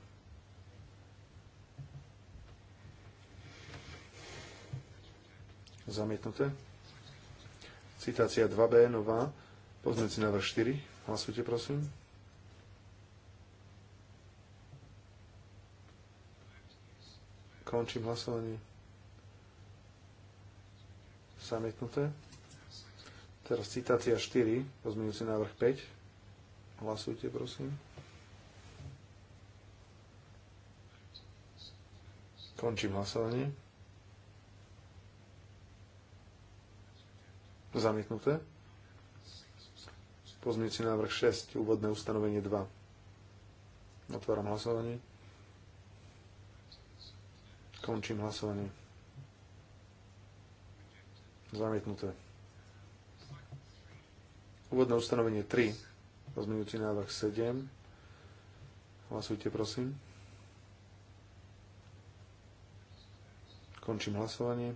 Zamietnuté. Citácia 2b nová, pozmeňujúci návrh 4. Hlasujte, prosím. Končím hlasovanie. Zamietnuté. Teraz citácia 4, pozmeňujúci návrh 5. Hlasujte, prosím. Končím hlasovanie. Zamietnuté. Pozmeňujúci návrh 6, úvodné ustanovenie 2. Otváram hlasovanie. Končím hlasovanie. Zamietnuté. Úvodné ustanovenie 3, pozmeňujúci návrh 7. Hlasujte, prosím. Končím hlasovanie.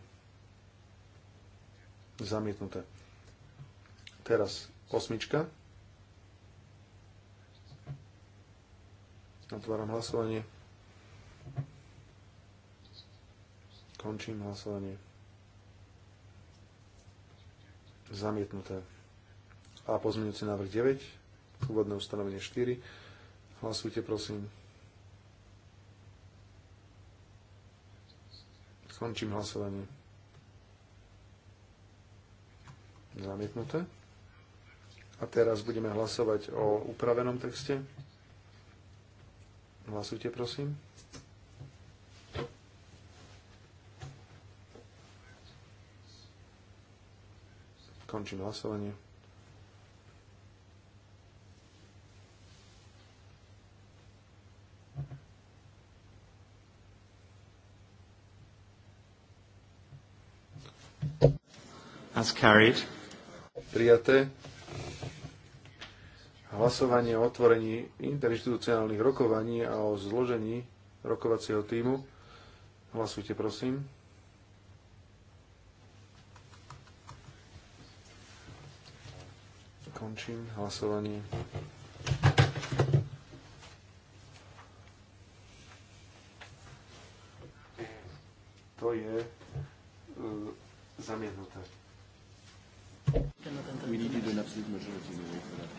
Zamietnuté. Teraz osmička. Otváram hlasovanie. Končím hlasovanie. Zamietnuté. A pozmeňujúci návrh 9, úvodné ustanovenie 4. Hlasujte, prosím. Končím hlasovanie. Zamietnuté. A teraz budeme hlasovať o upravenom texte. Hlasujte, prosím. Končím hlasovanie. As carried. Prijaté. Hlasovanie o otvorení interinstitucionálnych rokovaní a o zložení rokovacieho týmu. Hlasujte, prosím. Končím hlasovanie. To je uh, e, zamiednuté. We needed an absolute majority.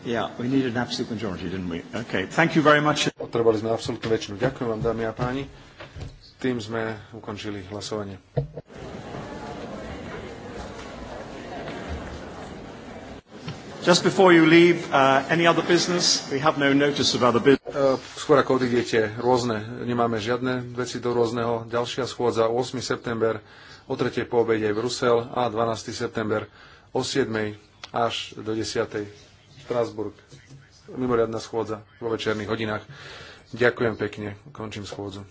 Yeah, we needed an absolute majority, didn't we? Okay, thank you very much. Potrebovali sme absolútnu väčšinu. Ďakujem vám, dámy a páni. Tým sme ukončili hlasovanie. Just before you leave, uh, any other business? We have no notice of other business. Uh, skôr ako odídete, rôzne, nemáme žiadne veci do rôzneho. Ďalšia schôdza 8. september o 3. po obede Brusel a 12. september o 7. až do 10. Strasburg. Mimoriadná schôdza vo večerných hodinách. Ďakujem pekne. Končím schôdzu.